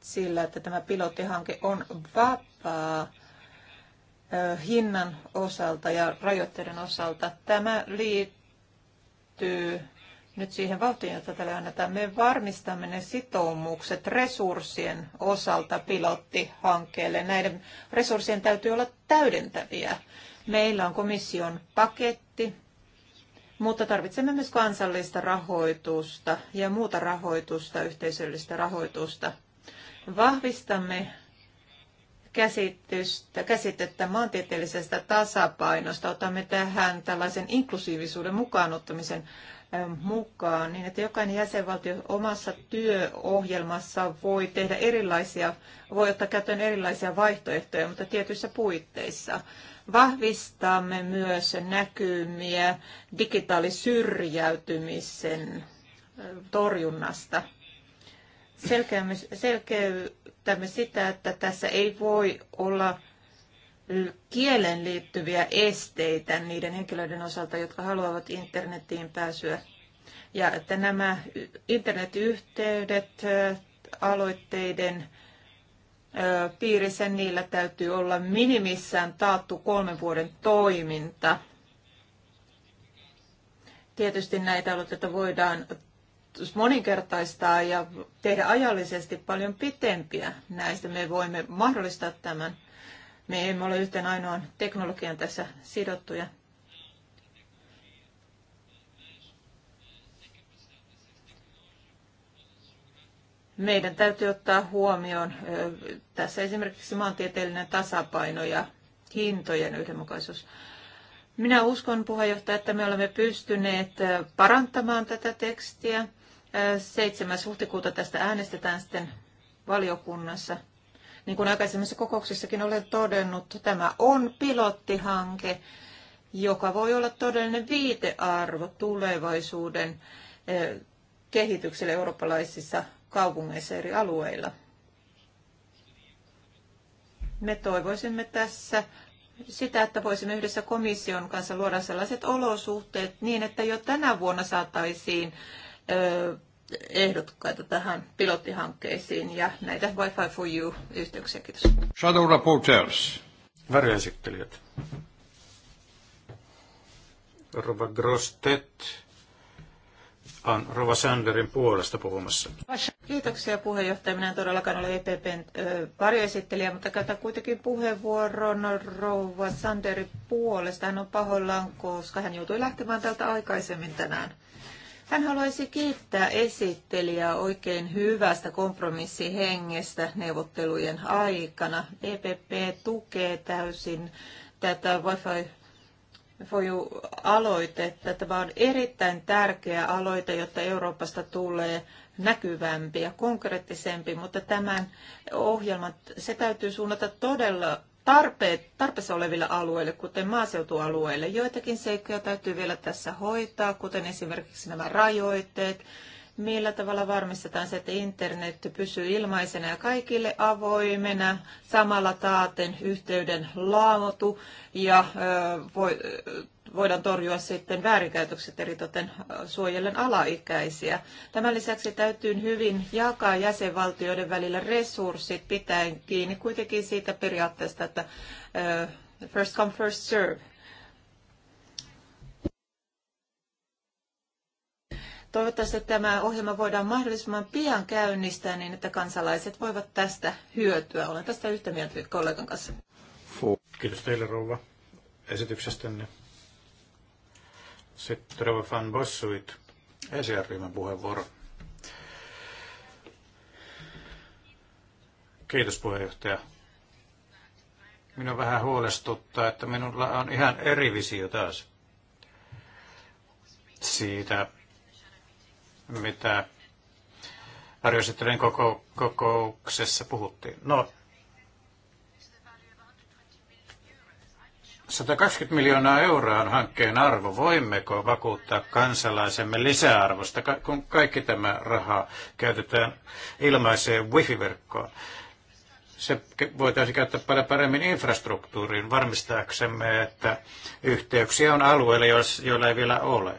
sillä, että tämä pilottihanke on vapaa hinnan osalta ja rajoitteiden osalta. Tämä liittyy nyt siihen vauhtiin, jota tälle annetaan. Me varmistamme ne sitoumukset resurssien osalta pilottihankkeelle. Näiden resurssien täytyy olla täydentäviä. Meillä on komission paketti mutta tarvitsemme myös kansallista rahoitusta ja muuta rahoitusta, yhteisöllistä rahoitusta. Vahvistamme käsitystä, käsitettä maantieteellisestä tasapainosta. Otamme tähän tällaisen inklusiivisuuden mukaanottamisen mukaan, niin että jokainen jäsenvaltio omassa työohjelmassa voi tehdä erilaisia, voi ottaa käyttöön erilaisia vaihtoehtoja, mutta tietyissä puitteissa vahvistamme myös näkymiä digitaalisyrjäytymisen torjunnasta. Selkeämme, selkeytämme sitä, että tässä ei voi olla kielen liittyviä esteitä niiden henkilöiden osalta, jotka haluavat internetiin pääsyä. Ja että nämä internetyhteydet aloitteiden piirissä, niillä täytyy olla minimissään taattu kolmen vuoden toiminta. Tietysti näitä aloitteita voidaan moninkertaistaa ja tehdä ajallisesti paljon pitempiä näistä. Me voimme mahdollistaa tämän. Me emme ole yhteen ainoan teknologian tässä sidottuja. meidän täytyy ottaa huomioon tässä esimerkiksi maantieteellinen tasapaino ja hintojen yhdenmukaisuus. Minä uskon, puheenjohtaja, että me olemme pystyneet parantamaan tätä tekstiä. 7. huhtikuuta tästä äänestetään sitten valiokunnassa. Niin kuin aikaisemmissa kokouksissakin olen todennut, tämä on pilottihanke, joka voi olla todellinen viitearvo tulevaisuuden kehitykselle eurooppalaisissa kaupungeissa eri alueilla. Me toivoisimme tässä sitä, että voisimme yhdessä komission kanssa luoda sellaiset olosuhteet niin, että jo tänä vuonna saataisiin ehdokkaita tähän pilottihankkeisiin ja näitä Wi-Fi for You-yhteyksiä. Kiitos. Shadow Rapporteurs. Väriesittelijät. Rova Grostet on Rova Sanderin puolesta puhumassa. Kiitoksia puheenjohtaja. Minä en todellakaan ole EPPn varjoesittelijä, mutta käytän kuitenkin puheenvuoron Rova Sanderin puolesta. Hän on pahoillaan, koska hän joutui lähtemään tältä aikaisemmin tänään. Hän haluaisi kiittää esittelijää oikein hyvästä kompromissihengestä neuvottelujen aikana. EPP tukee täysin tätä Wi-Fi foiu aloite, Tämä on erittäin tärkeä aloite, jotta Euroopasta tulee näkyvämpi ja konkreettisempi, mutta tämän ohjelman se täytyy suunnata todella tarpeet, tarpeessa oleville alueille, kuten maaseutualueille. Joitakin seikkoja täytyy vielä tässä hoitaa, kuten esimerkiksi nämä rajoitteet, millä tavalla varmistetaan se, että internet pysyy ilmaisena ja kaikille avoimena, samalla taaten yhteyden laatu ja voidaan torjua sitten väärinkäytökset eritoten suojellen alaikäisiä. Tämän lisäksi täytyy hyvin jakaa jäsenvaltioiden välillä resurssit pitäen kiinni kuitenkin siitä periaatteesta, että first come, first serve Toivottavasti tämä ohjelma voidaan mahdollisimman pian käynnistää niin, että kansalaiset voivat tästä hyötyä. Olen tästä yhtä mieltä kollegan kanssa. Kiitos teille rouva esityksestänne. Sitten rouva Van Bossuit, esr ryhmän puheenvuoro. Kiitos puheenjohtaja. Minun vähän huolestuttaa, että minulla on ihan eri visio taas siitä, mitä varjoesittelyjen koko, kokouksessa puhuttiin. No, 120 miljoonaa euroa on hankkeen arvo. Voimmeko vakuuttaa kansalaisemme lisäarvosta, kun kaikki tämä raha käytetään ilmaiseen wifi-verkkoon? Se voitaisiin käyttää paljon paremmin infrastruktuuriin varmistaaksemme, että yhteyksiä on alueilla, joilla ei vielä ole.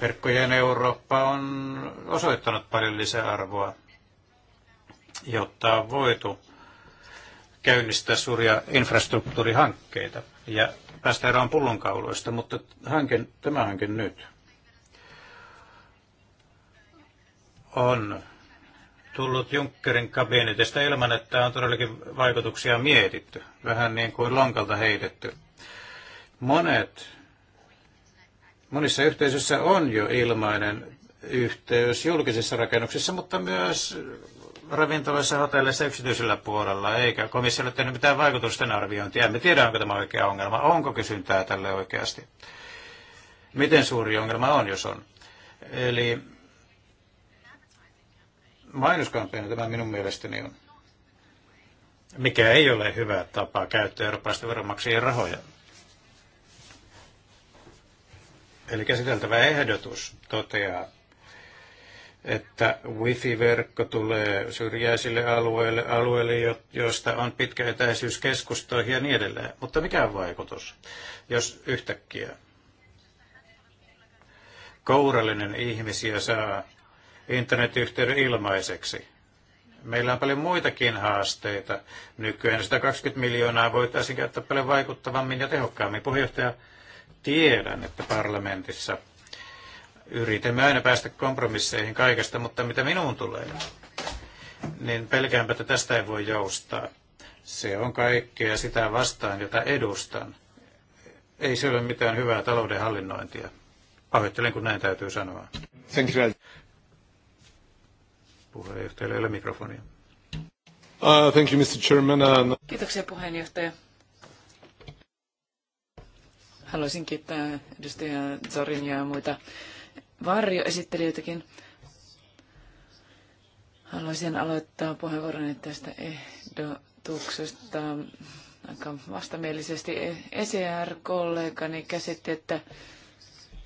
Verkkojen Eurooppa on osoittanut paljon lisäarvoa, jotta on voitu käynnistää suuria infrastruktuurihankkeita ja päästä eroon pullonkauloista, mutta hanke, tämä hanke nyt on tullut Junckerin kabinetista ilman, että on todellakin vaikutuksia mietitty, vähän niin kuin lonkalta heitetty. Monet Monissa yhteisöissä on jo ilmainen yhteys julkisissa rakennuksissa, mutta myös ravintoloissa, hotelleissa yksityisellä puolella, eikä komissio ole tehnyt mitään vaikutusten arviointia. Emme tiedä, onko tämä oikea ongelma, onko kysyntää tälle oikeasti. Miten suuri ongelma on, jos on. Eli mainoskampeena tämä minun mielestäni on. Mikä ei ole hyvä tapa käyttää eurooppalaisten veronmaksajien rahoja. Eli käsiteltävä ehdotus toteaa, että wifi-verkko tulee syrjäisille alueille, alueille, joista on pitkä etäisyys keskustoihin ja niin edelleen. Mutta mikä on vaikutus, jos yhtäkkiä kourallinen ihmisiä saa internetyhteyden ilmaiseksi? Meillä on paljon muitakin haasteita. Nykyään 120 miljoonaa voitaisiin käyttää paljon vaikuttavammin ja tehokkaammin. Puheenjohtaja, tiedän, että parlamentissa yritämme aina päästä kompromisseihin kaikesta, mutta mitä minuun tulee, niin pelkäänpä, että tästä ei voi joustaa. Se on kaikkea sitä vastaan, jota edustan. Ei se ole mitään hyvää talouden hallinnointia. Pahoittelen, kun näin täytyy sanoa. Thank you. Puheenjohtajalle ei ole mikrofonia. Uh, thank you, Mr. Chairman. Kiitoksia puheenjohtaja. Haluaisin kiittää edustaja Zorin ja muita varjoesittelijöitäkin. Haluaisin aloittaa puheenvuoron tästä ehdotuksesta aika vastamielisesti. ECR-kollegani käsitti, että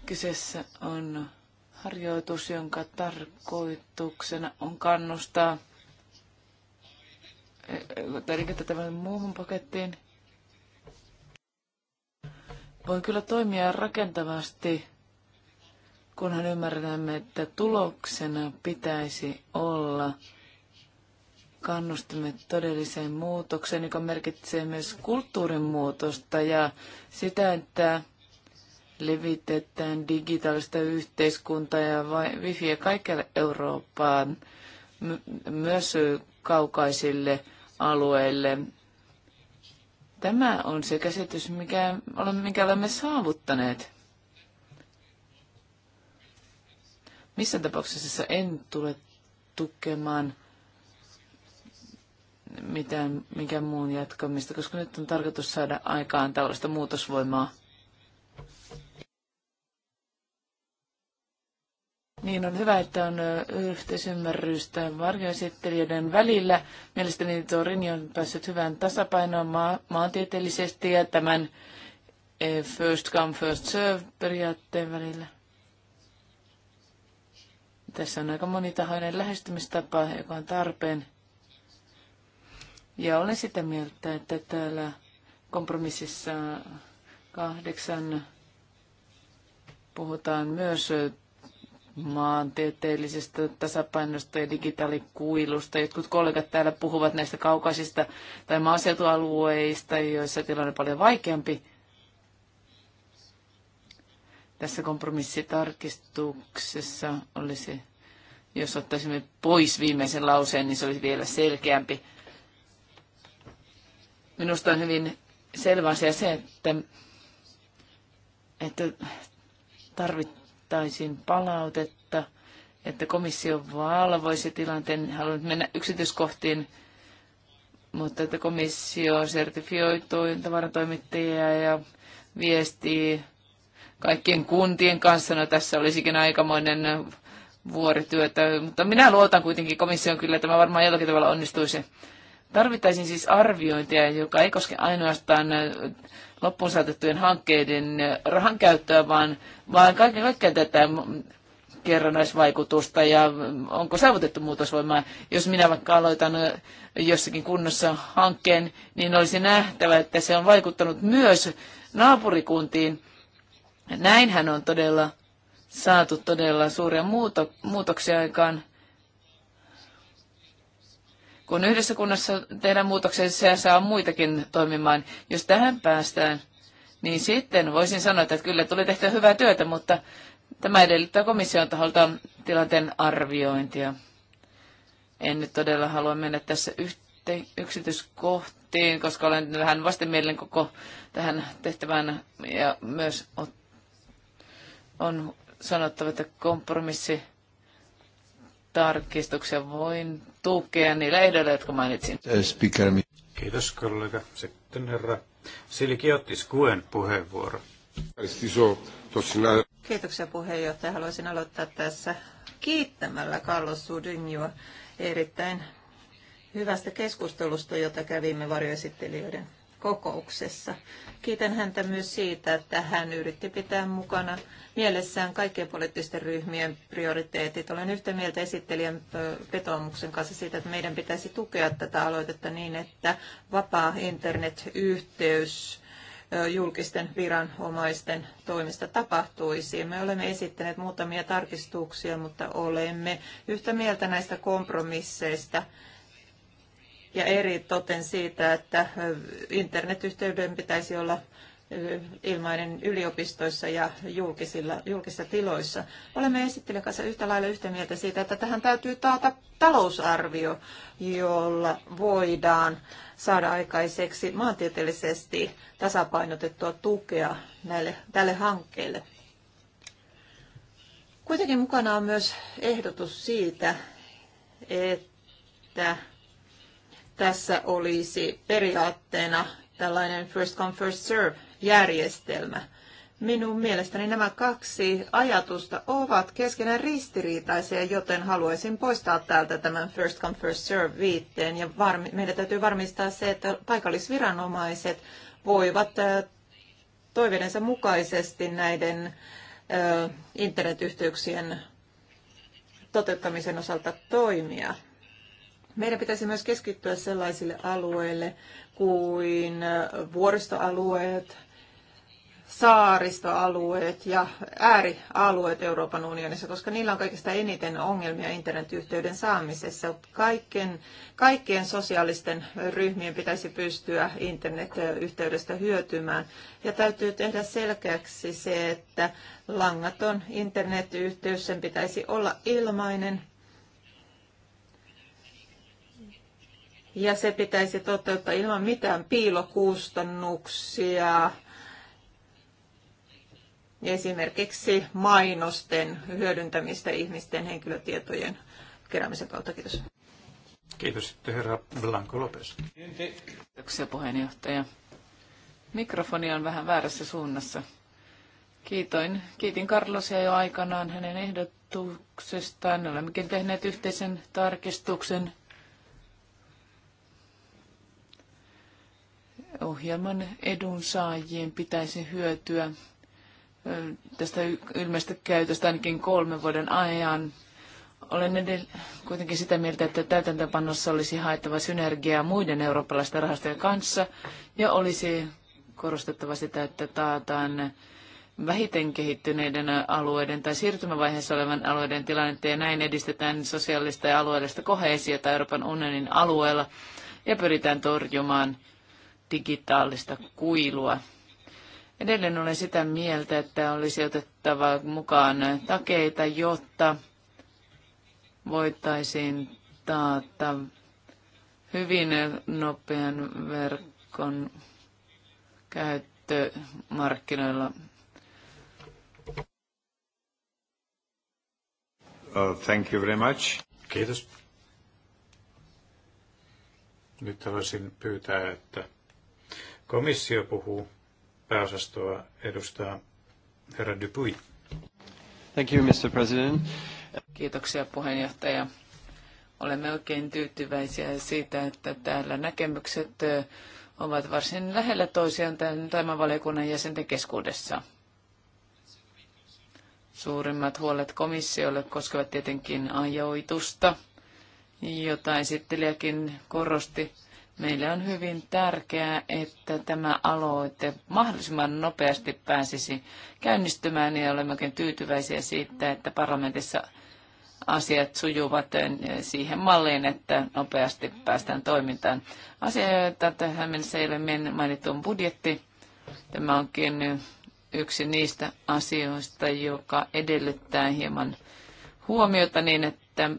kyseessä on harjoitus, jonka tarkoituksena on kannustaa eh, eh, tai tätä muuhun pakettiin Voin kyllä toimia rakentavasti, kunhan ymmärrämme, että tuloksena pitäisi olla kannustamme todelliseen muutokseen, joka merkitsee myös kulttuurin muutosta ja sitä, että levitetään digitaalista yhteiskuntaa ja wifiä kaikille Eurooppaan, myös kaukaisille alueille, Tämä on se käsitys, mikä olemme, mikä olemme saavuttaneet. Missä tapauksessa en tule tukemaan mitään, minkään muun jatkamista, koska nyt on tarkoitus saada aikaan tällaista muutosvoimaa. Niin on hyvä, että on yhteisymmärrystä varjoesittelijöiden välillä. Mielestäni tuo Rini on päässyt hyvään tasapainoon ma- maantieteellisesti ja tämän first come, first serve periaatteen välillä. Tässä on aika monitahoinen lähestymistapa, joka on tarpeen. Ja olen sitä mieltä, että täällä kompromississa kahdeksan puhutaan myös maantieteellisestä tasapainosta ja digitaalikuilusta. Jotkut kollegat täällä puhuvat näistä kaukaisista tai maaseutualueista, joissa tilanne on paljon vaikeampi. Tässä kompromissitarkistuksessa olisi, jos ottaisimme pois viimeisen lauseen, niin se olisi vielä selkeämpi. Minusta on hyvin selvä asia se, että, että tarvittaisiin vaadittaisiin palautetta, että komissio valvoisi tilanteen. Haluan mennä yksityiskohtiin, mutta että komissio sertifioitui tavarantoimittajia ja viestii kaikkien kuntien kanssa. No tässä olisikin aikamoinen vuorityötä, mutta minä luotan kuitenkin komission kyllä, tämä varmaan jollakin tavalla onnistuisi. Tarvittaisiin siis arviointia, joka ei koske ainoastaan äh, loppuun saatettujen hankkeiden äh, rahan käyttöä, vaan, vaan kaiken kaikkiaan tätä kerrannaisvaikutusta ja äh, onko saavutettu muutosvoimaa. Jos minä vaikka aloitan jossakin kunnossa hankkeen, niin olisi nähtävä, että se on vaikuttanut myös naapurikuntiin. Näinhän on todella saatu todella suuria muutoksia aikaan. Kun yhdessä kunnassa tehdään muutoksia, se saa muitakin toimimaan. Jos tähän päästään, niin sitten voisin sanoa, että kyllä tuli tehtyä hyvää työtä, mutta tämä edellyttää komission taholta tilanteen arviointia. En nyt todella halua mennä tässä yhteen yksityiskohtiin, koska olen vähän vastenmielinen koko tähän tehtävään ja myös on sanottava, että kompromissi tarkistuksia voin tukea niillä ehdoilla, jotka mainitsin. Äh, Kiitos kollega. Sitten herra otti Kuen puheenvuoro. Kiitoksia puheenjohtaja. Haluaisin aloittaa tässä kiittämällä Carlos Sudinjoa erittäin hyvästä keskustelusta, jota kävimme varjoesittelijöiden kokouksessa. Kiitän häntä myös siitä, että hän yritti pitää mukana mielessään kaikkien poliittisten ryhmien prioriteetit. Olen yhtä mieltä esittelijän vetoomuksen kanssa siitä, että meidän pitäisi tukea tätä aloitetta niin, että vapaa internetyhteys julkisten viranomaisten toimista tapahtuisi. Me olemme esittäneet muutamia tarkistuksia, mutta olemme yhtä mieltä näistä kompromisseista ja eri toten siitä, että internetyhteyden pitäisi olla ilmainen yliopistoissa ja julkisilla, julkisissa tiloissa. Olemme esittelijän kanssa yhtä lailla yhtä mieltä siitä, että tähän täytyy taata talousarvio, jolla voidaan saada aikaiseksi maantieteellisesti tasapainotettua tukea näille, tälle hankkeelle. Kuitenkin mukana on myös ehdotus siitä, että tässä olisi periaatteena tällainen first come first serve järjestelmä. Minun mielestäni nämä kaksi ajatusta ovat keskenään ristiriitaisia, joten haluaisin poistaa täältä tämän first come first serve viitteen ja varmi, meidän täytyy varmistaa se, että paikallisviranomaiset voivat toiveidensa mukaisesti näiden internetyhteyksien toteuttamisen osalta toimia. Meidän pitäisi myös keskittyä sellaisille alueille kuin äh, vuoristoalueet, saaristoalueet ja äärialueet Euroopan unionissa, koska niillä on kaikista eniten ongelmia internetyhteyden saamisessa. Kaikkien, kaikkien sosiaalisten ryhmien pitäisi pystyä internetyhteydestä hyötymään. Ja täytyy tehdä selkeäksi se, että langaton internetyhteys, sen pitäisi olla ilmainen ja se pitäisi toteuttaa ilman mitään piilokustannuksia, esimerkiksi mainosten hyödyntämistä ihmisten henkilötietojen keräämisen kautta. Kiitos. Kiitos sitten herra Blanco Lopes. Kiitoksia puheenjohtaja. Mikrofoni on vähän väärässä suunnassa. Kiitoin. Kiitin Carlosia jo aikanaan hänen ehdotuksestaan. Olemmekin tehneet yhteisen tarkistuksen ohjelman edunsaajien pitäisi hyötyä tästä ilmeistä käytöstä ainakin kolmen vuoden ajan. Olen kuitenkin sitä mieltä, että täytäntöpanossa olisi haettava synergiaa muiden eurooppalaisten rahastojen kanssa ja olisi korostettava sitä, että taataan vähiten kehittyneiden alueiden tai siirtymävaiheessa olevan alueiden tilannetta ja näin edistetään sosiaalista ja alueellista kohesiota Euroopan unionin alueella ja pyritään torjumaan digitaalista kuilua. Edelleen olen sitä mieltä, että olisi otettava mukaan takeita, jotta voitaisiin taata hyvin nopean verkon käyttö markkinoilla. thank you very much. Kiitos. Nyt haluaisin pyytää, että Komissio puhuu. Pääosastoa edustaa herra Dupuy. Thank you, Mr. President. Kiitoksia puheenjohtaja. Olemme oikein tyytyväisiä siitä, että täällä näkemykset ovat varsin lähellä toisiaan tämän taimavaliokunnan jäsenten keskuudessa. Suurimmat huolet komissiolle koskevat tietenkin ajoitusta, jota esittelijäkin korosti Meille on hyvin tärkeää, että tämä aloite mahdollisimman nopeasti pääsisi käynnistymään ja olemme oikein tyytyväisiä siitä, että parlamentissa asiat sujuvat siihen malliin, että nopeasti päästään toimintaan. Asia, jota tähän mennessä ei ole mainittu, on budjetti. Tämä onkin yksi niistä asioista, joka edellyttää hieman huomiota niin, että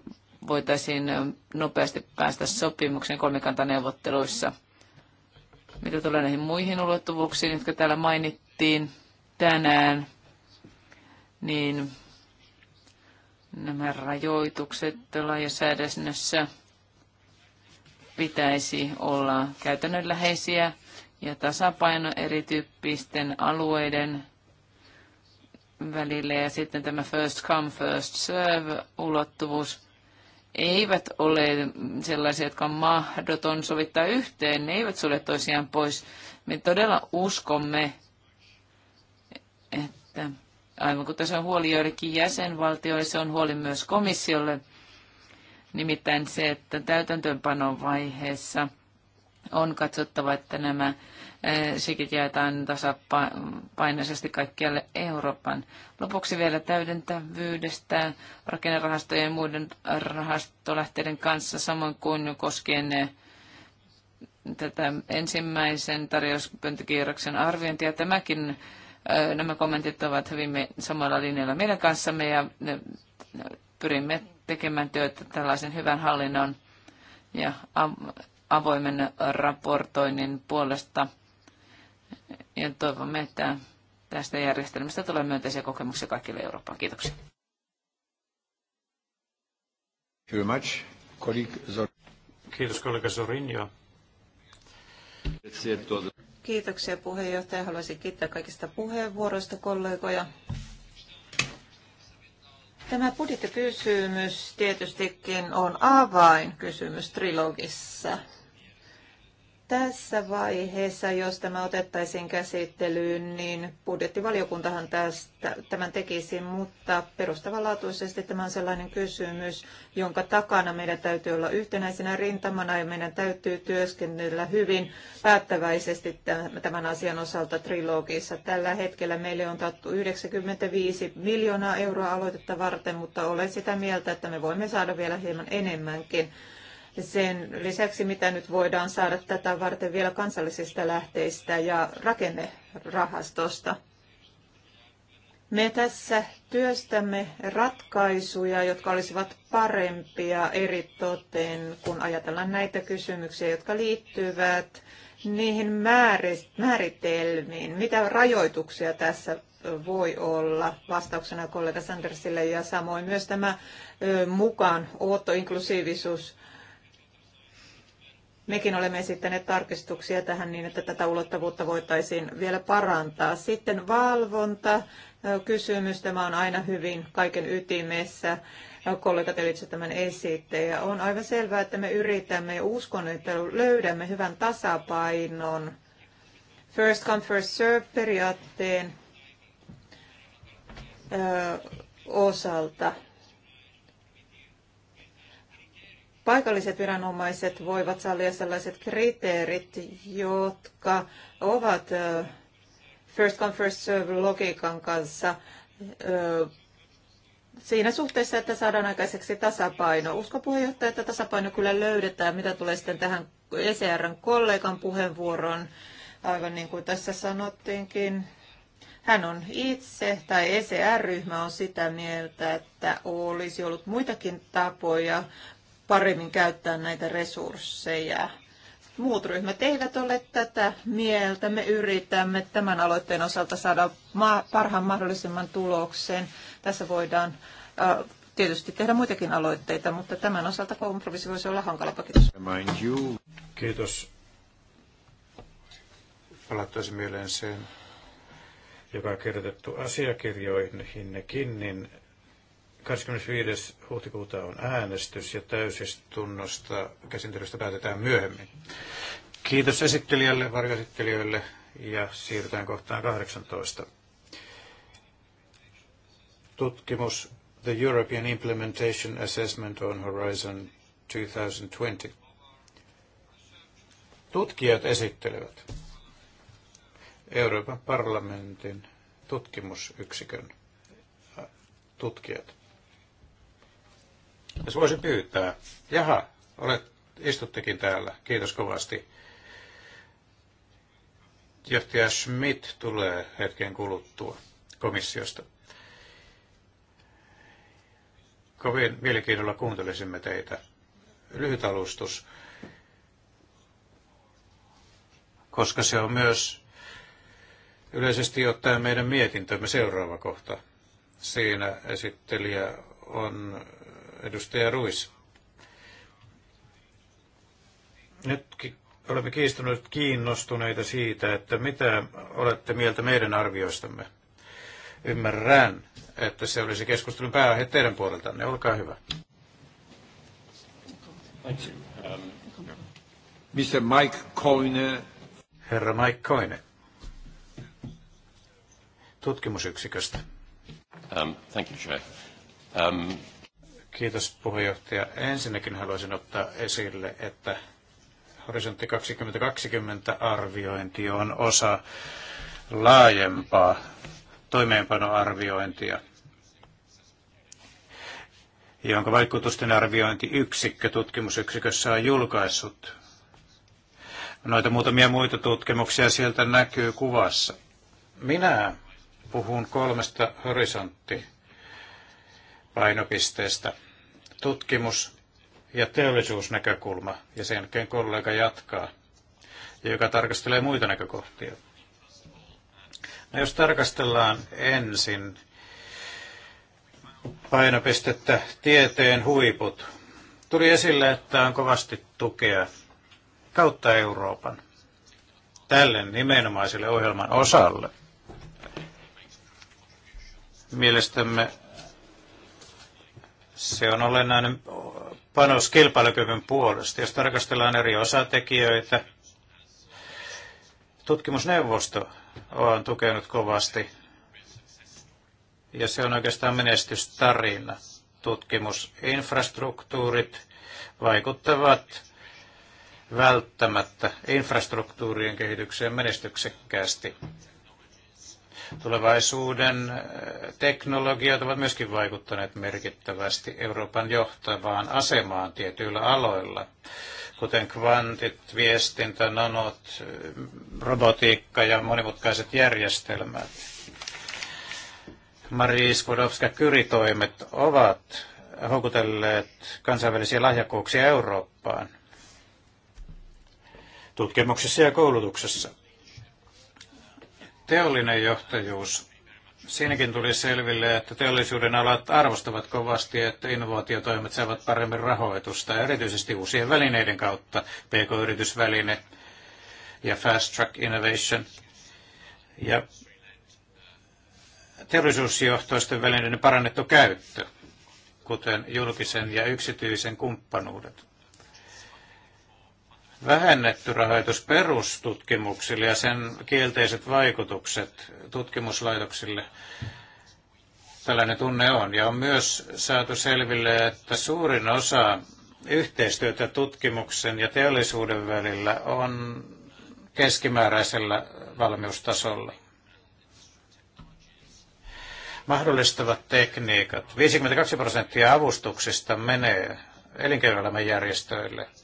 voitaisiin nopeasti päästä sopimukseen kolmikantaneuvotteluissa. Mitä tulee näihin muihin ulottuvuuksiin, jotka täällä mainittiin tänään, niin nämä rajoitukset lajasäädännössä pitäisi olla käytännönläheisiä ja tasapaino erityyppisten alueiden välillä ja sitten tämä first come, first serve ulottuvuus eivät ole sellaisia, jotka on mahdoton sovittaa yhteen. Ne eivät sulle toisiaan pois. Me todella uskomme, että aivan kuten tässä on huoli joillekin jäsenvaltioille, se on huoli myös komissiolle. Nimittäin se, että täytäntöönpanon vaiheessa on katsottava, että nämä sekin jaetaan tasapainoisesti kaikkialle Euroopan. Lopuksi vielä täydentävyydestä rakennerahastojen ja muiden rahastolähteiden kanssa, samoin kuin koskien äh, tätä ensimmäisen tarjouspöntökierroksen arviointia. Tämäkin äh, nämä kommentit ovat hyvin samalla linjalla meidän kanssamme ja äh, pyrimme tekemään työtä tällaisen hyvän hallinnon ja avoimen raportoinnin puolesta ja toivomme, että tästä järjestelmästä tulee myönteisiä kokemuksia kaikille Eurooppaan. Kiitoksia. Kiitos kollega Sorinjo. Kiitoksia puheenjohtaja. Haluaisin kiittää kaikista puheenvuoroista kollegoja. Tämä budjettikysymys tietystikin on avainkysymys trilogissa tässä vaiheessa, jos tämä otettaisiin käsittelyyn, niin budjettivaliokuntahan tästä, tämän tekisi, mutta perustavanlaatuisesti tämä on sellainen kysymys, jonka takana meidän täytyy olla yhtenäisenä rintamana ja meidän täytyy työskennellä hyvin päättäväisesti tämän asian osalta trilogissa. Tällä hetkellä meille on tattu 95 miljoonaa euroa aloitetta varten, mutta olen sitä mieltä, että me voimme saada vielä hieman enemmänkin sen lisäksi, mitä nyt voidaan saada tätä varten vielä kansallisista lähteistä ja rakennerahastosta. Me tässä työstämme ratkaisuja, jotka olisivat parempia eri toteen, kun ajatellaan näitä kysymyksiä, jotka liittyvät niihin määritelmiin. Mitä rajoituksia tässä voi olla vastauksena kollega Sandersille ja samoin myös tämä mukaan otto, inklusiivisuus Mekin olemme esittäneet tarkistuksia tähän niin, että tätä ulottavuutta voitaisiin vielä parantaa. Sitten valvonta, kysymys, tämä on aina hyvin kaiken ytimessä. Kollegat elitsevät tämän esitteen. Ja on aivan selvää, että me yritämme ja uskon, että löydämme hyvän tasapainon first come first serve periaatteen osalta paikalliset viranomaiset voivat sallia sellaiset kriteerit, jotka ovat first come first serve logiikan kanssa siinä suhteessa, että saadaan aikaiseksi tasapaino. Uskon puheenjohtaja, että tasapaino kyllä löydetään, mitä tulee sitten tähän ECRn kollegan puheenvuoroon, aivan niin kuin tässä sanottiinkin. Hän on itse, tai ECR-ryhmä on sitä mieltä, että olisi ollut muitakin tapoja paremmin käyttää näitä resursseja. Muut ryhmät eivät ole tätä mieltä. Me yritämme tämän aloitteen osalta saada parhaan mahdollisimman tulokseen. Tässä voidaan tietysti tehdä muitakin aloitteita, mutta tämän osalta kompromissi voisi olla hankala Kiitos. Kiitos. Palattaisin mieleen sen, joka on kirjoitettu asiakirjoihin, niin 25. huhtikuuta on äänestys ja täysistunnosta käsittelystä päätetään myöhemmin. Kiitos esittelijälle, varjoesittelijöille ja siirrytään kohtaan 18. Tutkimus The European Implementation Assessment on Horizon 2020. Tutkijat esittelevät Euroopan parlamentin tutkimusyksikön tutkijat. Jos voisin pyytää. Jaha, olet, istuttekin täällä. Kiitos kovasti. Johtaja Schmidt tulee hetken kuluttua komissiosta. Kovin mielenkiinnolla kuuntelisimme teitä. Lyhyt alustus, koska se on myös yleisesti ottaen meidän mietintömme seuraava kohta. Siinä esittelijä on edustaja Ruis. Nyt olemme kiistuneet kiinnostuneita siitä, että mitä olette mieltä meidän arvioistamme. Ymmärrän, että se olisi keskustelun pääaihe teidän puoleltanne. Olkaa hyvä. Mr. Um, Mike Koine. Herra Mike Koine. Tutkimusyksiköstä. Um, thank you, Chair. Um, Kiitos puheenjohtaja. Ensinnäkin haluaisin ottaa esille, että horisontti 2020 arviointi on osa laajempaa toimeenpanoarviointia, jonka vaikutusten arviointiyksikkö tutkimusyksikössä on julkaissut. Noita muutamia muita tutkimuksia sieltä näkyy kuvassa. Minä puhun kolmesta horisontti painopisteestä – tutkimus- ja teollisuusnäkökulma, ja sen jälkeen kollega jatkaa, joka tarkastelee muita näkökohtia. No jos tarkastellaan ensin painopistettä tieteen huiput, tuli esille, että on kovasti tukea kautta Euroopan tälle nimenomaiselle ohjelman osalle. Mielestämme se on olennainen panos kilpailukyvyn puolesta. Jos tarkastellaan eri osatekijöitä, tutkimusneuvosto on tukenut kovasti. Ja se on oikeastaan menestystarina. Tutkimusinfrastruktuurit vaikuttavat välttämättä infrastruktuurien kehitykseen menestyksekkäästi. Tulevaisuuden äh, teknologiat ovat myöskin vaikuttaneet merkittävästi Euroopan johtavaan asemaan tietyillä aloilla, kuten kvantit, viestintä, nanot, robotiikka ja monimutkaiset järjestelmät. Marie Skłodowska-kyritoimet ovat houkutelleet kansainvälisiä lahjakkuuksia Eurooppaan tutkimuksessa ja koulutuksessa. Teollinen johtajuus. Siinäkin tuli selville, että teollisuuden alat arvostavat kovasti, että innovaatiotoimet saavat paremmin rahoitusta, erityisesti uusien välineiden kautta, pk-yritysväline ja Fast Track Innovation. Ja teollisuusjohtoisten välineiden parannettu käyttö, kuten julkisen ja yksityisen kumppanuudet vähennetty rahoitus perustutkimuksille ja sen kielteiset vaikutukset tutkimuslaitoksille. Tällainen tunne on. Ja on myös saatu selville, että suurin osa yhteistyötä tutkimuksen ja teollisuuden välillä on keskimääräisellä valmiustasolla. Mahdollistavat tekniikat. 52 prosenttia avustuksista menee elinkeinoelämän järjestöille –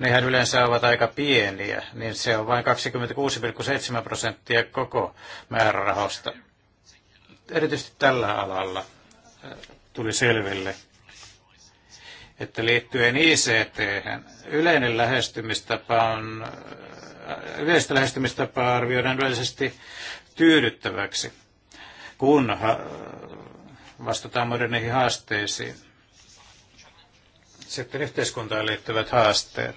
nehän yleensä ovat aika pieniä, niin se on vain 26,7 prosenttia koko määrärahosta. Erityisesti tällä alalla äh, tuli selville, että liittyen ICT, yleinen lähestymistapa on, äh, yleistä lähestymistapaa arvioidaan yleisesti tyydyttäväksi, kun äh, vastataan moderneihin haasteisiin sitten yhteiskuntaan liittyvät haasteet.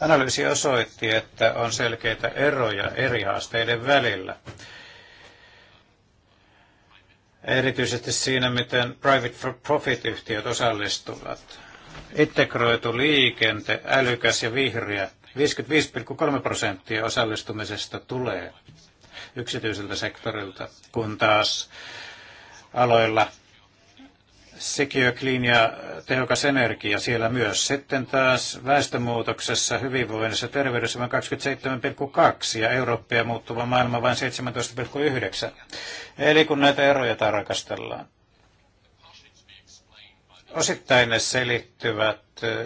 Analyysi osoitti, että on selkeitä eroja eri haasteiden välillä. Erityisesti siinä, miten private for profit-yhtiöt osallistuvat. Integroitu liikente, älykäs ja vihreä. 55,3 prosenttia osallistumisesta tulee yksityiseltä sektorilta, kun taas aloilla sikiökliin tehokas energia siellä myös. Sitten taas väestömuutoksessa, hyvinvoinnissa, terveydessä vain 27,2 ja Eurooppia muuttuva maailma vain 17,9. Eli kun näitä eroja tarkastellaan. Osittain ne selittyvät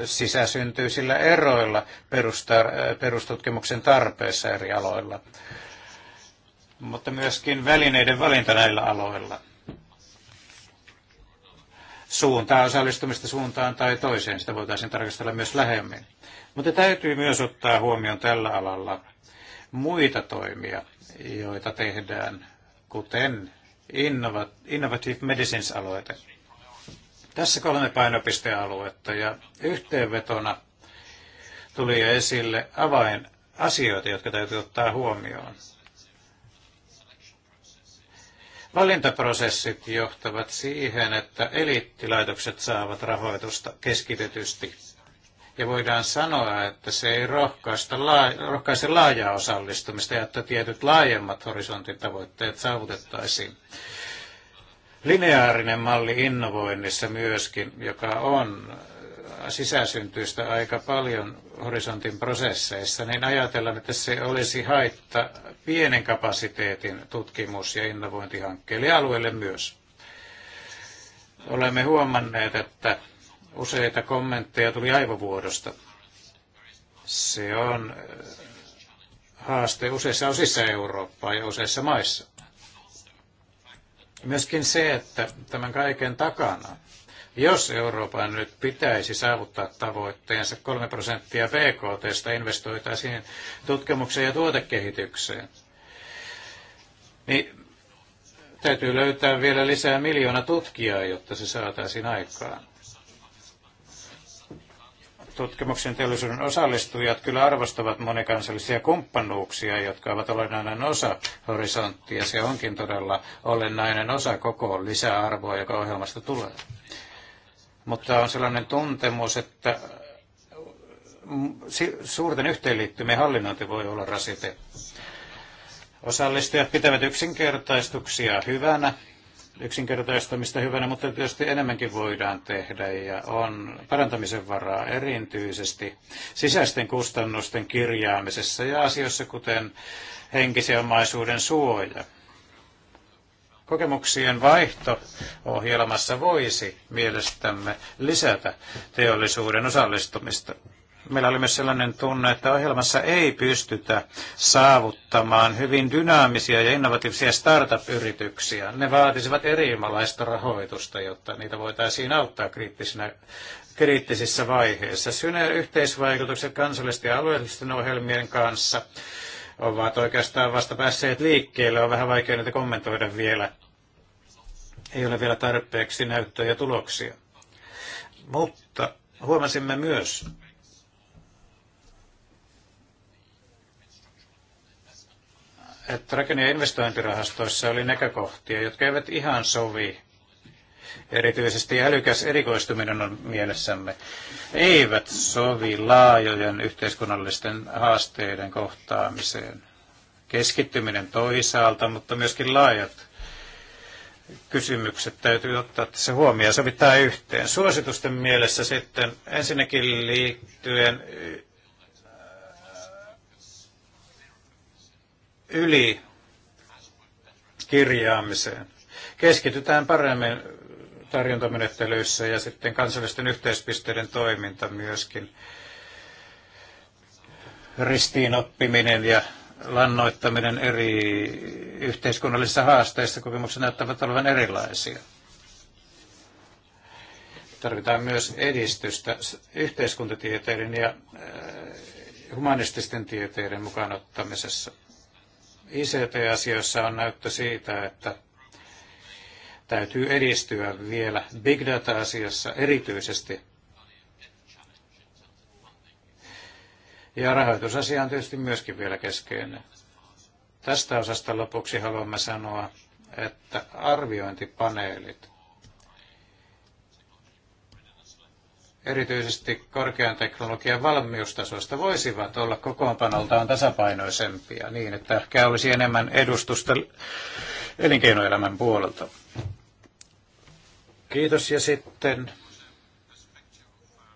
sisäsyntyisillä eroilla perustutkimuksen tarpeessa eri aloilla, mutta myöskin välineiden valinta näillä aloilla suuntaa osallistumista suuntaan tai toiseen. Sitä voitaisiin tarkastella myös lähemmin. Mutta täytyy myös ottaa huomioon tällä alalla muita toimia, joita tehdään, kuten Innovative Medicines-aloite. Tässä kolme painopistealuetta ja yhteenvetona tuli jo esille avainasioita, jotka täytyy ottaa huomioon valintaprosessit johtavat siihen, että eliittilaitokset saavat rahoitusta keskitetysti. Ja voidaan sanoa, että se ei rohkaista, laaja, rohkaise laajaa osallistumista ja että tietyt laajemmat horisontin tavoitteet saavutettaisiin. Lineaarinen malli innovoinnissa myöskin, joka on sisäsyntyistä aika paljon horisontin prosesseissa, niin ajatellaan, että se olisi haitta pienen kapasiteetin tutkimus- ja innovointihankkeelle ja alueelle myös. Olemme huomanneet, että useita kommentteja tuli aivovuodosta. Se on äh, haaste useissa osissa Eurooppaa ja useissa maissa. Myöskin se, että tämän kaiken takana – jos Euroopan nyt pitäisi saavuttaa tavoitteensa 3 prosenttia BKTstä investoitaisiin tutkimukseen ja tuotekehitykseen, niin täytyy löytää vielä lisää miljoona tutkijaa, jotta se saataisiin aikaan. Tutkimuksen teollisuuden osallistujat kyllä arvostavat monikansallisia kumppanuuksia, jotka ovat olennainen osa horisonttia. Se onkin todella olennainen osa koko lisäarvoa, joka ohjelmasta tulee mutta on sellainen tuntemus, että suurten yhteenliittymien hallinnointi voi olla rasite. Osallistujat pitävät yksinkertaistuksia hyvänä, yksinkertaistamista hyvänä, mutta tietysti enemmänkin voidaan tehdä ja on parantamisen varaa erityisesti sisäisten kustannusten kirjaamisessa ja asioissa kuten henkisen omaisuuden suoja kokemuksien vaihto ohjelmassa voisi mielestämme lisätä teollisuuden osallistumista. Meillä oli myös sellainen tunne, että ohjelmassa ei pystytä saavuttamaan hyvin dynaamisia ja innovatiivisia startup-yrityksiä. Ne vaatisivat erimalaista rahoitusta, jotta niitä voitaisiin auttaa kriittisinä kriittisissä vaiheissa. Syne yhteisvaikutukset kansallisten ja alueellisten ohjelmien kanssa ovat oikeastaan vasta päässeet liikkeelle. On vähän vaikea niitä kommentoida vielä. Ei ole vielä tarpeeksi näyttöjä ja tuloksia. Mutta huomasimme myös, että rakenne- ja investointirahastoissa oli näkökohtia, jotka eivät ihan sovi erityisesti älykäs erikoistuminen on mielessämme, eivät sovi laajojen yhteiskunnallisten haasteiden kohtaamiseen. Keskittyminen toisaalta, mutta myöskin laajat kysymykset täytyy ottaa tässä huomioon ja sovittaa yhteen. Suositusten mielessä sitten ensinnäkin liittyen äh, yli kirjaamiseen. Keskitytään paremmin tarjontamenettelyissä ja sitten kansallisten yhteispisteiden toiminta myöskin. Ristiinoppiminen ja lannoittaminen eri yhteiskunnallisissa haasteissa kokemukset näyttävät olevan erilaisia. Tarvitaan myös edistystä yhteiskuntatieteiden ja äh, humanististen tieteiden mukaan ottamisessa. ICT-asioissa on näyttö siitä, että täytyy edistyä vielä big data-asiassa erityisesti. Ja rahoitusasia on tietysti myöskin vielä keskeinen. Tästä osasta lopuksi haluamme sanoa, että arviointipaneelit, erityisesti korkean teknologian valmiustasoista, voisivat olla kokoonpanoltaan tasapainoisempia niin, että ehkä olisi enemmän edustusta elinkeinoelämän puolelta. Kiitos ja sitten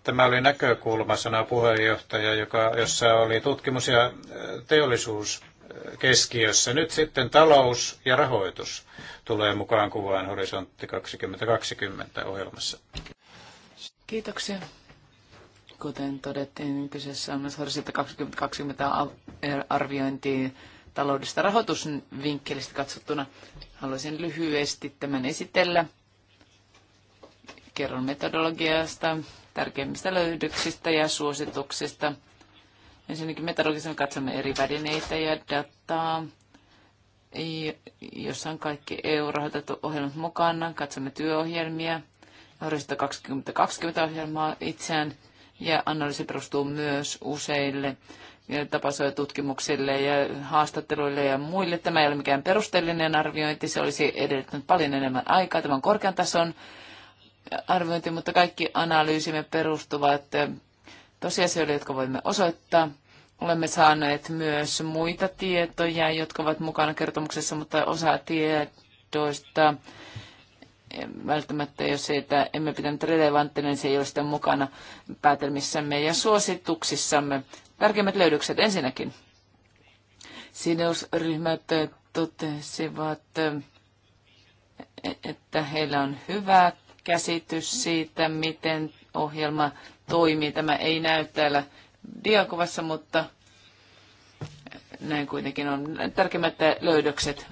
tämä oli näkökulma sana puheenjohtaja, joka, jossa oli tutkimus ja äh, teollisuus äh, keskiössä. Nyt sitten talous ja rahoitus tulee mukaan kuvaan Horisontti 2020 ohjelmassa. Kiitoksia. Kuten todettiin, niin kyseessä on myös Horisontti 2020 arviointiin taloudesta rahoitusvinkkelistä katsottuna. Haluaisin lyhyesti tämän esitellä kerron metodologiasta, tärkeimmistä löydöksistä ja suosituksista. Ensinnäkin metodologisena katsomme eri välineitä ja dataa, jossa on kaikki EU-rahoitettu ohjelmat mukana. Katsomme työohjelmia, Horisonta 2020 ohjelmaa itseään ja analyysi perustuu myös useille tapasoja tutkimuksille ja haastatteluille ja muille. Tämä ei ole mikään perusteellinen arviointi, se olisi edellyttänyt paljon enemmän aikaa. Tämä on korkean tason arviointi, mutta kaikki analyysimme perustuvat tosiasioille, jotka voimme osoittaa. Olemme saaneet myös muita tietoja, jotka ovat mukana kertomuksessa, mutta osa tiedoista välttämättä, jos sitä emme pitänyt relevanttina, niin se ei ole sitten mukana päätelmissämme ja suosituksissamme. Tärkeimmät löydökset ensinnäkin. Sidousryhmät totesivat, e, että heillä on hyvä käsitys siitä, miten ohjelma toimii. Tämä ei näy täällä diakuvassa, mutta näin kuitenkin on tärkeimmät löydökset.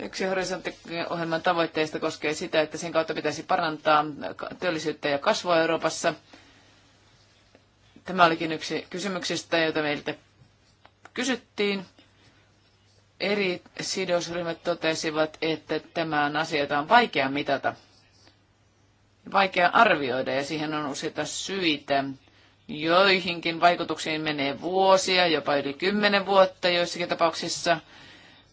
Yksi horisonttiohjelman tavoitteista koskee sitä, että sen kautta pitäisi parantaa työllisyyttä ja kasvua Euroopassa. Tämä olikin yksi kysymyksistä, jota meiltä kysyttiin. Eri sidosryhmät totesivat, että tämä on asia, jota on vaikea mitata, vaikea arvioida ja siihen on useita syitä. Joihinkin vaikutuksiin menee vuosia, jopa yli kymmenen vuotta joissakin tapauksissa.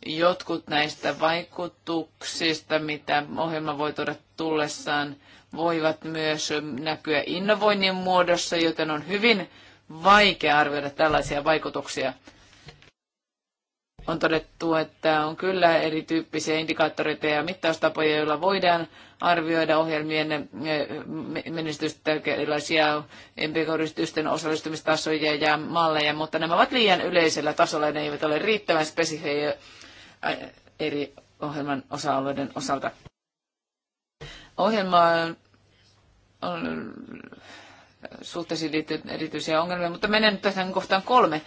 Jotkut näistä vaikutuksista, mitä ohjelma voi tuoda tullessaan, voivat myös näkyä innovoinnin muodossa, joten on hyvin vaikea arvioida tällaisia vaikutuksia on todettu, että on kyllä erityyppisiä indikaattoreita ja mittaustapoja, joilla voidaan arvioida ohjelmien eh, menestystä, erilaisia empikoyritysten osallistumistasoja ja malleja, mutta nämä ovat liian yleisellä tasolla ja ne eivät ole riittävän spesifejä eh, eri ohjelman osa-alueiden osalta. Ohjelma on suhteisiin liittyy erityisiä ongelmia, mutta menen tähän kohtaan kolme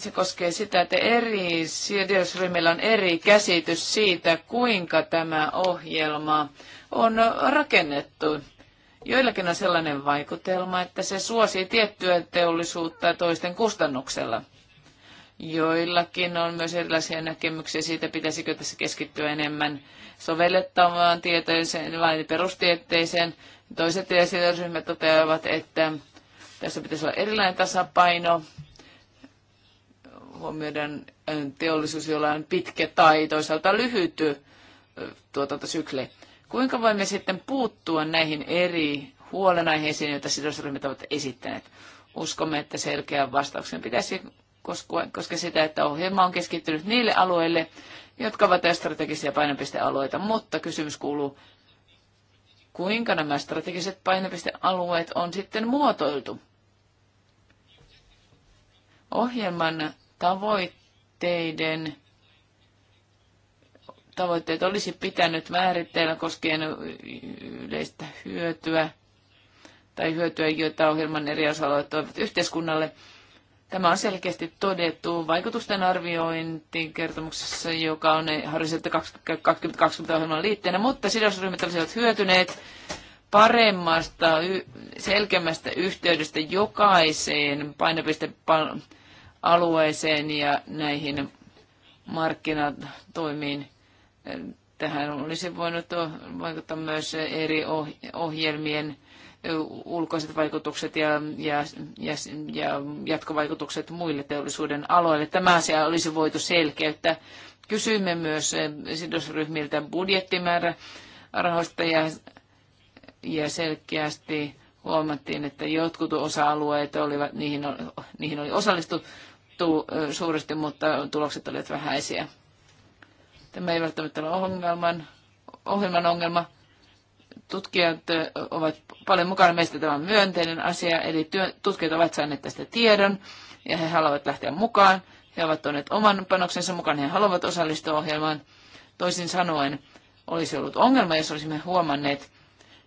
se koskee sitä, että eri sidosryhmillä on eri käsitys siitä, kuinka tämä ohjelma on rakennettu. Joillakin on sellainen vaikutelma, että se suosii tiettyä teollisuutta toisten kustannuksella. Joillakin on myös erilaisia näkemyksiä siitä, pitäisikö tässä keskittyä enemmän sovellettavaan tieteeseen vai perustieteeseen. Toiset sidosryhmät toteavat, että tässä pitäisi olla erilainen tasapaino huomioiden teollisuus, jolla on pitkä tai toisaalta lyhyt tuotantosykli. Kuinka voimme sitten puuttua näihin eri huolenaiheisiin, joita sidosryhmät ovat esittäneet? Uskomme, että selkeän vastauksen pitäisi koska sitä, että ohjelma on keskittynyt niille alueille, jotka ovat strategisia painopistealueita, mutta kysymys kuuluu, kuinka nämä strategiset painopistealueet on sitten muotoiltu. Ohjelman tavoitteiden tavoitteet olisi pitänyt määritellä koskien yleistä hyötyä tai hyötyä, joita ohjelman eri osa-alueet toivat yhteiskunnalle. Tämä on selkeästi todettu vaikutusten arviointiin kertomuksessa, joka on Horisontti 2020 ohjelman liitteenä, mutta sidosryhmät olisivat hyötyneet paremmasta, selkeämmästä yhteydestä jokaiseen painopiste alueeseen ja näihin markkinatoimiin. Tähän olisi voinut vaikuttaa myös eri ohjelmien ulkoiset vaikutukset ja, ja, ja, ja jatkovaikutukset muille teollisuuden aloille. Tämä asia olisi voitu selkeyttää. Kysyimme myös sidosryhmiltä budjettimäärä rahoista ja, ja selkeästi huomattiin, että jotkut osa-alueet olivat, niihin, niihin oli osallistuttu odotettu suuresti, mutta tulokset olivat vähäisiä. Tämä ei välttämättä ole ongelman, ohjelman ongelma. Tutkijat ovat paljon mukana. Meistä tämä myönteinen asia, eli työ, tutkijat ovat saaneet tästä tiedon ja he haluavat lähteä mukaan. He ovat tuoneet oman panoksensa mukaan, he haluavat osallistua ohjelmaan. Toisin sanoen olisi ollut ongelma, jos olisimme huomanneet,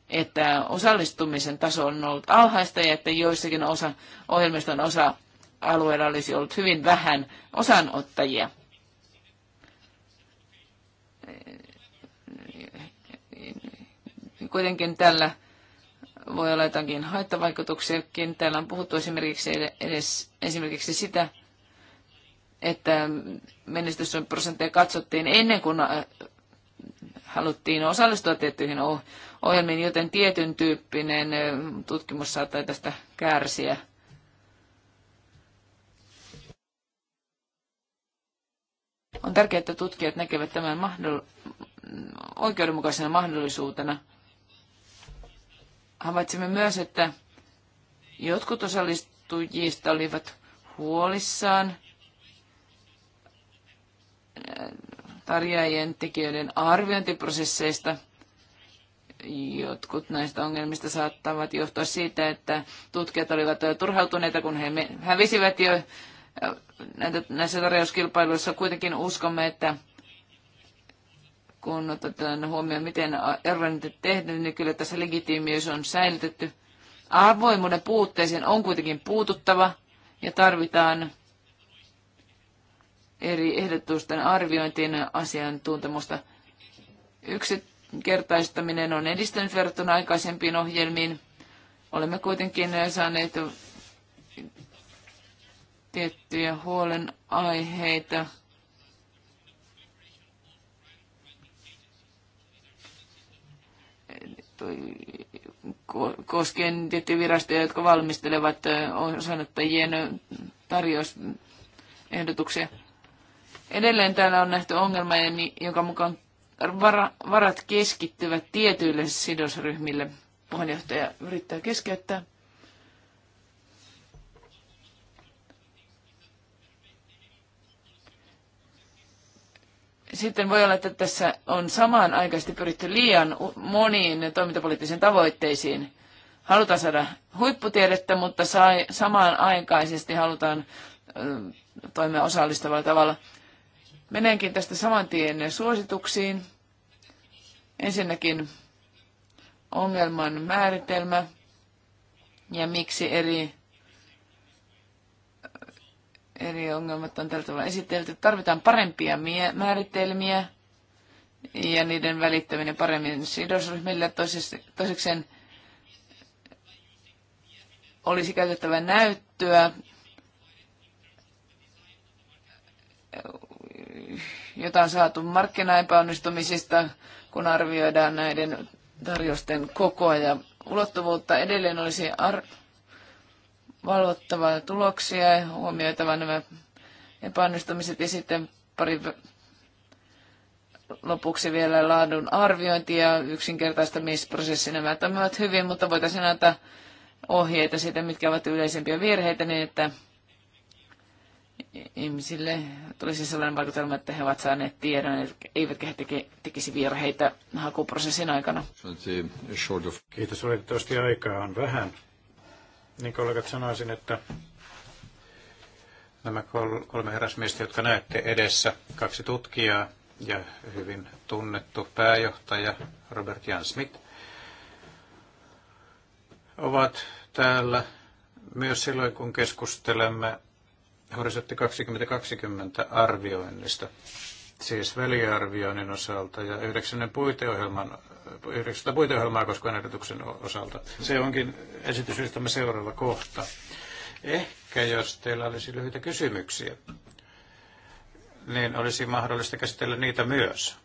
että osallistumisen taso on ollut alhaista ja että joissakin osa, on osa alueella olisi ollut hyvin vähän osanottajia. Kuitenkin tällä voi olla jotakin haittavaikutuksiakin. Täällä on puhuttu esimerkiksi, edes, esimerkiksi sitä, että menestysprosentteja katsottiin ennen kuin äh, haluttiin osallistua tiettyihin ohjelmiin, joten tietyn tyyppinen äh, tutkimus saattaa tästä kärsiä. On tärkeää, että tutkijat näkevät tämän mahdoll- oikeudenmukaisena mahdollisuutena. Havaitsimme myös, että jotkut osallistujista olivat huolissaan äh, tarjaajien tekijöiden arviointiprosesseista. Jotkut näistä ongelmista saattavat johtua siitä, että tutkijat olivat turhautuneita, kun he hävisivät jo näitä, näissä tarjouskilpailuissa kuitenkin uskomme, että kun otetaan huomioon, miten on tehty, niin kyllä tässä legitiimiys on säilytetty. Avoimuuden puutteeseen on kuitenkin puututtava ja tarvitaan eri ehdotusten arviointiin asiantuntemusta. Yksinkertaistaminen on edistänyt verrattuna aikaisempiin ohjelmiin. Olemme kuitenkin saaneet tiettyjä huolenaiheita. koskien tiettyjä virastoja, jotka valmistelevat osanottajien tarjousehdotuksia. Edelleen täällä on nähty ongelma, jonka mukaan varat keskittyvät tietyille sidosryhmille. Puheenjohtaja yrittää keskeyttää. Sitten voi olla, että tässä on samanaikaisesti pyritty liian moniin toimintapoliittisiin tavoitteisiin. Halutaan saada huipputiedettä, mutta sai, samanaikaisesti halutaan toimia osallistavalla tavalla. Menenkin tästä saman tien suosituksiin. Ensinnäkin ongelman määritelmä ja miksi eri Eri ongelmat on tällä tavalla esitelty. Tarvitaan parempia määritelmiä ja niiden välittäminen paremmin sidosryhmille. Toisekseen olisi käytettävä näyttöä, jota on saatu markkinaepäonnistumisista, kun arvioidaan näiden tarjosten kokoa ja ulottuvuutta. Edelleen olisi ar- valvottava tuloksia ja huomioitava nämä epäonnistumiset ja sitten pari lopuksi vielä laadun arviointi ja yksinkertaistamisprosessi. Nämä toimivat hyvin, mutta voitaisiin antaa ohjeita siitä, mitkä ovat yleisempiä virheitä, niin että ihmisille tulisi sellainen vaikutelma, että he ovat saaneet tiedon, eivätkä he teke, tekisi virheitä hakuprosessin aikana. Kiitos, valitettavasti aikaa on vähän. Niin kollegat sanoisin, että nämä kolme herrasmiestä, jotka näette edessä, kaksi tutkijaa ja hyvin tunnettu pääjohtaja Robert Jan Smith, ovat täällä myös silloin, kun keskustelemme Horisontti 2020 arvioinnista, siis väliarvioinnin osalta ja yhdeksännen puiteohjelman 19 puiteohjelmaa koskevan ehdotuksen osalta. Se onkin me seuraava kohta. Ehkä jos teillä olisi lyhyitä kysymyksiä, niin olisi mahdollista käsitellä niitä myös.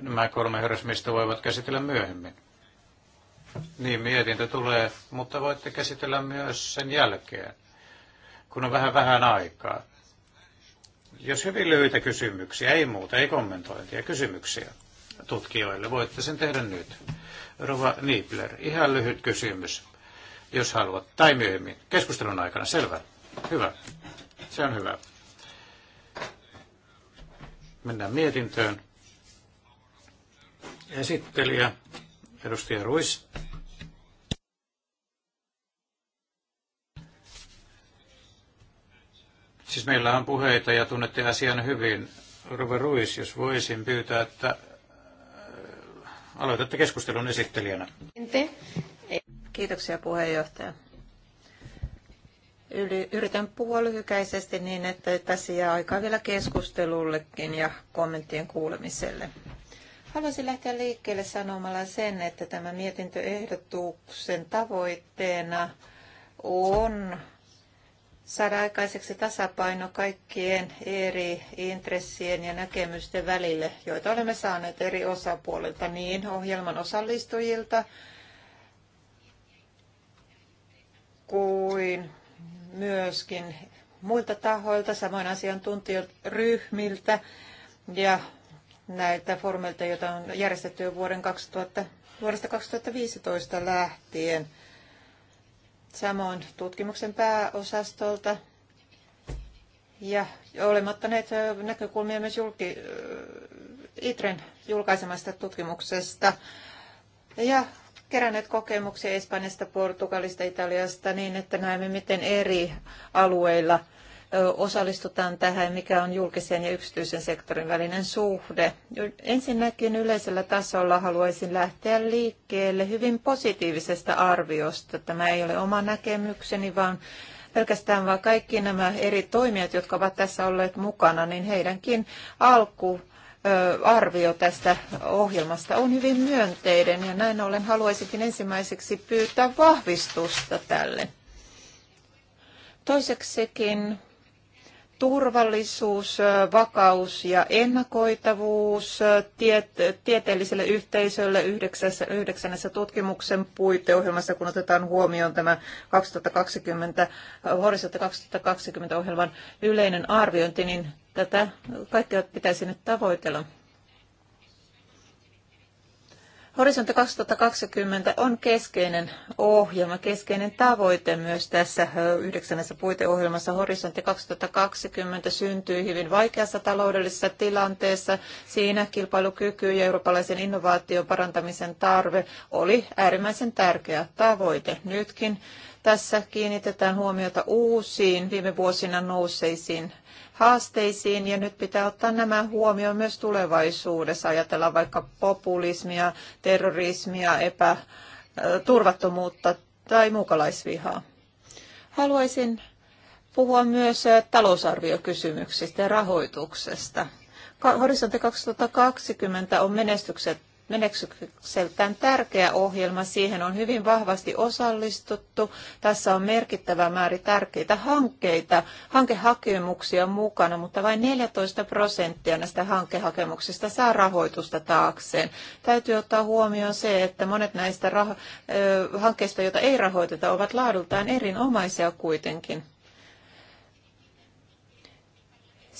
Nämä kolme herrasmista voivat käsitellä myöhemmin. Niin, mietintö tulee, mutta voitte käsitellä myös sen jälkeen, kun on vähän vähän aikaa. Jos hyvin lyhyitä kysymyksiä, ei muuta, ei kommentointia, kysymyksiä tutkijoille. Voitte sen tehdä nyt. Rova Niebler, ihan lyhyt kysymys, jos haluat, tai myöhemmin. Keskustelun aikana, selvä. Hyvä. Se on hyvä. Mennään mietintöön. Esittelijä, edustaja Ruis. Siis meillä on puheita ja tunnette asian hyvin. Rova Ruis, jos voisin pyytää, että aloitatte keskustelun esittelijänä. Kiitoksia puheenjohtaja. Yritän puhua lyhykäisesti niin, että tässä jää aikaa vielä keskustelullekin ja kommenttien kuulemiselle. Haluaisin lähteä liikkeelle sanomalla sen, että tämä mietintöehdotuksen tavoitteena on saada aikaiseksi tasapaino kaikkien eri intressien ja näkemysten välille, joita olemme saaneet eri osapuolilta, niin ohjelman osallistujilta kuin myöskin muilta tahoilta, samoin asiantuntijaryhmiltä ja näiltä formilta, joita on järjestetty jo vuoden 2000, vuodesta 2015 lähtien – samoin tutkimuksen pääosastolta ja olematta näitä näkökulmia myös julki, ITREN julkaisemasta tutkimuksesta ja keränneet kokemuksia Espanjasta, Portugalista, Italiasta niin, että näemme, miten eri alueilla – osallistutaan tähän, mikä on julkisen ja yksityisen sektorin välinen suhde. Ensinnäkin yleisellä tasolla haluaisin lähteä liikkeelle hyvin positiivisesta arviosta. Tämä ei ole oma näkemykseni, vaan pelkästään vaan kaikki nämä eri toimijat, jotka ovat tässä olleet mukana, niin heidänkin alku arvio tästä ohjelmasta on hyvin myönteinen ja näin ollen haluaisinkin ensimmäiseksi pyytää vahvistusta tälle. Toiseksikin turvallisuus, vakaus ja ennakoitavuus tiet- tieteelliselle yhteisölle yhdeksässä, yhdeksännessä tutkimuksen puiteohjelmassa, kun otetaan huomioon tämä 2020, horisontti 2020 ohjelman yleinen arviointi, niin tätä kaikkea pitäisi nyt tavoitella. Horisontti 2020 on keskeinen ohjelma, keskeinen tavoite myös tässä yhdeksännessä puiteohjelmassa. Horisontti 2020 syntyi hyvin vaikeassa taloudellisessa tilanteessa. Siinä kilpailukyky ja eurooppalaisen innovaation parantamisen tarve oli äärimmäisen tärkeä tavoite. Nytkin tässä kiinnitetään huomiota uusiin viime vuosina nousseisiin haasteisiin ja nyt pitää ottaa nämä huomioon myös tulevaisuudessa. Ajatellaan vaikka populismia, terrorismia, epäturvattomuutta tai muukalaisvihaa. Haluaisin puhua myös talousarviokysymyksistä ja rahoituksesta. Horisontti 2020 on menestykset menestykseltään tärkeä ohjelma. Siihen on hyvin vahvasti osallistuttu. Tässä on merkittävä määrä tärkeitä hankkeita, hankehakemuksia mukana, mutta vain 14 prosenttia näistä hankehakemuksista saa rahoitusta taakseen. Täytyy ottaa huomioon se, että monet näistä hankkeista, joita ei rahoiteta, ovat laadultaan erinomaisia kuitenkin.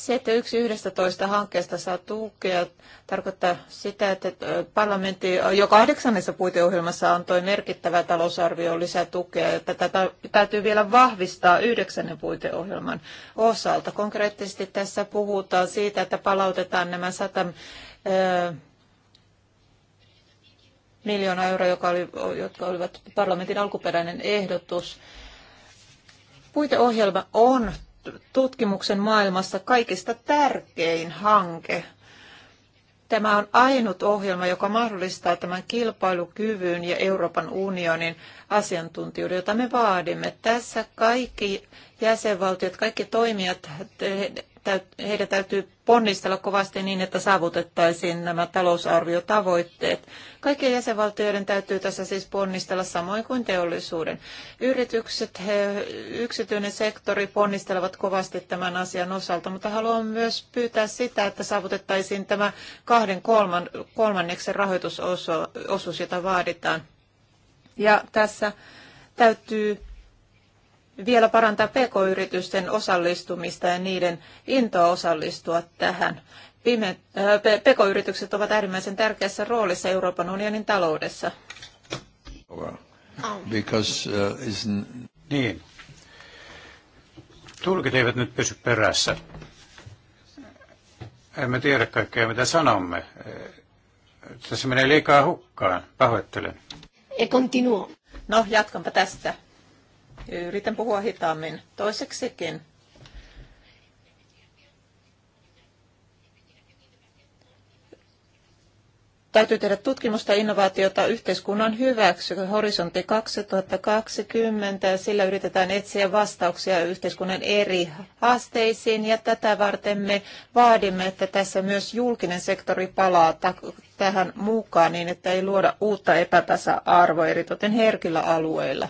Se, että yksi yhdestä toista hankkeesta saa tukea, tarkoittaa sitä, että parlamentti jo kahdeksannessa puiteohjelmassa antoi merkittävää talousarvioon lisää ja tätä täytyy vielä vahvistaa yhdeksännen puiteohjelman osalta. Konkreettisesti tässä puhutaan siitä, että palautetaan nämä sata miljoonaa euroa, joka oli, jotka olivat parlamentin alkuperäinen ehdotus. Puiteohjelma on tutkimuksen maailmassa kaikista tärkein hanke. Tämä on ainut ohjelma, joka mahdollistaa tämän kilpailukyvyn ja Euroopan unionin asiantuntijuuden, jota me vaadimme. Tässä kaikki jäsenvaltiot, kaikki toimijat heidän täytyy ponnistella kovasti niin, että saavutettaisiin nämä talousarviotavoitteet. Kaikkien jäsenvaltioiden täytyy tässä siis ponnistella samoin kuin teollisuuden. Yritykset, he, yksityinen sektori ponnistelevat kovasti tämän asian osalta, mutta haluan myös pyytää sitä, että saavutettaisiin tämä kahden kolman, kolmanneksen rahoitusosuus, jota vaaditaan. Ja tässä täytyy vielä parantaa pk-yritysten osallistumista ja niiden intoa osallistua tähän. Äh, PK-yritykset ovat äärimmäisen tärkeässä roolissa Euroopan unionin taloudessa. Because, uh, niin. Tulkit eivät nyt pysy perässä. Emme tiedä kaikkea, mitä sanomme. Tässä menee liikaa hukkaan. Pahoittelen. E continuo. No, jatkanpa tästä. Yritän puhua hitaammin. Toiseksikin täytyy tehdä tutkimusta, innovaatiota yhteiskunnan hyväksi, horisontti 2020, ja sillä yritetään etsiä vastauksia yhteiskunnan eri haasteisiin, ja tätä varten me vaadimme, että tässä myös julkinen sektori palaa tähän mukaan niin, että ei luoda uutta epätasa-arvoa eritoten herkillä alueilla.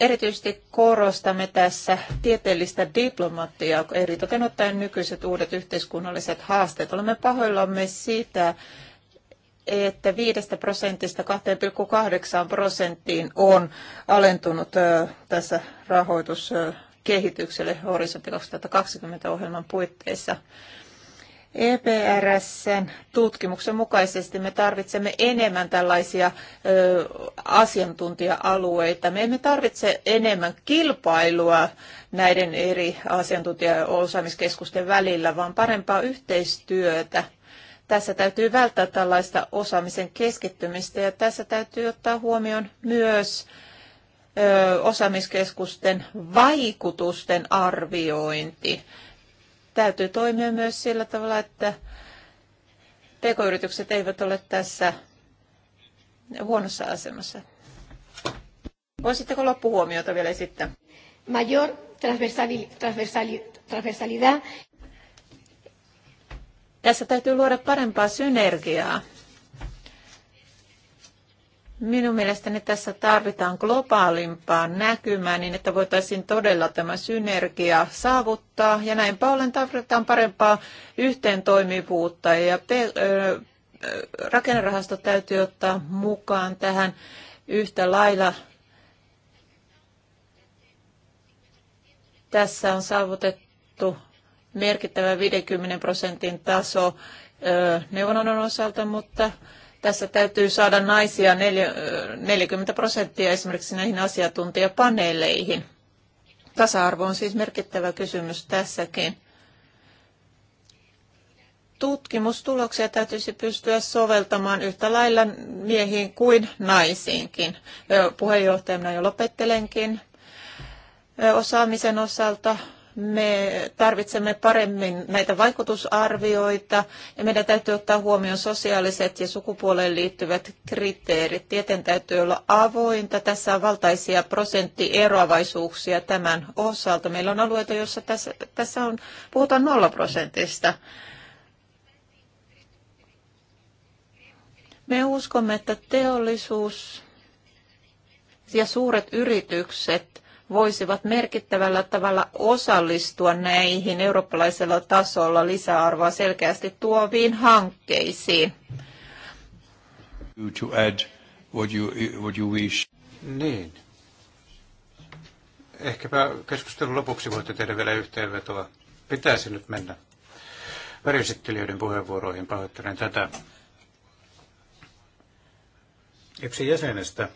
Erityisesti korostamme tässä tieteellistä diplomatiaa, eritoten ottaen nykyiset uudet yhteiskunnalliset haasteet. Olemme pahoillamme siitä, että 5 prosentista 2,8 prosenttiin on alentunut tässä rahoitus kehitykselle Horisontti 2020 ohjelman puitteissa. EPRSn tutkimuksen mukaisesti me tarvitsemme enemmän tällaisia ö, asiantuntija-alueita. Me emme tarvitse enemmän kilpailua näiden eri asiantuntija-osaamiskeskusten välillä, vaan parempaa yhteistyötä. Tässä täytyy välttää tällaista osaamisen keskittymistä ja tässä täytyy ottaa huomioon myös ö, osaamiskeskusten vaikutusten arviointi täytyy toimia myös sillä tavalla, että pk-yritykset eivät ole tässä huonossa asemassa. Voisitteko loppuhuomiota vielä esittää? Major transversali, transversali, transversalidad. Tässä täytyy luoda parempaa synergiaa Minun mielestäni tässä tarvitaan globaalimpaa näkymää niin, että voitaisiin todella tämä synergia saavuttaa ja näinpä ollen tarvitaan parempaa yhteen toimivuutta ja pe- rakennerahasto täytyy ottaa mukaan tähän yhtä lailla. Tässä on saavutettu merkittävä 50 prosentin taso neuvonannon osalta, mutta tässä täytyy saada naisia 40 prosenttia esimerkiksi näihin asiantuntijapaneeleihin. Tasa-arvo on siis merkittävä kysymys tässäkin. Tutkimustuloksia täytyisi pystyä soveltamaan yhtä lailla miehiin kuin naisiinkin. Puheenjohtajana jo lopettelenkin osaamisen osalta me tarvitsemme paremmin näitä vaikutusarvioita ja meidän täytyy ottaa huomioon sosiaaliset ja sukupuoleen liittyvät kriteerit. Tieten täytyy olla avointa. Tässä on valtaisia prosenttieroavaisuuksia tämän osalta. Meillä on alueita, joissa tässä, tässä on, puhutaan nolla prosentista. Me uskomme, että teollisuus ja suuret yritykset – voisivat merkittävällä tavalla osallistua näihin eurooppalaisella tasolla lisäarvoa selkeästi tuoviin hankkeisiin. To add what you, what you wish. Niin. Ehkäpä keskustelun lopuksi voitte tehdä vielä yhteenvetoa. Pitäisi nyt mennä värisittelijöiden puheenvuoroihin. Pahoittelen tätä. Yksi jäsenestä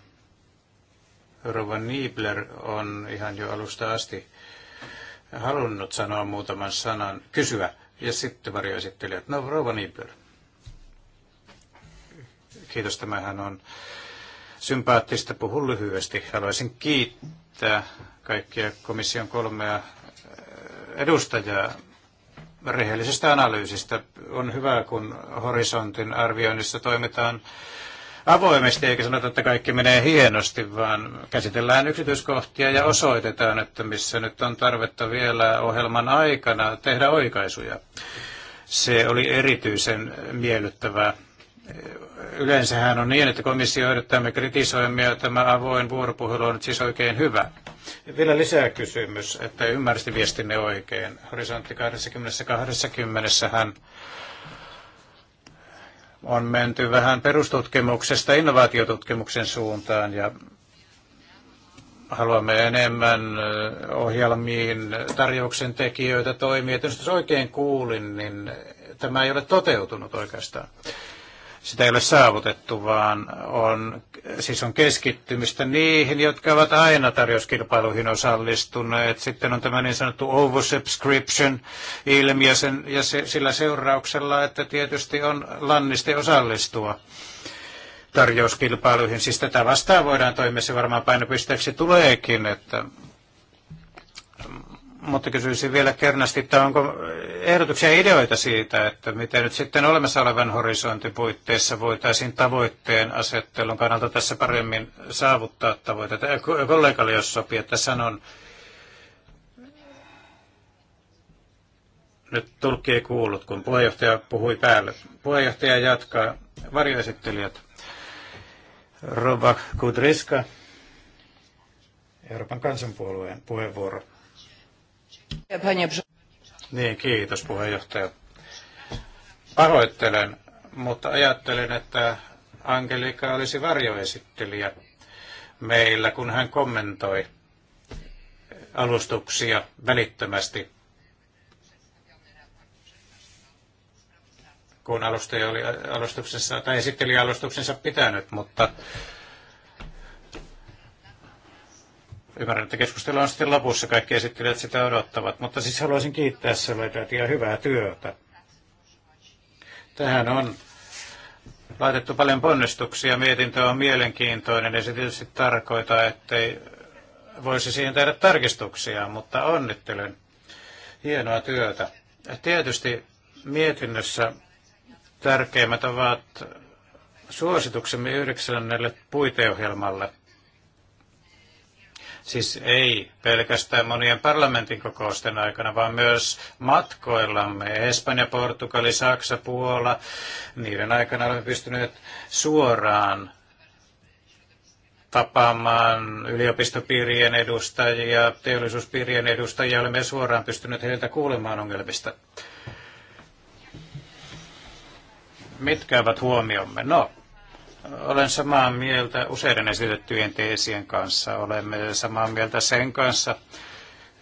Rova Niebler on ihan jo alusta asti halunnut sanoa muutaman sanan, kysyä, ja sitten varjoesittelijät. No, Rova Niebler. Kiitos, tämähän on sympaattista. Puhun lyhyesti. Haluaisin kiittää kaikkia komission kolmea äh, edustajaa rehellisestä analyysistä. On hyvä, kun horisontin arvioinnissa toimitaan avoimesti, eikä sanota, että kaikki menee hienosti, vaan käsitellään yksityiskohtia ja osoitetaan, että missä nyt on tarvetta vielä ohjelman aikana tehdä oikaisuja. Se oli erityisen miellyttävää. Yleensähän on niin, että komissio yrittää me kritisoimme ja tämä avoin vuoropuhelu on nyt siis oikein hyvä. Vielä lisää kysymys, että ymmärsit viestinne oikein. Horisontti 2020 hän on menty vähän perustutkimuksesta innovaatiotutkimuksen suuntaan ja haluamme enemmän ohjelmiin tarjouksen tekijöitä toimia. Jos oikein kuulin, niin tämä ei ole toteutunut oikeastaan sitä ei ole saavutettu, vaan on, siis on keskittymistä niihin, jotka ovat aina tarjouskilpailuihin osallistuneet. Sitten on tämä niin sanottu oversubscription-ilmiö sen, ja se, sillä seurauksella, että tietysti on lannisti osallistua tarjouskilpailuihin. Siis tätä vastaan voidaan toimia, se varmaan painopisteeksi tuleekin, että mutta kysyisin vielä kernaasti, että onko ehdotuksia ja ideoita siitä, että miten nyt sitten olemassa olevan horisontin voitaisiin tavoitteen asettelun kannalta tässä paremmin saavuttaa tavoitteita. Kollegalle jos sopii, että sanon, nyt tulkki ei kuullut, kun puheenjohtaja puhui päälle. Puheenjohtaja jatkaa. Varjoesittelijät. Roba Kudriska, Euroopan kansanpuolueen puheenvuoro. Niin, kiitos puheenjohtaja. Pahoittelen, mutta ajattelin, että Angelika olisi varjoesittelijä meillä, kun hän kommentoi alustuksia välittömästi, kun alustaja oli alustuksensa tai esitteli alustuksensa pitänyt, mutta Ymmärrän, että keskustelu on sitten lopussa, kaikki esittelijät sitä odottavat, mutta siis haluaisin kiittää Seletäti ja hyvää työtä. Tähän on laitettu paljon ponnistuksia, mietintö on mielenkiintoinen ja se tietysti tarkoittaa, ettei voisi siihen tehdä tarkistuksia, mutta onnittelen. Hienoa työtä. Tietysti mietinnössä tärkeimmät ovat suosituksemme yhdeksännelle puiteohjelmalle – Siis ei pelkästään monien parlamentin kokousten aikana, vaan myös matkoillamme. Espanja, Portugali, Saksa, Puola, niiden aikana olemme pystyneet suoraan tapaamaan yliopistopiirien edustajia, teollisuuspiirien edustajia, olemme suoraan pystyneet heiltä kuulemaan ongelmista. Mitkä ovat huomiomme? No, olen samaa mieltä useiden esitettyjen teesien kanssa. Olemme samaa mieltä sen kanssa,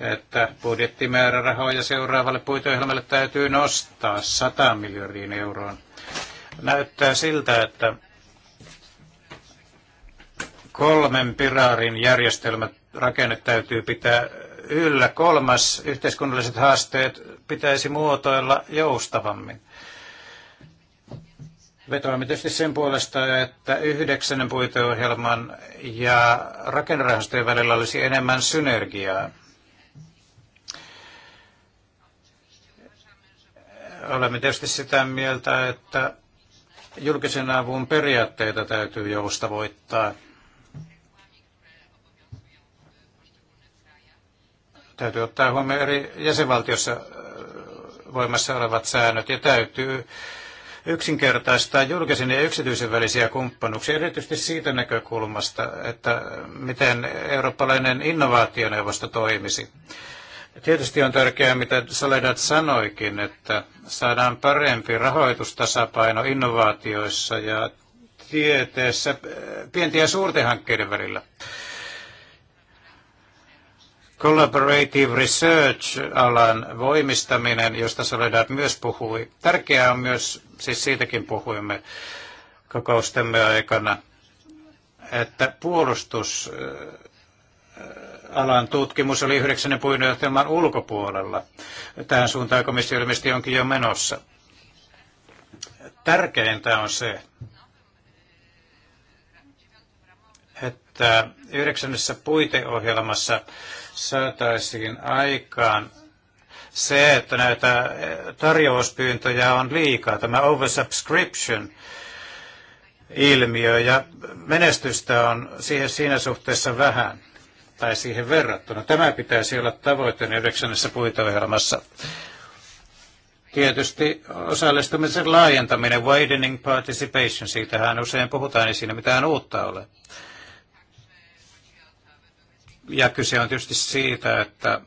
että budjettimäärärahoja seuraavalle puitoihjelmalle täytyy nostaa 100 miljardiin euroon. Näyttää siltä, että kolmen piraarin järjestelmä rakenne täytyy pitää yllä. Kolmas, yhteiskunnalliset haasteet pitäisi muotoilla joustavammin. Vetoamme tietysti sen puolesta, että yhdeksännen puiteohjelman ja rakennerahastojen välillä olisi enemmän synergiaa. Olemme tietysti sitä mieltä, että julkisen avun periaatteita täytyy joustavoittaa. Täytyy ottaa huomioon eri jäsenvaltiossa voimassa olevat säännöt ja täytyy yksinkertaistaa julkisen ja yksityisen välisiä kumppanuuksia, erityisesti siitä näkökulmasta, että miten eurooppalainen innovaationeuvosto toimisi. Tietysti on tärkeää, mitä Saledat sanoikin, että saadaan parempi rahoitustasapaino innovaatioissa ja tieteessä pienten ja suurten hankkeiden välillä. Collaborative Research-alan voimistaminen, josta Soledad myös puhui. Tärkeää on myös, siis siitäkin puhuimme kokoustemme aikana, että puolustusalan äh, tutkimus oli yhdeksännen puheenjohtajan ulkopuolella. Tähän suuntaan komissio ilmeisesti onkin jo menossa. Tärkeintä on se, että yhdeksännessä puiteohjelmassa saataisiin aikaan se, että näitä tarjouspyyntöjä on liikaa, tämä oversubscription ilmiö, ja menestystä on siihen, siinä suhteessa vähän tai siihen verrattuna. Tämä pitäisi olla tavoite yhdeksännessä puitoohjelmassa. Tietysti osallistumisen laajentaminen, widening participation, siitähän usein puhutaan, ei siinä mitään uutta ole. Ja kyse on tietysti siitä, että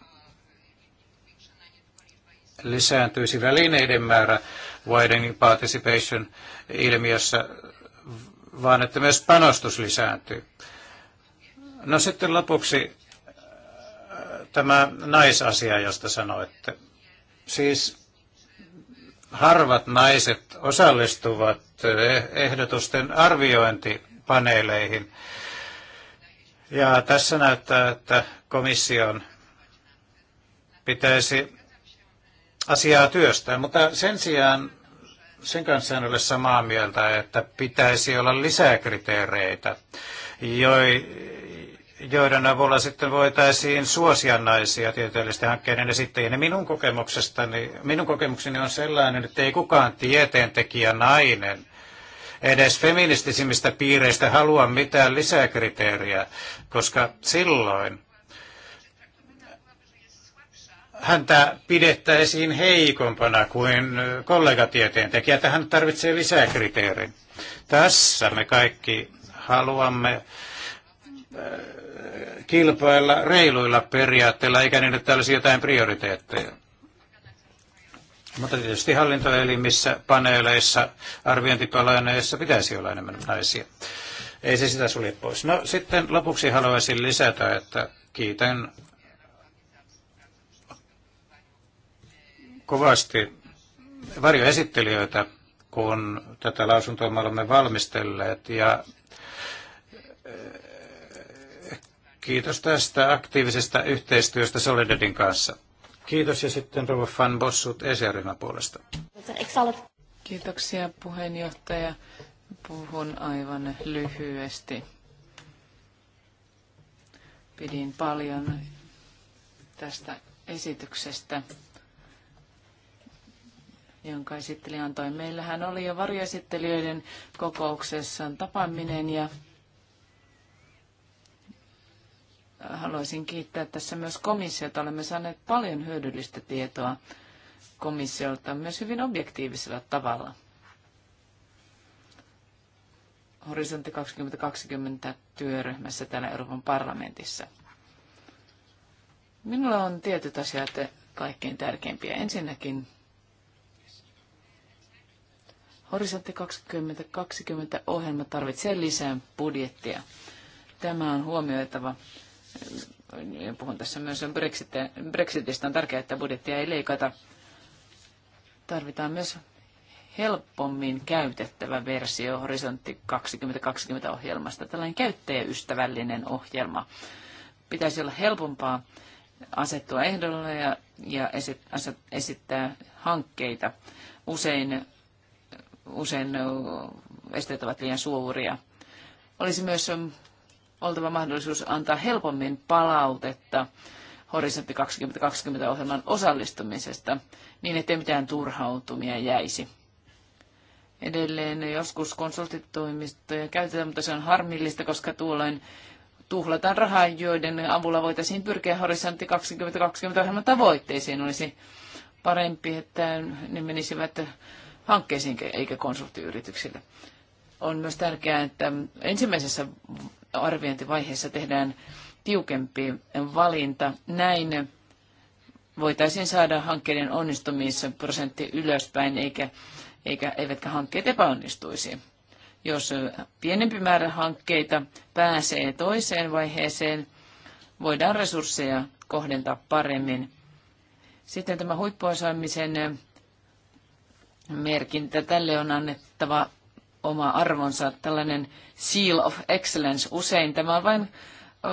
lisääntyisi välineiden määrä widening participation ilmiössä, vaan että myös panostus lisääntyy. No sitten lopuksi äh, tämä naisasia, josta sanoitte. Siis harvat naiset osallistuvat äh, ehdotusten arviointipaneeleihin ja tässä näyttää, että komission pitäisi asiaa työstää, mutta sen sijaan sen kanssa en ole samaa mieltä, että pitäisi olla lisää kriteereitä, joiden avulla sitten voitaisiin suosia naisia tieteellisten hankkeiden esittäjinä. Minun, kokemuksestani, minun kokemukseni on sellainen, että ei kukaan tieteentekijä nainen edes feministisimmistä piireistä halua mitään lisäkriteeriä, koska silloin häntä pidettäisiin heikompana kuin tekijä, että hän tarvitsee lisäkriteerin. Tässä me kaikki haluamme äh, kilpailla reiluilla periaatteilla, eikä niin, että olisi jotain prioriteetteja. Mutta tietysti hallintoelimissä, paneeleissa, arviointipalaneissa pitäisi olla enemmän naisia. Ei se sitä sulje pois. No sitten lopuksi haluaisin lisätä, että kiitän kovasti varjoesittelijöitä, kun tätä lausuntoa me olemme valmistelleet. Ja eh, kiitos tästä aktiivisesta yhteistyöstä Solidedin kanssa. Kiitos ja sitten Rova Van Bossut ESE-ryhmän puolesta. Kiitoksia puheenjohtaja. Puhun aivan lyhyesti. Pidin paljon tästä esityksestä, jonka esittelijä antoi. Meillähän oli jo varjoesittelijöiden kokouksessa tapaaminen ja Haluaisin kiittää tässä myös komissiota. Olemme saaneet paljon hyödyllistä tietoa komissiolta myös hyvin objektiivisella tavalla. Horisontti 2020 työryhmässä täällä Euroopan parlamentissa. Minulla on tietyt asiat kaikkein tärkeimpiä. Ensinnäkin Horisontti 2020 ohjelma tarvitsee lisää budjettia. Tämä on huomioitava Puhun tässä myös Brexitistä. On tärkeää, että budjettia ei leikata. Tarvitaan myös helpommin käytettävä versio Horisontti 2020-ohjelmasta, tällainen käyttäjäystävällinen ohjelma. Pitäisi olla helpompaa asettua ehdolle ja, ja esit, aset, esittää hankkeita. Usein, usein esteet ovat liian suuria. Olisi myös oltava mahdollisuus antaa helpommin palautetta Horisontti 2020-ohjelman osallistumisesta niin, ettei mitään turhautumia jäisi. Edelleen joskus konsultitoimistoja käytetään, mutta se on harmillista, koska tuolloin tuhlataan rahaa, joiden avulla voitaisiin pyrkiä Horisontti 2020-ohjelman tavoitteisiin. Olisi parempi, että ne menisivät hankkeisiin eikä konsulttiyrityksille. On myös tärkeää, että ensimmäisessä arviointivaiheessa tehdään tiukempi valinta. Näin voitaisiin saada hankkeiden onnistumisprosentti ylöspäin, eikä, eikä, eivätkä hankkeet epäonnistuisi. Jos pienempi määrä hankkeita pääsee toiseen vaiheeseen, voidaan resursseja kohdentaa paremmin. Sitten tämä huippuosaamisen merkintä. Tälle on annettava oma arvonsa, tällainen seal of excellence usein. Tämä on vain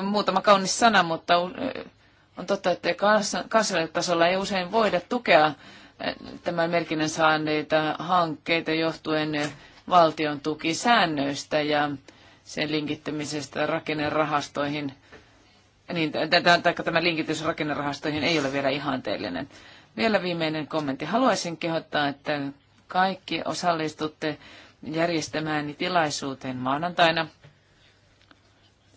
muutama kaunis sana, mutta on totta, että kansallisella ei usein voida tukea tämän merkinnän saaneita hankkeita johtuen valtion tukisäännöistä ja sen linkittämisestä rakennerahastoihin. Niin, tämä linkitys rakennerahastoihin ei ole vielä ihanteellinen. Vielä viimeinen kommentti. Haluaisin kehottaa, että kaikki osallistutte järjestämääni tilaisuuteen maanantaina.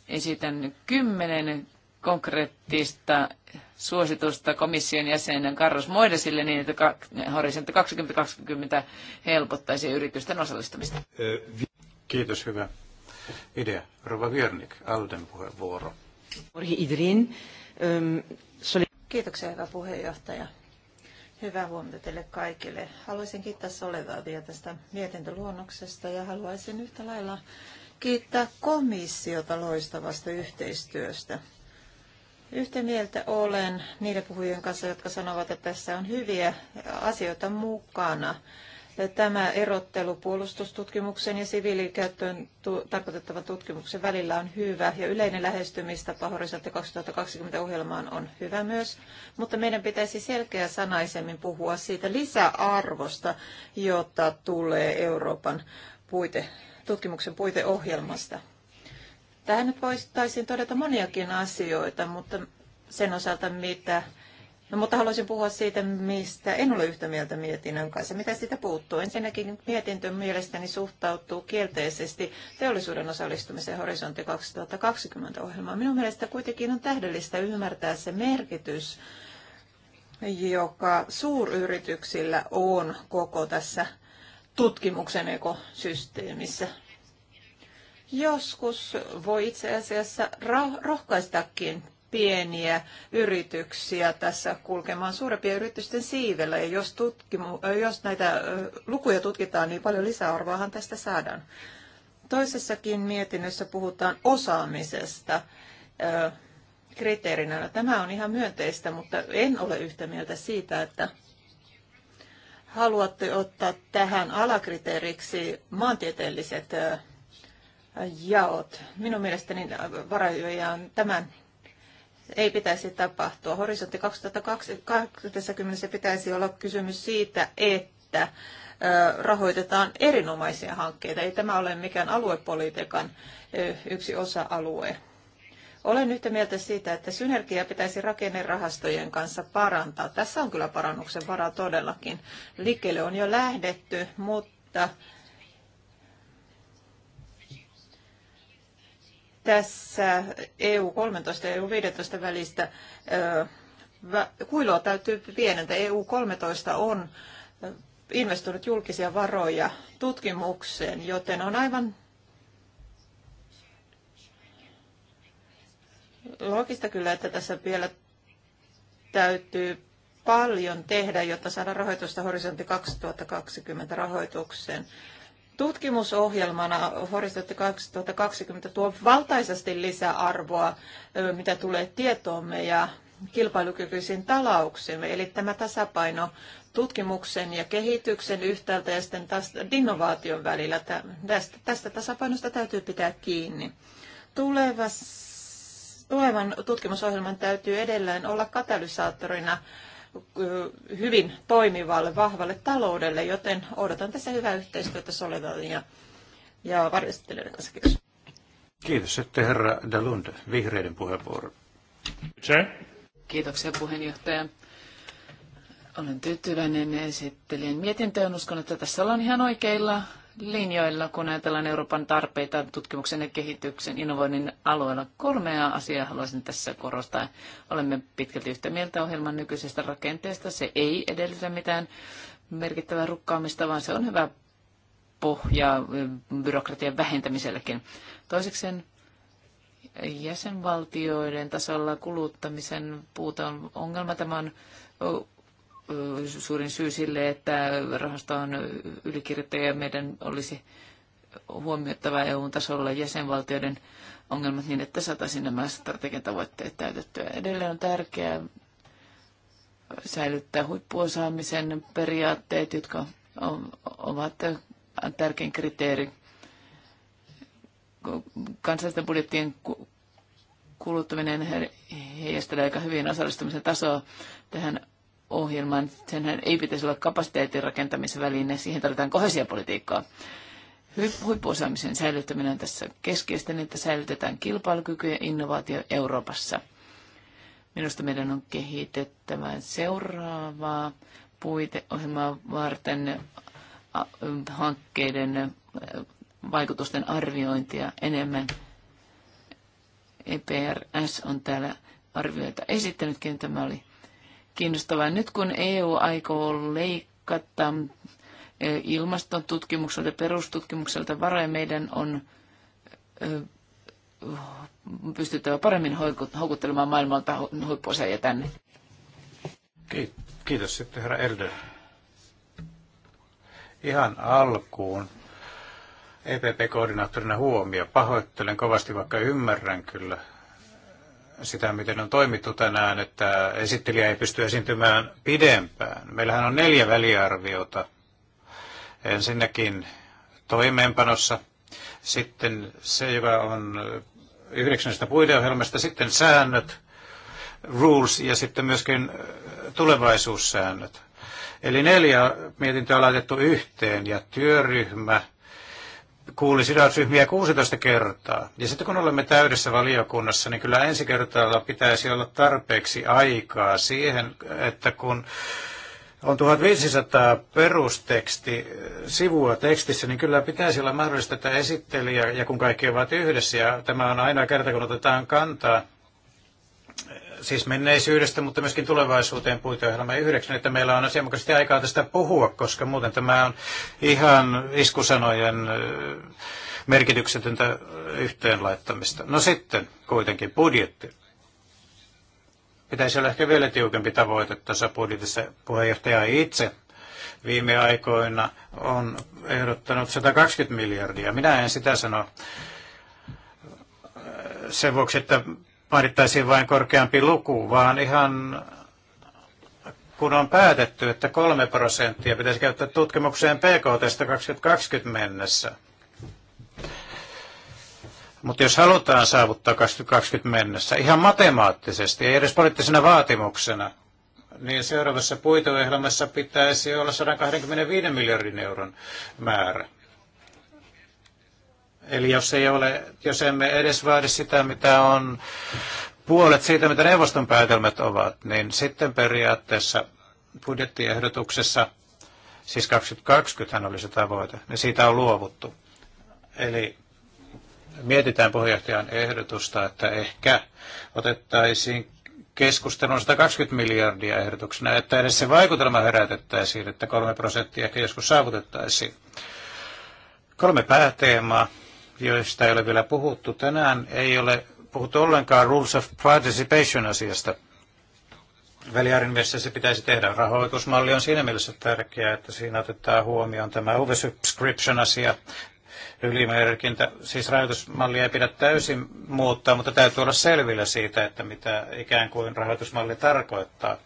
Esitän kymmenen konkreettista suositusta komission jäsenen Carlos Moidesille niin, että Horisontti 2020 helpottaisi yritysten osallistumista. Kiitos, hyvä idea. Rova Viernik, Alden puheenvuoro. Kiitoksia, hyvä puheenjohtaja. Hyvää huomenta teille kaikille. Haluaisin kiittää Solevaa vielä tästä mietintöluonnoksesta ja haluaisin yhtä lailla kiittää komissiota loistavasta yhteistyöstä. Yhtä mieltä olen niiden puhujien kanssa, jotka sanovat, että tässä on hyviä asioita mukana. Tämä erottelu puolustustutkimuksen ja siviilikäyttöön tarkoitettavan tutkimuksen välillä on hyvä ja yleinen lähestymistapa Horisontti 2020 ohjelmaan on hyvä myös, mutta meidän pitäisi selkeä sanaisemmin puhua siitä lisäarvosta, jota tulee Euroopan puite, tutkimuksen puiteohjelmasta. Tähän nyt voitaisiin todeta moniakin asioita, mutta sen osalta, mitä No, mutta haluaisin puhua siitä, mistä en ole yhtä mieltä mietinnön kanssa. Mitä siitä puuttuu? Ensinnäkin mietintö mielestäni suhtautuu kielteisesti teollisuuden osallistumiseen Horisontti 2020 ohjelmaan. Minun mielestä kuitenkin on tähdellistä ymmärtää se merkitys, joka suuryrityksillä on koko tässä tutkimuksen ekosysteemissä. Joskus voi itse asiassa rohkaistakin pieniä yrityksiä tässä kulkemaan suurempien yritysten siivellä. Ja jos, tutkimu, jos näitä lukuja tutkitaan, niin paljon lisäarvoahan tästä saadaan. Toisessakin mietinnössä puhutaan osaamisesta kriteerinä. tämä on ihan myönteistä, mutta en ole yhtä mieltä siitä, että haluatte ottaa tähän alakriteeriksi maantieteelliset jaot. Minun mielestäni varajoja on tämän ei pitäisi tapahtua. Horisontti 2020 pitäisi olla kysymys siitä, että rahoitetaan erinomaisia hankkeita. Ei tämä ole mikään aluepolitiikan yksi osa-alue. Olen yhtä mieltä siitä, että synergiaa pitäisi rakennerahastojen kanssa parantaa. Tässä on kyllä parannuksen varaa todellakin. Liikkeelle on jo lähdetty, mutta tässä EU-13 ja EU-15 välistä kuilua täytyy pienentää. EU-13 on investoinut julkisia varoja tutkimukseen, joten on aivan loogista kyllä, että tässä vielä täytyy paljon tehdä, jotta saada rahoitusta horisontti 2020 rahoitukseen tutkimusohjelmana Horisontti 2020 tuo valtaisesti lisäarvoa, mitä tulee tietoomme ja kilpailukykyisiin talouksimme. Eli tämä tasapaino tutkimuksen ja kehityksen yhtäältä ja sitten taas innovaation välillä. Tästä, tästä tasapainosta täytyy pitää kiinni. Tulevas, tulevan tutkimusohjelman täytyy edelleen olla katalysaattorina hyvin toimivalle, vahvalle taloudelle, joten odotan tässä hyvää yhteistyötä Soledadin ja, ja varjostelijoiden kanssa. Kiitos. Kiitos. Sitten herra Dalund, vihreiden puheenvuoro. Kiitoksia puheenjohtaja. Olen tyytyväinen esittelijän mietintöön. Uskon, että tässä ollaan ihan oikeilla linjoilla, kun ajatellaan Euroopan tarpeita tutkimuksen ja kehityksen innovoinnin alueella. Kolmea asiaa haluaisin tässä korostaa. Olemme pitkälti yhtä mieltä ohjelman nykyisestä rakenteesta. Se ei edellytä mitään merkittävää rukkaamista, vaan se on hyvä pohja byrokratian vähentämisellekin. Toisekseen jäsenvaltioiden tasolla kuluttamisen puuta on ongelma. Tämä on suurin syy sille, että rahasto on ylikirjoittaja ja meidän olisi huomioittava eu tasolla jäsenvaltioiden ongelmat niin, että saataisiin nämä strategian tavoitteet täytettyä. Edelleen on tärkeää säilyttää huippuosaamisen periaatteet, jotka ovat tärkein kriteeri kansallisten budjettien kuluttaminen heijastelee aika hyvin osallistumisen tasoa tähän ohjelman. Senhän ei pitäisi olla kapasiteetin rakentamisväline, siihen tarvitaan politiikkaa Huippuosaamisen säilyttäminen on tässä keskeistä, niin että säilytetään kilpailukyky ja innovaatio Euroopassa. Minusta meidän on kehitettävä seuraavaa puiteohjelmaa varten hankkeiden vaikutusten arviointia enemmän. EPRS on täällä arvioita esittänytkin. Tämä oli kiinnostavaa. Nyt kun EU aikoo leikata eh, ilmastotutkimukselta, perustutkimukselta varoja, meidän on eh, pystyttävä paremmin houkuttelemaan maailmalta huippuosaajia tänne. Kiitos sitten herra Elder. Ihan alkuun EPP-koordinaattorina huomio. Pahoittelen kovasti, vaikka ymmärrän kyllä sitä, miten on toimittu tänään, että esittelijä ei pysty esiintymään pidempään. Meillähän on neljä väliarviota. Ensinnäkin toimeenpanossa, sitten se, joka on yhdeksännestä puideohjelmasta, sitten säännöt, rules ja sitten myöskin tulevaisuussäännöt. Eli neljä mietintöä on laitettu yhteen ja työryhmä – kuuli sidosryhmiä 16 kertaa. Ja sitten kun olemme täydessä valiokunnassa, niin kyllä ensi kertaa pitäisi olla tarpeeksi aikaa siihen, että kun on 1500 perusteksti eh, sivua tekstissä, niin kyllä pitäisi olla mahdollista, että esittelijä ja kun kaikki ovat yhdessä, ja tämä on aina kerta, kun otetaan kantaa, siis menneisyydestä, mutta myöskin tulevaisuuteen puiteohjelma yhdeksän, että meillä on asianmukaisesti aikaa tästä puhua, koska muuten tämä on ihan iskusanojen merkityksetöntä yhteenlaittamista. No sitten kuitenkin budjetti. Pitäisi olla ehkä vielä tiukempi tavoite tässä budjetissa. Puheenjohtaja itse viime aikoina on ehdottanut 120 miljardia. Minä en sitä sano sen vuoksi, että vaadittaisiin vain korkeampi luku, vaan ihan kun on päätetty, että kolme prosenttia pitäisi käyttää tutkimukseen PKT 2020 mennessä. Mutta jos halutaan saavuttaa 2020 mennessä, ihan matemaattisesti, ei edes poliittisena vaatimuksena, niin seuraavassa puiteohjelmassa pitäisi olla 125 miljardin euron määrä. Eli jos, ei ole, jos emme edes vaadi sitä, mitä on puolet siitä, mitä neuvoston päätelmät ovat, niin sitten periaatteessa budjettiehdotuksessa, siis 2020 oli se tavoite, niin siitä on luovuttu. Eli mietitään puheenjohtajan ehdotusta, että ehkä otettaisiin keskustelun 120 miljardia ehdotuksena, että edes se vaikutelma herätettäisiin, että kolme prosenttia ehkä joskus saavutettaisiin. Kolme pääteemaa joista ei ole vielä puhuttu. Tänään ei ole puhuttu ollenkaan Rules of Participation-asiasta. mielessä se pitäisi tehdä. Rahoitusmalli on siinä mielessä tärkeää, että siinä otetaan huomioon tämä oversubscription-asia, ylimerkintä. Siis rahoitusmallia ei pidä täysin muuttaa, mutta täytyy olla selvillä siitä, että mitä ikään kuin rahoitusmalli tarkoittaa.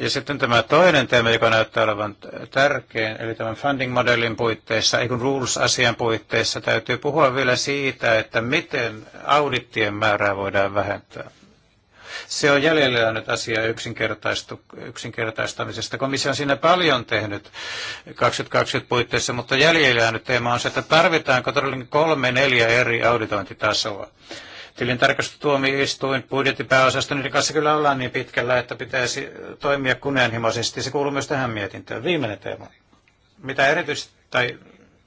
Ja sitten tämä toinen teema, joka näyttää olevan tärkein, eli tämän funding-modelin puitteissa, eikun rules-asian puitteissa, täytyy puhua vielä siitä, että miten audittien määrää voidaan vähentää. Se on jäljellä nyt asia yksinkertaistamisesta. Komissio on siinä paljon tehnyt 2020 puitteissa, mutta jäljellä nyt teema on se, että tarvitaanko todellakin kolme, neljä eri auditointitasoa. Tilintarkastustuomioistuin budjettipääosaston niiden kanssa kyllä ollaan niin pitkällä, että pitäisi toimia kunnianhimoisesti. Se kuuluu myös tähän mietintöön. Viimeinen teema. Mitä erityisesti, tai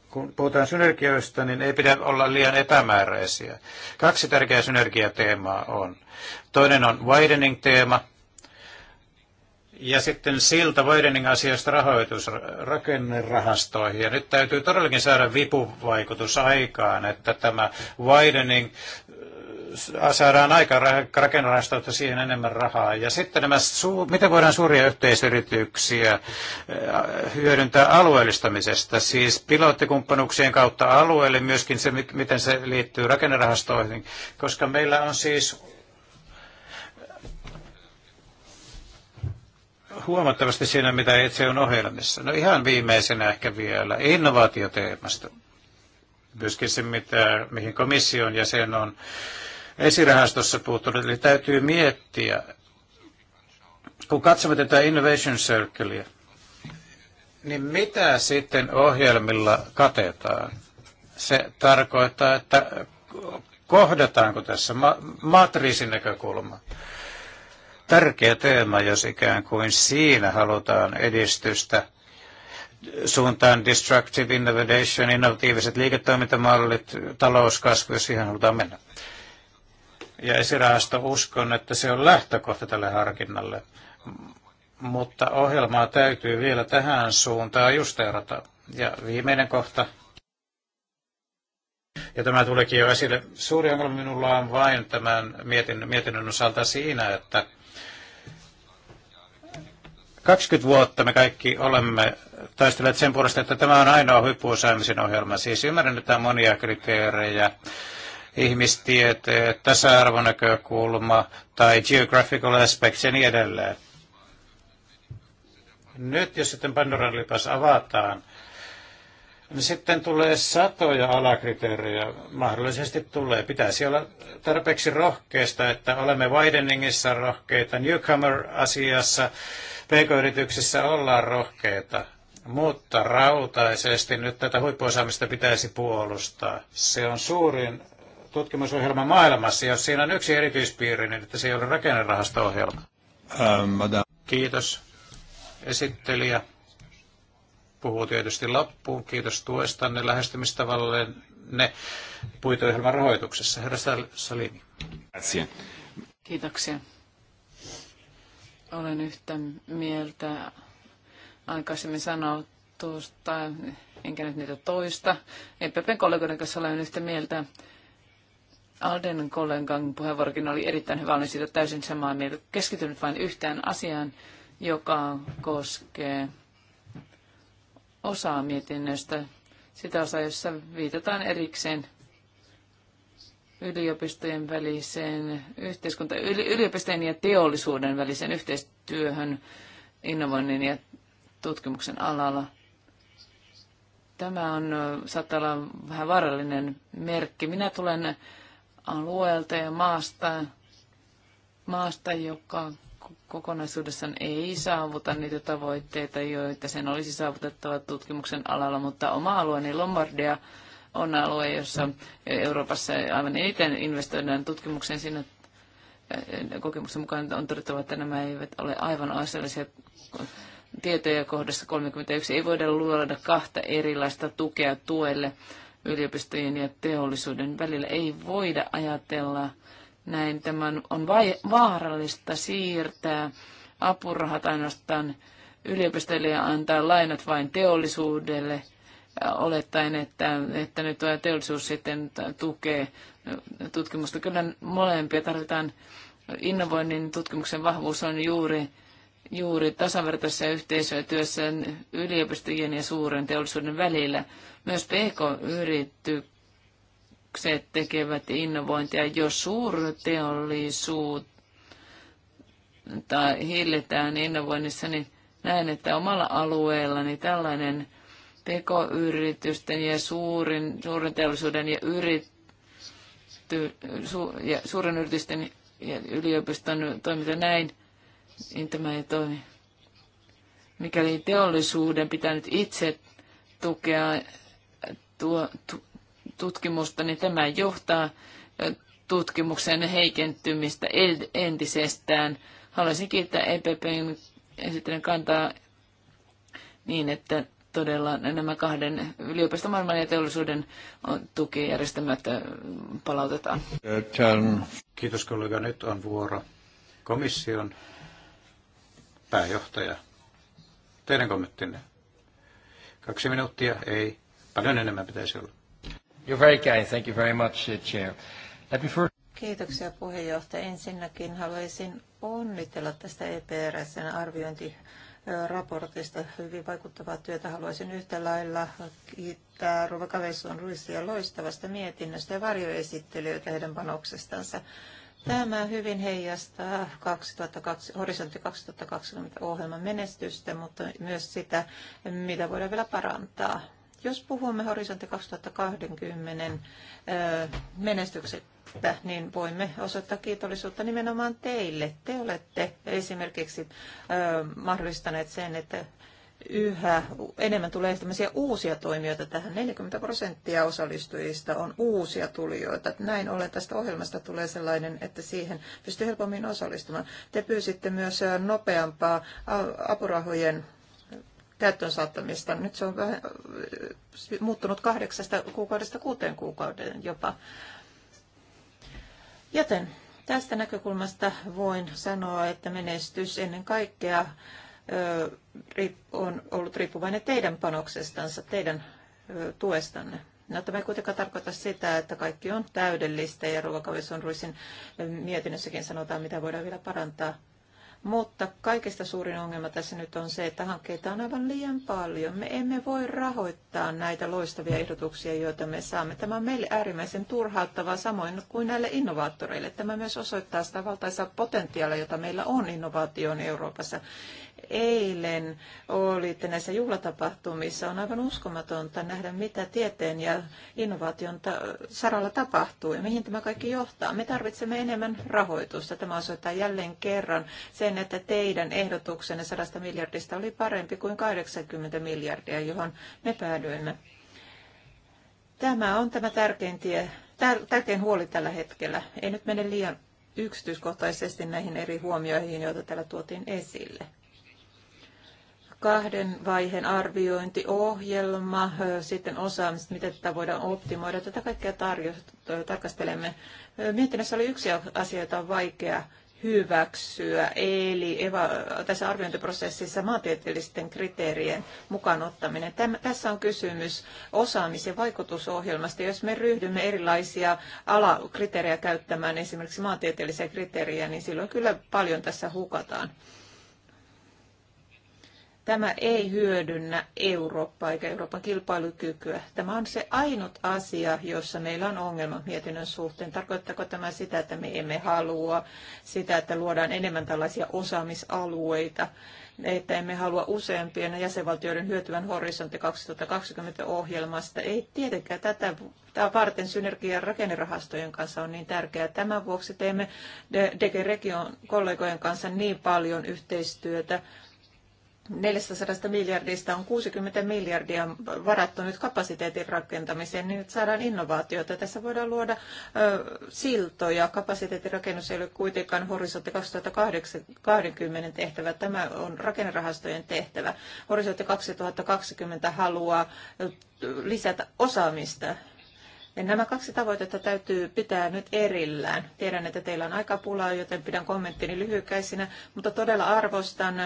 kun puhutaan synergioista, niin ei pidä olla liian epämääräisiä. Kaksi tärkeää synergiateemaa on. Toinen on widening-teema, ja sitten siltä widening asioista rahoitus rakennerahastoihin. Ja nyt täytyy todellakin saada vipuvaikutus aikaan, että tämä widening saadaan aika rakennerahastoista siihen enemmän rahaa. Ja sitten nämä, miten voidaan suuria yhteisyrityksiä äh, hyödyntää alueellistamisesta, siis pilottikumppanuuksien kautta alueelle myöskin se, miten se liittyy rakennerahastoihin, koska meillä on siis huomattavasti siinä, mitä itse on ohjelmissa. No ihan viimeisenä ehkä vielä innovaatioteemasta myöskin se, mitä, mihin komission jäsen on esirahastossa puuttunut. Eli täytyy miettiä, kun katsomme tätä Innovation Circlea, niin mitä sitten ohjelmilla katetaan? Se tarkoittaa, että kohdataanko tässä ma- matriisin näkökulma. Tärkeä teema, jos ikään kuin siinä halutaan edistystä suuntaan destructive innovation, innovatiiviset liiketoimintamallit, talouskasvu, jos siihen halutaan mennä ja esirahasto uskon, että se on lähtökohta tälle harkinnalle. Mutta ohjelmaa täytyy vielä tähän suuntaan justeerata. Ja viimeinen kohta. Ja tämä tulikin jo esille. Suuri ongelma minulla on vain tämän mietinnön, mietinnön osalta siinä, että 20 vuotta me kaikki olemme taistelleet sen puolesta, että tämä on ainoa huippuosaamisen ohjelma. Siis ymmärrän, että on monia kriteerejä ihmistieteet, tasa-arvonäkökulma tai geographical aspects ja niin edelleen. Nyt jos sitten Pandoran lipas avataan, niin sitten tulee satoja alakriteerejä. Mahdollisesti tulee. Pitäisi olla tarpeeksi rohkeista, että olemme Wideningissa rohkeita, Newcomer-asiassa, PK-yrityksissä ollaan rohkeita. Mutta rautaisesti nyt tätä huippuosaamista pitäisi puolustaa. Se on suurin tutkimusohjelma maailmassa, jos siinä on yksi erityispiiri, niin että se ei ole rakennerahasto-ohjelma. Ähm, Kiitos esittelijä. Puhuu tietysti loppuun. Kiitos tuestanne lähestymistavalle ne puitoihjelman rahoituksessa. Herra Salini. Kiitoksia. Olen yhtä mieltä aikaisemmin sanottuusta, enkä nyt niitä toista. EPPn kollegoiden kanssa olen yhtä mieltä Alden kollegan puheenvuorokin oli erittäin hyvä, olen siitä täysin samaa mieltä. Keskitynyt vain yhteen asiaan, joka koskee osaa mietinnöstä, sitä osaa, jossa viitataan erikseen yliopistojen väliseen yhteiskunta, yliopistojen ja teollisuuden väliseen yhteistyöhön innovoinnin ja tutkimuksen alalla. Tämä on, saattaa olla vähän vaarallinen merkki. Minä tulen alueelta ja maasta, maasta joka kokonaisuudessaan ei saavuta niitä tavoitteita, joita sen olisi saavutettava tutkimuksen alalla, mutta oma alueeni Lombardia on alue, jossa Euroopassa aivan eniten investoidaan tutkimukseen. Siinä eh, kokemuksen mukaan on todettava, että nämä eivät ole aivan asiallisia tietoja kohdassa 31. Ei voida luoda kahta erilaista tukea tuelle yliopistojen ja teollisuuden välillä. Ei voida ajatella näin. Tämä on vaarallista siirtää apurahat ainoastaan yliopistoille ja antaa lainat vain teollisuudelle, olettaen, että, että nyt teollisuus sitten tukee tutkimusta. Kyllä molempia tarvitaan. Innovoinnin tutkimuksen vahvuus on juuri, juuri tasavertaisessa yhteisötyössä yliopistojen ja suuren teollisuuden välillä. Myös PK-yritykset tekevät innovointia, jos suurteollisuutta tai hillitään innovoinnissa, niin näen, että omalla alueellani tällainen PK-yritysten ja suurin, suuren teollisuuden ja, yritty, su, ja suuren yritysten ja yliopiston toiminta näin, niin tämä ei toimi. Mikäli teollisuuden pitää nyt itse tukea tuo, tu, tutkimusta, niin tämä johtaa tutkimuksen heikentymistä entisestään. Haluaisin kiittää EPPn esittelyn kantaa niin, että todella nämä kahden yliopistomaailman ja teollisuuden tukijärjestelmät palautetaan. Kiitos kollega. Nyt on vuoro komission pääjohtaja. Teidän kommenttinne. Kaksi minuuttia, ei. Paljon enemmän pitäisi olla. You're very kind. Thank you very much, uh, Chair. Let me first... Kiitoksia puheenjohtaja. Ensinnäkin haluaisin onnitella tästä EPRSn arviointi raportista. Hyvin vaikuttavaa työtä haluaisin yhtä lailla kiittää Rova Kavesson Ruissia loistavasta mietinnöstä ja varjoesittelijöitä heidän panoksestansa. Tämä hyvin heijastaa 2020, Horisontti 2020 ohjelman menestystä, mutta myös sitä, mitä voidaan vielä parantaa. Jos puhumme horisontti 2020 menestyksestä, niin voimme osoittaa kiitollisuutta nimenomaan teille. Te olette esimerkiksi mahdollistaneet sen, että yhä enemmän tulee tämmöisiä uusia toimijoita tähän. 40 prosenttia osallistujista on uusia tulijoita. Näin ollen tästä ohjelmasta tulee sellainen, että siihen pystyy helpommin osallistumaan. Te pyysitte myös nopeampaa apurahojen käyttöön saattamista. Nyt se on vähän, äh, muuttunut kahdeksasta kuukaudesta kuuteen kuukauden jopa. Joten tästä näkökulmasta voin sanoa, että menestys ennen kaikkea äh, on ollut riippuvainen teidän panoksestansa, teidän tuestanne. No, tämä ei kuitenkaan tarkoita sitä, että kaikki on täydellistä ja Ruokavisun Ruisin mietinnössäkin sanotaan, mitä voidaan vielä parantaa. Mutta kaikista suurin ongelma tässä nyt on se, että hankkeita on aivan liian paljon. Me emme voi rahoittaa näitä loistavia ehdotuksia, joita me saamme. Tämä on meille äärimmäisen turhauttavaa, samoin kuin näille innovaattoreille. Tämä myös osoittaa sitä valtaisaa potentiaalia, jota meillä on innovaatioon Euroopassa eilen olitte näissä juhlatapahtumissa. On aivan uskomatonta nähdä, mitä tieteen ja innovaation ta- saralla tapahtuu ja mihin tämä kaikki johtaa. Me tarvitsemme enemmän rahoitusta. Tämä osoittaa jälleen kerran sen, että teidän ehdotuksenne 100 miljardista oli parempi kuin 80 miljardia, johon me päädyimme. Tämä on tämä tärkein, tie, tärkein huoli tällä hetkellä. Ei nyt mene liian yksityiskohtaisesti näihin eri huomioihin, joita täällä tuotiin esille kahden vaiheen arviointiohjelma, sitten osaamista, miten tätä voidaan optimoida. Tätä kaikkea tarkastelemme. Mietinnössä oli yksi asia, jota on vaikea hyväksyä, eli eva- tässä arviointiprosessissa maantieteellisten kriteerien mukaan ottaminen. Täm, tässä on kysymys osaamis- ja vaikutusohjelmasta. Jos me ryhdymme erilaisia alakriteerejä käyttämään, esimerkiksi maantieteellisiä kriteerejä, niin silloin kyllä paljon tässä hukataan. Tämä ei hyödynnä Eurooppaa eikä Euroopan kilpailukykyä. Tämä on se ainut asia, jossa meillä on ongelma mietinnön suhteen. Tarkoittaako tämä sitä, että me emme halua sitä, että luodaan enemmän tällaisia osaamisalueita, että emme halua useampien jäsenvaltioiden hyötyvän horisontti 2020 ohjelmasta. Ei tietenkään tätä tämä varten synergia rakennerahastojen kanssa on niin tärkeää. Tämän vuoksi teemme DG Region kollegojen kanssa niin paljon yhteistyötä, 400 miljardista on 60 miljardia varattu nyt kapasiteetin rakentamiseen, niin nyt saadaan innovaatioita. Tässä voidaan luoda ö, siltoja. Kapasiteetin rakennus ei ole kuitenkaan horisontti 2020 tehtävä. Tämä on rakennerahastojen tehtävä. Horisontti 2020 haluaa lisätä osaamista ja nämä kaksi tavoitetta täytyy pitää nyt erillään. Tiedän, että teillä on aika pulaa, joten pidän kommenttini lyhykäisinä, mutta todella arvostan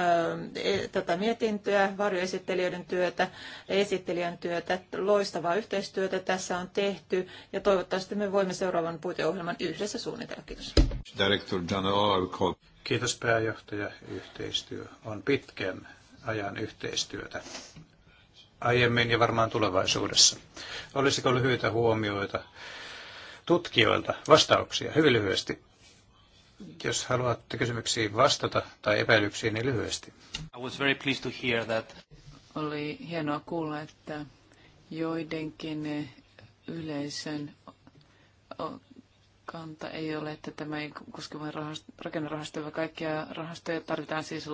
e, tätä mietintöä, varjoesittelijöiden työtä, esittelijän työtä, loistavaa yhteistyötä tässä on tehty ja toivottavasti me voimme seuraavan puiteohjelman yhdessä suunnitella. Kiitos. Director General. Kiitos pääjohtaja. Yhteistyö on pitkän ajan yhteistyötä aiemmin ja varmaan tulevaisuudessa. Olisiko lyhyitä huomioita tutkijoilta, vastauksia, hyvin lyhyesti? Jos haluatte kysymyksiin vastata tai epäilyksiin, niin lyhyesti. I was very pleased to hear that. Oli hienoa kuulla, että joidenkin yleisön kanta ei ole, että tämä ei koske vain rakennerahastoja, vaan kaikkia rahastoja. Tarvitaan siis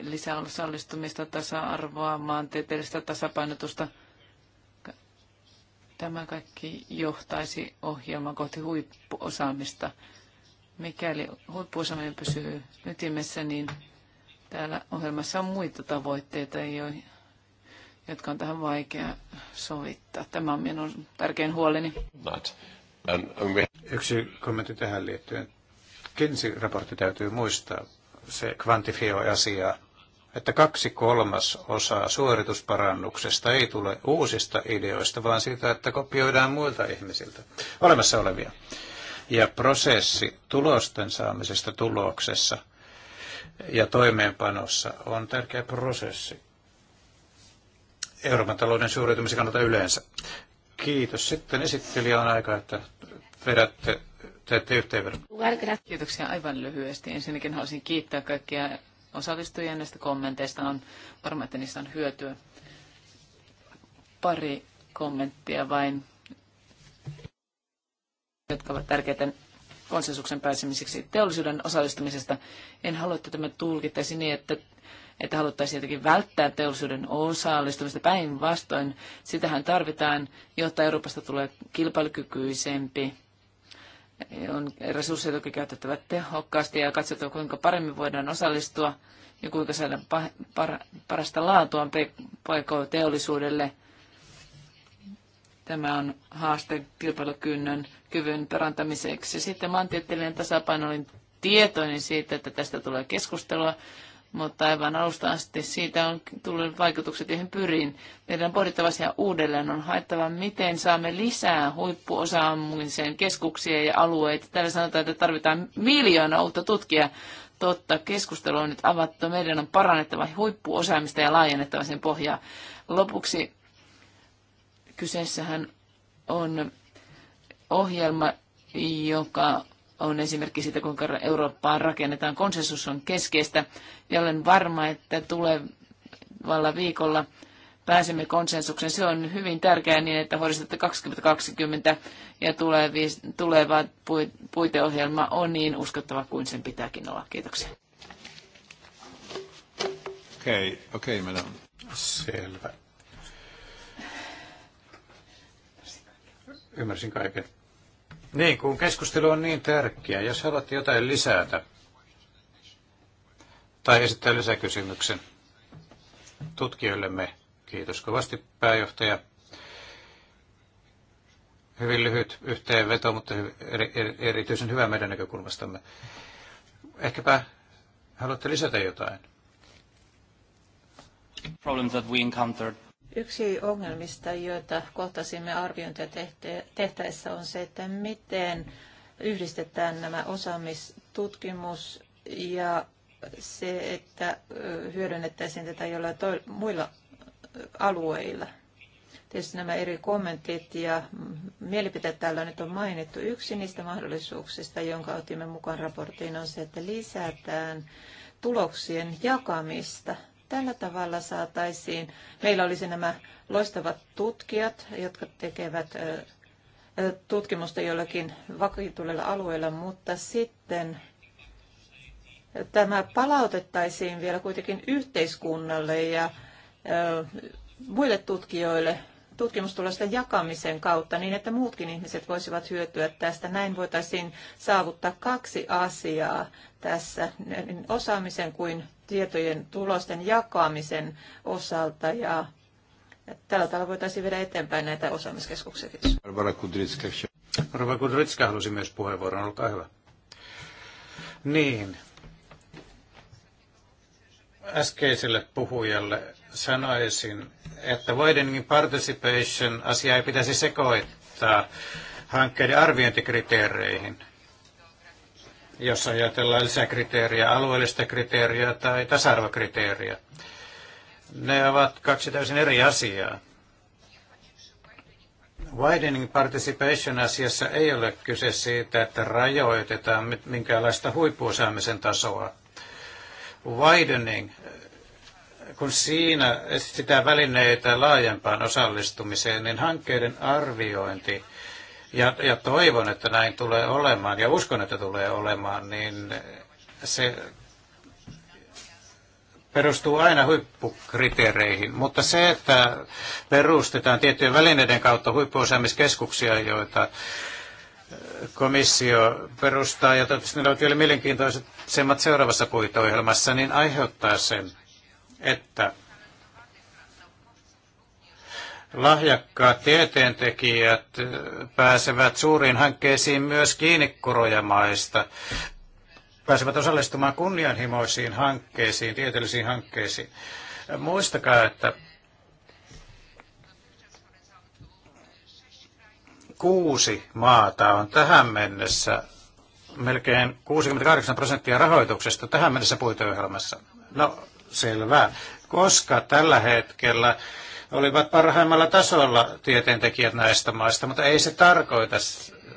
lisäosallistumista, tasa-arvoa, maantieteellistä tasapainotusta. Tämä kaikki johtaisi ohjelman kohti huippuosaamista. Mikäli huippuosaaminen pysyy ytimessä, niin täällä ohjelmassa on muita tavoitteita, jotka on tähän vaikea sovittaa. Tämä on minun tärkein huoleni. Yksi kommentti tähän liittyen. Kinsi-raportti täytyy muistaa. Se kvantifioi asiaa että kaksi kolmas osaa suoritusparannuksesta ei tule uusista ideoista, vaan siitä, että kopioidaan muilta ihmisiltä olemassa olevia. Ja prosessi tulosten saamisesta tuloksessa ja toimeenpanossa on tärkeä prosessi Euroopan talouden suoriutumisen kannalta yleensä. Kiitos. Sitten esittelijä on aika, että vedätte, teette yhteenvedon. Kiitoksia aivan lyhyesti. Ensinnäkin haluaisin kiittää kaikkia osallistujien näistä kommenteista. On varma, että niistä on hyötyä. Pari kommenttia vain, jotka ovat tärkeitä konsensuksen pääsemiseksi teollisuuden osallistumisesta. En halua, että tämä tulkittaisi niin, että, että haluttaisiin jotenkin välttää teollisuuden osallistumista. Päinvastoin, sitähän tarvitaan, jotta Euroopasta tulee kilpailukykyisempi on resursseja toki käytettävä tehokkaasti ja katsotaan, kuinka paremmin voidaan osallistua ja kuinka saada parasta laatua PK-teollisuudelle. Tämä on haaste kilpailukynnön kyvyn parantamiseksi. Sitten maantieteellinen tasapaino, olin tietoinen siitä, että tästä tulee keskustelua mutta aivan alusta asti siitä on tullut vaikutukset, joihin pyrin. Meidän pohdittava asia uudelleen, on haettava, miten saamme lisää huippuosaamisen keskuksia ja alueita. Täällä sanotaan, että tarvitaan miljoona uutta tutkijaa. Totta, keskustelu on nyt avattu. Meidän on parannettava huippuosaamista ja laajennettava sen pohjaa. Lopuksi kyseessähän on ohjelma, joka on esimerkki siitä, kuinka Eurooppaa rakennetaan. Konsensus on keskeistä ja olen varma, että tulevalla viikolla pääsemme konsensuksen. Se on hyvin tärkeää niin, että horisontti 2020 ja tuleva puiteohjelma on niin uskottava kuin sen pitääkin olla. Kiitoksia. Okei, okay, okei, okay, Selvä. Ymmärsin kaiken. Niin, kun keskustelu on niin tärkeä, jos haluatte jotain lisätä tai esittää lisäkysymyksen tutkijoillemme, kiitos kovasti pääjohtaja. Hyvin lyhyt yhteenveto, mutta erityisen hyvä meidän näkökulmastamme. Ehkäpä haluatte lisätä jotain? Problems that we encountered Yksi ongelmista, joita kohtasimme arviointia tehtäessä, on se, että miten yhdistetään nämä osaamistutkimus ja se, että hyödynnettäisiin tätä jollain to- muilla alueilla. Tietysti nämä eri kommentit ja mielipiteet täällä nyt on mainittu. Yksi niistä mahdollisuuksista, jonka otimme mukaan raporttiin, on se, että lisätään tuloksien jakamista – Tällä tavalla saataisiin, meillä olisi nämä loistavat tutkijat, jotka tekevät tutkimusta jollakin vakituilla alueella, mutta sitten tämä palautettaisiin vielä kuitenkin yhteiskunnalle ja muille tutkijoille tutkimustulosten jakamisen kautta niin, että muutkin ihmiset voisivat hyötyä tästä. Näin voitaisiin saavuttaa kaksi asiaa tässä, niin osaamisen kuin tietojen tulosten jakamisen osalta ja tällä tavalla voitaisiin viedä eteenpäin näitä osaamiskeskuksia. Kiitos. Kudritska. Kudritska halusi myös puheenvuoron, olkaa hyvä. Niin, äskeiselle puhujalle sanoisin, että widening participation asia ei pitäisi sekoittaa hankkeiden arviointikriteereihin, jos ajatellaan lisäkriteeriä, alueellista kriteeriä tai tasa-arvokriteeriä. Ne ovat kaksi täysin eri asiaa. Widening participation asiassa ei ole kyse siitä, että rajoitetaan minkäänlaista huippuosaamisen tasoa. Widening kun siinä sitä välineitä laajempaan osallistumiseen, niin hankkeiden arviointi, ja, ja toivon, että näin tulee olemaan, ja uskon, että tulee olemaan, niin se perustuu aina huippukriteereihin, mutta se, että perustetaan tiettyjen välineiden kautta huippuosaamiskeskuksia, joita komissio perustaa, ja toivottavasti ne ovat vielä mielenkiintoisemmat seuraavassa puitoihjelmassa, niin aiheuttaa sen, että lahjakkaat tieteentekijät pääsevät suuriin hankkeisiin myös kiinnikurojamaista, pääsevät osallistumaan kunnianhimoisiin hankkeisiin, tieteellisiin hankkeisiin. Muistakaa, että kuusi maata on tähän mennessä melkein 68 prosenttia rahoituksesta tähän mennessä puiteohjelmassa. No, selvää, koska tällä hetkellä olivat parhaimmalla tasolla tieteentekijät näistä maista, mutta ei se tarkoita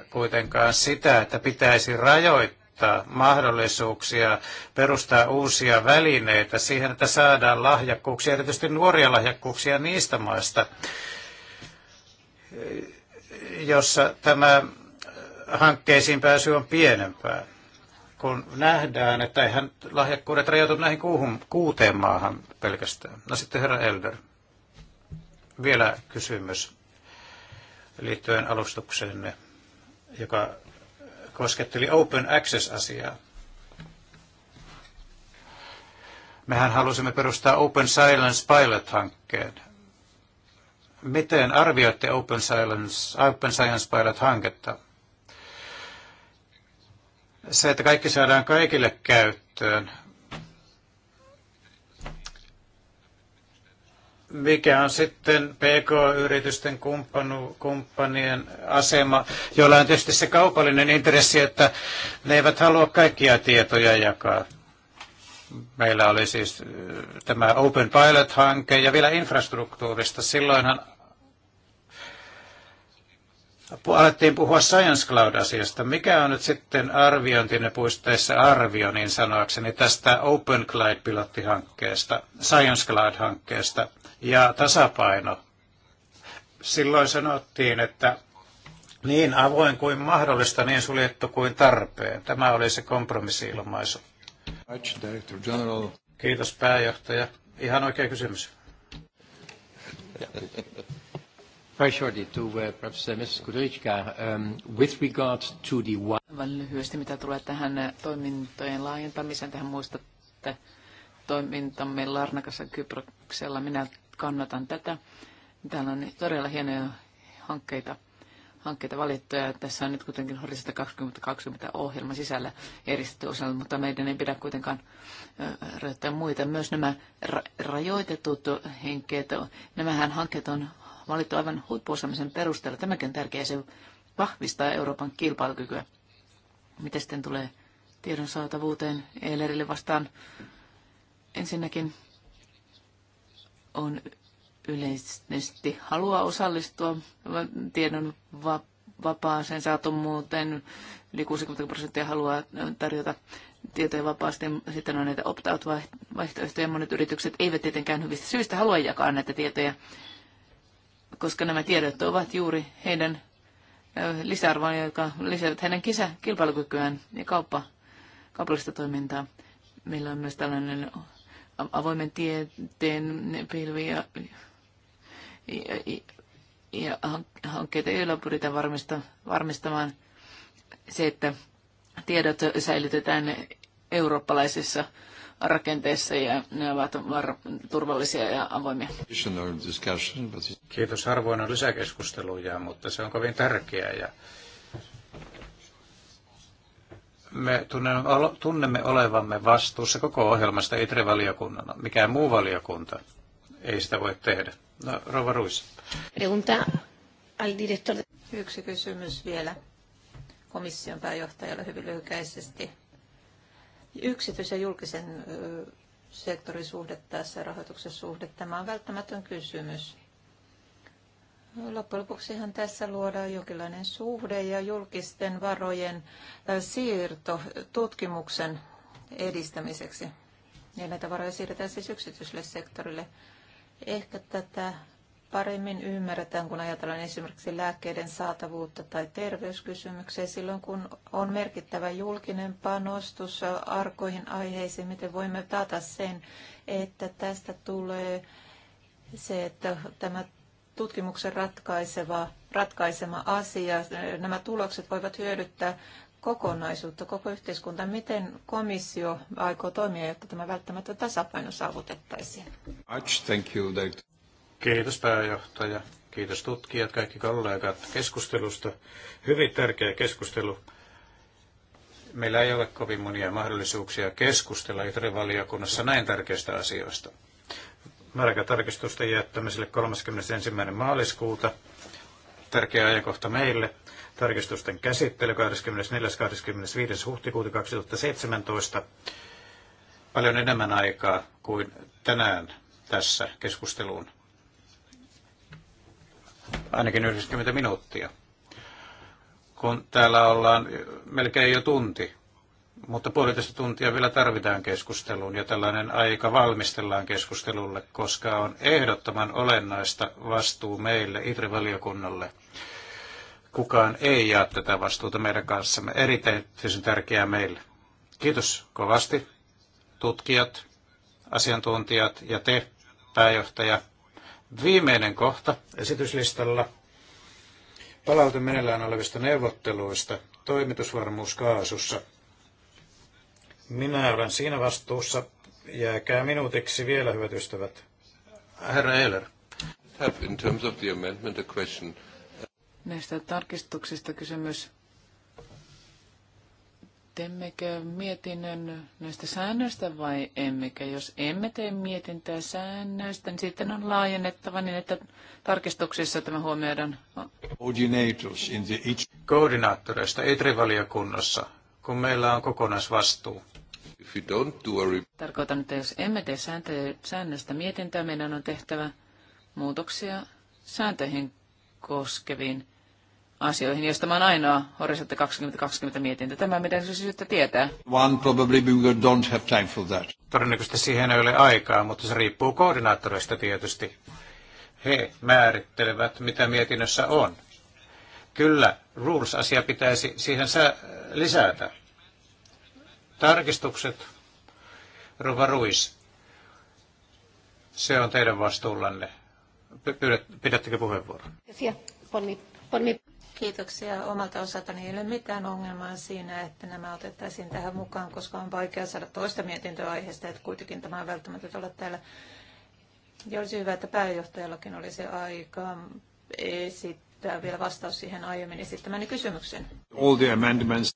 kuitenkaan sitä, että pitäisi rajoittaa mahdollisuuksia perustaa uusia välineitä siihen, että saadaan lahjakkuuksia, erityisesti nuoria lahjakkuuksia niistä maista, jossa tämä hankkeisiin pääsy on pienempää kun nähdään, että eihän lahjakkuudet rajoitu näihin kuuhun, kuuteen maahan pelkästään. No sitten herra Elder, vielä kysymys liittyen alustukseen, joka kosketteli Open Access-asiaa. Mehän halusimme perustaa Open Silence Pilot-hankkeen. Miten arvioitte Open Silence, Open Science Pilot-hanketta? Se, että kaikki saadaan kaikille käyttöön, mikä on sitten PK-yritysten kumppanu, kumppanien asema, joilla on tietysti se kaupallinen intressi, että ne eivät halua kaikkia tietoja jakaa. Meillä oli siis äh, tämä Open Pilot-hanke ja vielä infrastruktuurista. Silloinhan alettiin puhua Science Cloud-asiasta. Mikä on nyt sitten arviointinne puisteissa arvio, niin sanoakseni, tästä Open Cloud-pilottihankkeesta, Science Cloud-hankkeesta ja tasapaino? Silloin sanottiin, että niin avoin kuin mahdollista, niin suljettu kuin tarpeen. Tämä oli se kompromissi-ilmaisu. Kiitos pääjohtaja. Ihan oikea kysymys. Very shortly to uh, perhaps uh, Ms. Kudrytska, um, with regard to the one... Aivan lyhyesti, mitä tulee tähän uh, toimintojen laajentamiseen, tähän muistatte toimintamme Larnakassa Kyproksella. Minä kannatan tätä. Täällä on todella hienoja hankkeita, hankkeita valittuja. Tässä on nyt kuitenkin Horisontti 2020 ohjelma sisällä eristetty osalla, mutta meidän ei pidä kuitenkaan rajoittaa muita. Myös nämä rajoitetut hankkeet, nämähän hankkeet on valittu aivan huippuosaamisen perusteella. Tämäkin on tärkeää, se vahvistaa Euroopan kilpailukykyä. Miten sitten tulee tiedon saatavuuteen Eilerille vastaan? Ensinnäkin on yleisesti halua osallistua tiedon vapaaseen saatomuuteen. Yli 60 prosenttia haluaa tarjota tietoja vapaasti. Sitten on näitä opt-out-vaihtoehtoja. Monet yritykset eivät tietenkään hyvistä syistä halua jakaa näitä tietoja koska nämä tiedot ovat juuri heidän lisäarvoa, joka lisäävät heidän kisä, kilpailukykyään ja kauppa, kaupallista toimintaa. Meillä on myös tällainen avoimen tieteen pilvi ja, ja, ja hankkeita, joilla pyritään varmista, varmistamaan se, että tiedot säilytetään eurooppalaisessa rakenteissa ja ne ovat turvallisia ja avoimia. Kiitos. Harvoin on lisäkeskusteluja, mutta se on kovin tärkeää. Ja me tunnemme olevamme vastuussa koko ohjelmasta ITRE-valiokunnana. Mikään muu valiokunta ei sitä voi tehdä. No, Rova Ruiz. Yksi kysymys vielä komission pääjohtajalle hyvin lyhykäisesti yksityisen ja julkisen sektorin suhde tässä rahoituksen suhde. Tämä on välttämätön kysymys. Loppujen lopuksihan tässä luodaan jonkinlainen suhde ja julkisten varojen siirto tutkimuksen edistämiseksi. Ja näitä varoja siirretään siis yksityiselle sektorille. Ehkä tätä paremmin ymmärretään, kun ajatellaan esimerkiksi lääkkeiden saatavuutta tai terveyskysymyksiä silloin, kun on merkittävä julkinen panostus arkoihin aiheisiin, miten voimme taata sen, että tästä tulee se, että tämä tutkimuksen ratkaiseva, ratkaisema asia, nämä tulokset voivat hyödyttää kokonaisuutta, koko yhteiskunta. Miten komissio aikoo toimia, jotta tämä välttämättä tasapaino saavutettaisiin? Thank you, Kiitos pääjohtaja, kiitos tutkijat, kaikki kollegat keskustelusta. Hyvin tärkeä keskustelu. Meillä ei ole kovin monia mahdollisuuksia keskustella valiokunnassa näin tärkeistä asioista. Määräkätarkistusten jättämiselle 31. maaliskuuta. Tärkeä ajankohta meille. Tarkistusten käsittely 24.–25. huhtikuuta 2017 paljon enemmän aikaa kuin tänään tässä keskusteluun ainakin 90 minuuttia, kun täällä ollaan melkein jo tunti. Mutta puolitoista tuntia vielä tarvitaan keskusteluun ja tällainen aika valmistellaan keskustelulle, koska on ehdottoman olennaista vastuu meille, ITRI-valiokunnalle. Kukaan ei jaa tätä vastuuta meidän kanssamme. Erityisen tärkeää meille. Kiitos kovasti tutkijat, asiantuntijat ja te, pääjohtaja. Viimeinen kohta esityslistalla. Palaute meneillään olevista neuvotteluista toimitusvarmuuskaasussa. Minä olen siinä vastuussa. Jääkää minuutiksi vielä, hyvät ystävät. Herra Eiler. In terms of the amendment, a question. Näistä tarkistuksista kysymys teemmekö mietinnön näistä säännöistä vai emmekä? Jos emme tee mietintää säännöistä, niin sitten on laajennettava niin, että tarkistuksissa tämä huomioidaan. Koordinaattoreista etrivaliokunnassa, kun meillä on kokonaisvastuu. If you don't do a... Tarkoitan, että jos emme tee sääntöjä, säännöstä mietintää, meidän on tehtävä muutoksia sääntöihin koskeviin asioihin, josta oon ainoa Horisontti 2020 mietintö. Tämä meidän siis syystä tietää. One probably we don't have time for that. Todennäköisesti siihen ei ole aikaa, mutta se riippuu koordinaattoreista tietysti. He määrittelevät, mitä mietinnössä on. Kyllä, rules-asia pitäisi siihen lisätä. Tarkistukset, Rova Ruis, se on teidän vastuullanne. pidättekö puheenvuoron? Por Kiitoksia omalta osaltani. Ei ole mitään ongelmaa siinä, että nämä otettaisiin tähän mukaan, koska on vaikea saada toista mietintöä aiheesta, että kuitenkin tämä on välttämätöntä olla täällä. Ja olisi hyvä, että pääjohtajallakin olisi aika esittää vielä vastaus siihen aiemmin esittämäni kysymykseen. All the amendments.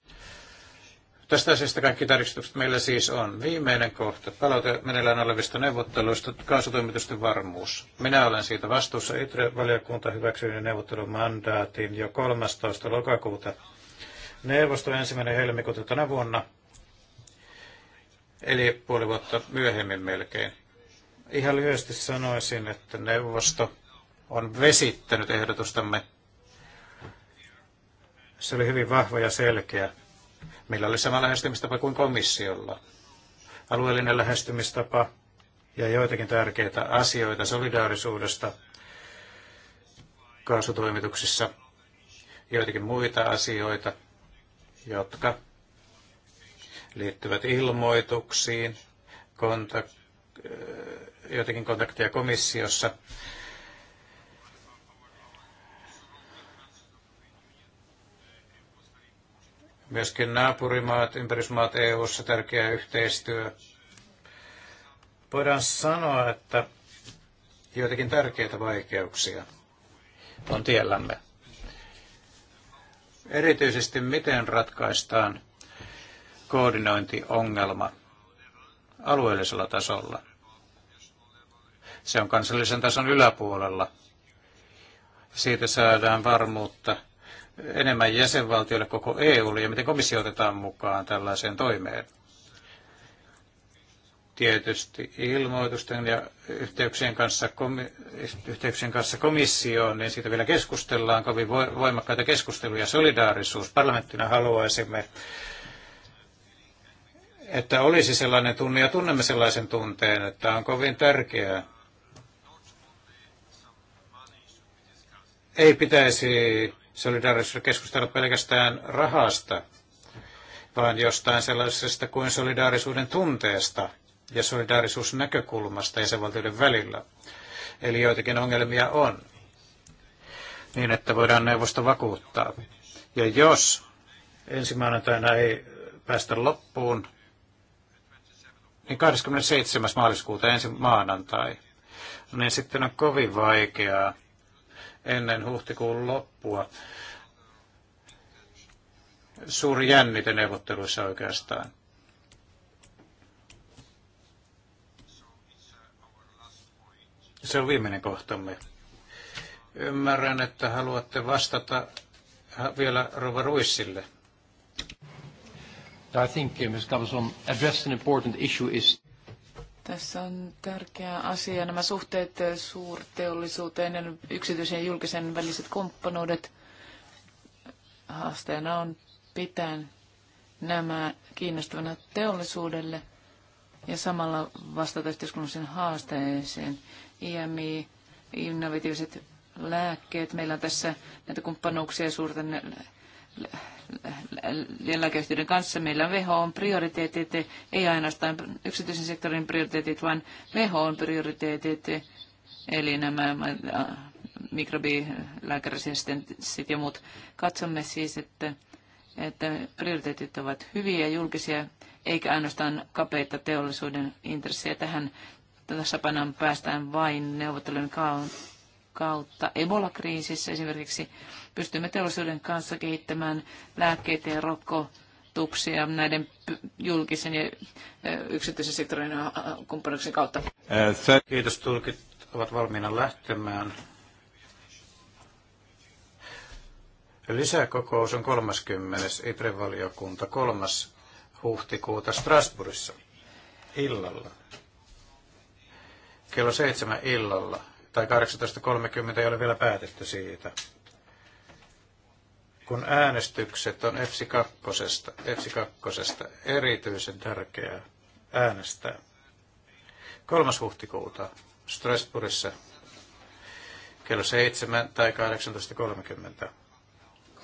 Tästä asiasta kaikki tarkistukset meillä siis on. Viimeinen kohta. Palaute meneillään olevista neuvotteluista, kaasutoimitusten varmuus. Minä olen siitä vastuussa. ITRE-valiokunta hyväksyi mandaatin jo 13. lokakuuta. Neuvosto ensimmäinen helmikuuta tänä vuonna, eli puoli vuotta myöhemmin melkein. Ihan lyhyesti sanoisin, että neuvosto on vesittänyt ehdotustamme. Se oli hyvin vahva ja selkeä Meillä oli sama lähestymistapa kuin komissiolla. Alueellinen lähestymistapa ja joitakin tärkeitä asioita solidaarisuudesta kaasutoimituksissa, joitakin muita asioita, jotka liittyvät ilmoituksiin, kontak- joitakin kontakteja komissiossa Myöskin naapurimaat, ympärysmaat EU-ssa tärkeä yhteistyö. Voidaan sanoa, että joitakin tärkeitä vaikeuksia on tiellämme. Erityisesti miten ratkaistaan koordinointiongelma alueellisella tasolla. Se on kansallisen tason yläpuolella. Siitä saadaan varmuutta enemmän jäsenvaltioille koko EUlle ja miten komissio otetaan mukaan tällaiseen toimeen? Tietysti ilmoitusten ja yhteyksien kanssa, yhteyksien kanssa komissioon, niin siitä vielä keskustellaan, kovin voimakkaita keskusteluja. Solidaarisuus. Parlamenttina haluaisimme, että olisi sellainen tunne ja tunnemme sellaisen tunteen, että on kovin tärkeää ei pitäisi solidaarisuudesta keskustella pelkästään rahasta, vaan jostain sellaisesta kuin solidaarisuuden tunteesta ja solidaarisuusnäkökulmasta jäsenvaltioiden välillä. Eli joitakin ongelmia on, niin että voidaan neuvosto vakuuttaa. Ja jos ensi maanantaina ei päästä loppuun, niin 27. maaliskuuta ensi maanantai, niin sitten on kovin vaikeaa ennen huhtikuun loppua. Suuri jännite neuvotteluissa oikeastaan. Se on viimeinen kohtamme. Ymmärrän, että haluatte vastata vielä Rova Ruissille. I think, uh, Ms. Gabson, addressed an important issue is... Tässä on tärkeä asia nämä suhteet suurteollisuuteen ja yksityisen ja julkisen väliset komppanuudet. Haasteena on pitää nämä kiinnostavana teollisuudelle ja samalla vastata yhteiskunnallisen haasteeseen. IMI, innovatiiviset lääkkeet. Meillä on tässä näitä kumppanuuksia suurten lääkeyhtiöiden kanssa. Meillä on on prioriteetit, ei ainoastaan yksityisen sektorin prioriteetit, vaan on prioriteetit, eli nämä äh, mikrobilääkäresistenssit ja muut. Katsomme siis, että, että prioriteetit ovat hyviä ja julkisia, eikä ainoastaan kapeita teollisuuden intressejä. Tähän tasapainoon päästään vain kautta kautta Ebola-kriisissä esimerkiksi pystymme teollisuuden kanssa kehittämään lääkkeitä ja rokotuksia näiden julkisen ja yksityisen sektorin kumppanuksen kautta. Äh, Kiitos, tulkit ovat valmiina lähtemään. Lisäkokous on 30. IPRE-valiokunta 3. huhtikuuta Strasbourgissa illalla. Kello 7 illalla tai 18.30 ei ole vielä päätetty siitä. Kun äänestykset on f 2, EFSI 2 erityisen tärkeää äänestää. 3. huhtikuuta Strasbourgissa kello 7 tai 18.30.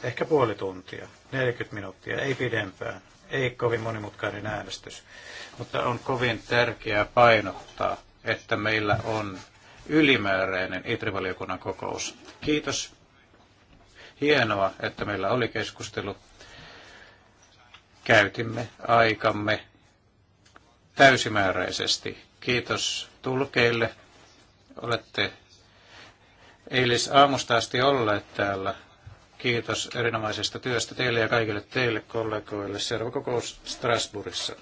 Ehkä puoli tuntia, 40 minuuttia, ei pidempään. Ei kovin monimutkainen äänestys, mutta on kovin tärkeää painottaa, että meillä on ylimääräinen ITRI-valiokunnan kokous. Kiitos. Hienoa, että meillä oli keskustelu. Käytimme aikamme täysimääräisesti. Kiitos tulkeille. Olette eilis aamusta asti olleet täällä. Kiitos erinomaisesta työstä teille ja kaikille teille kollegoille. Seuraava kokous Strasbourgissa.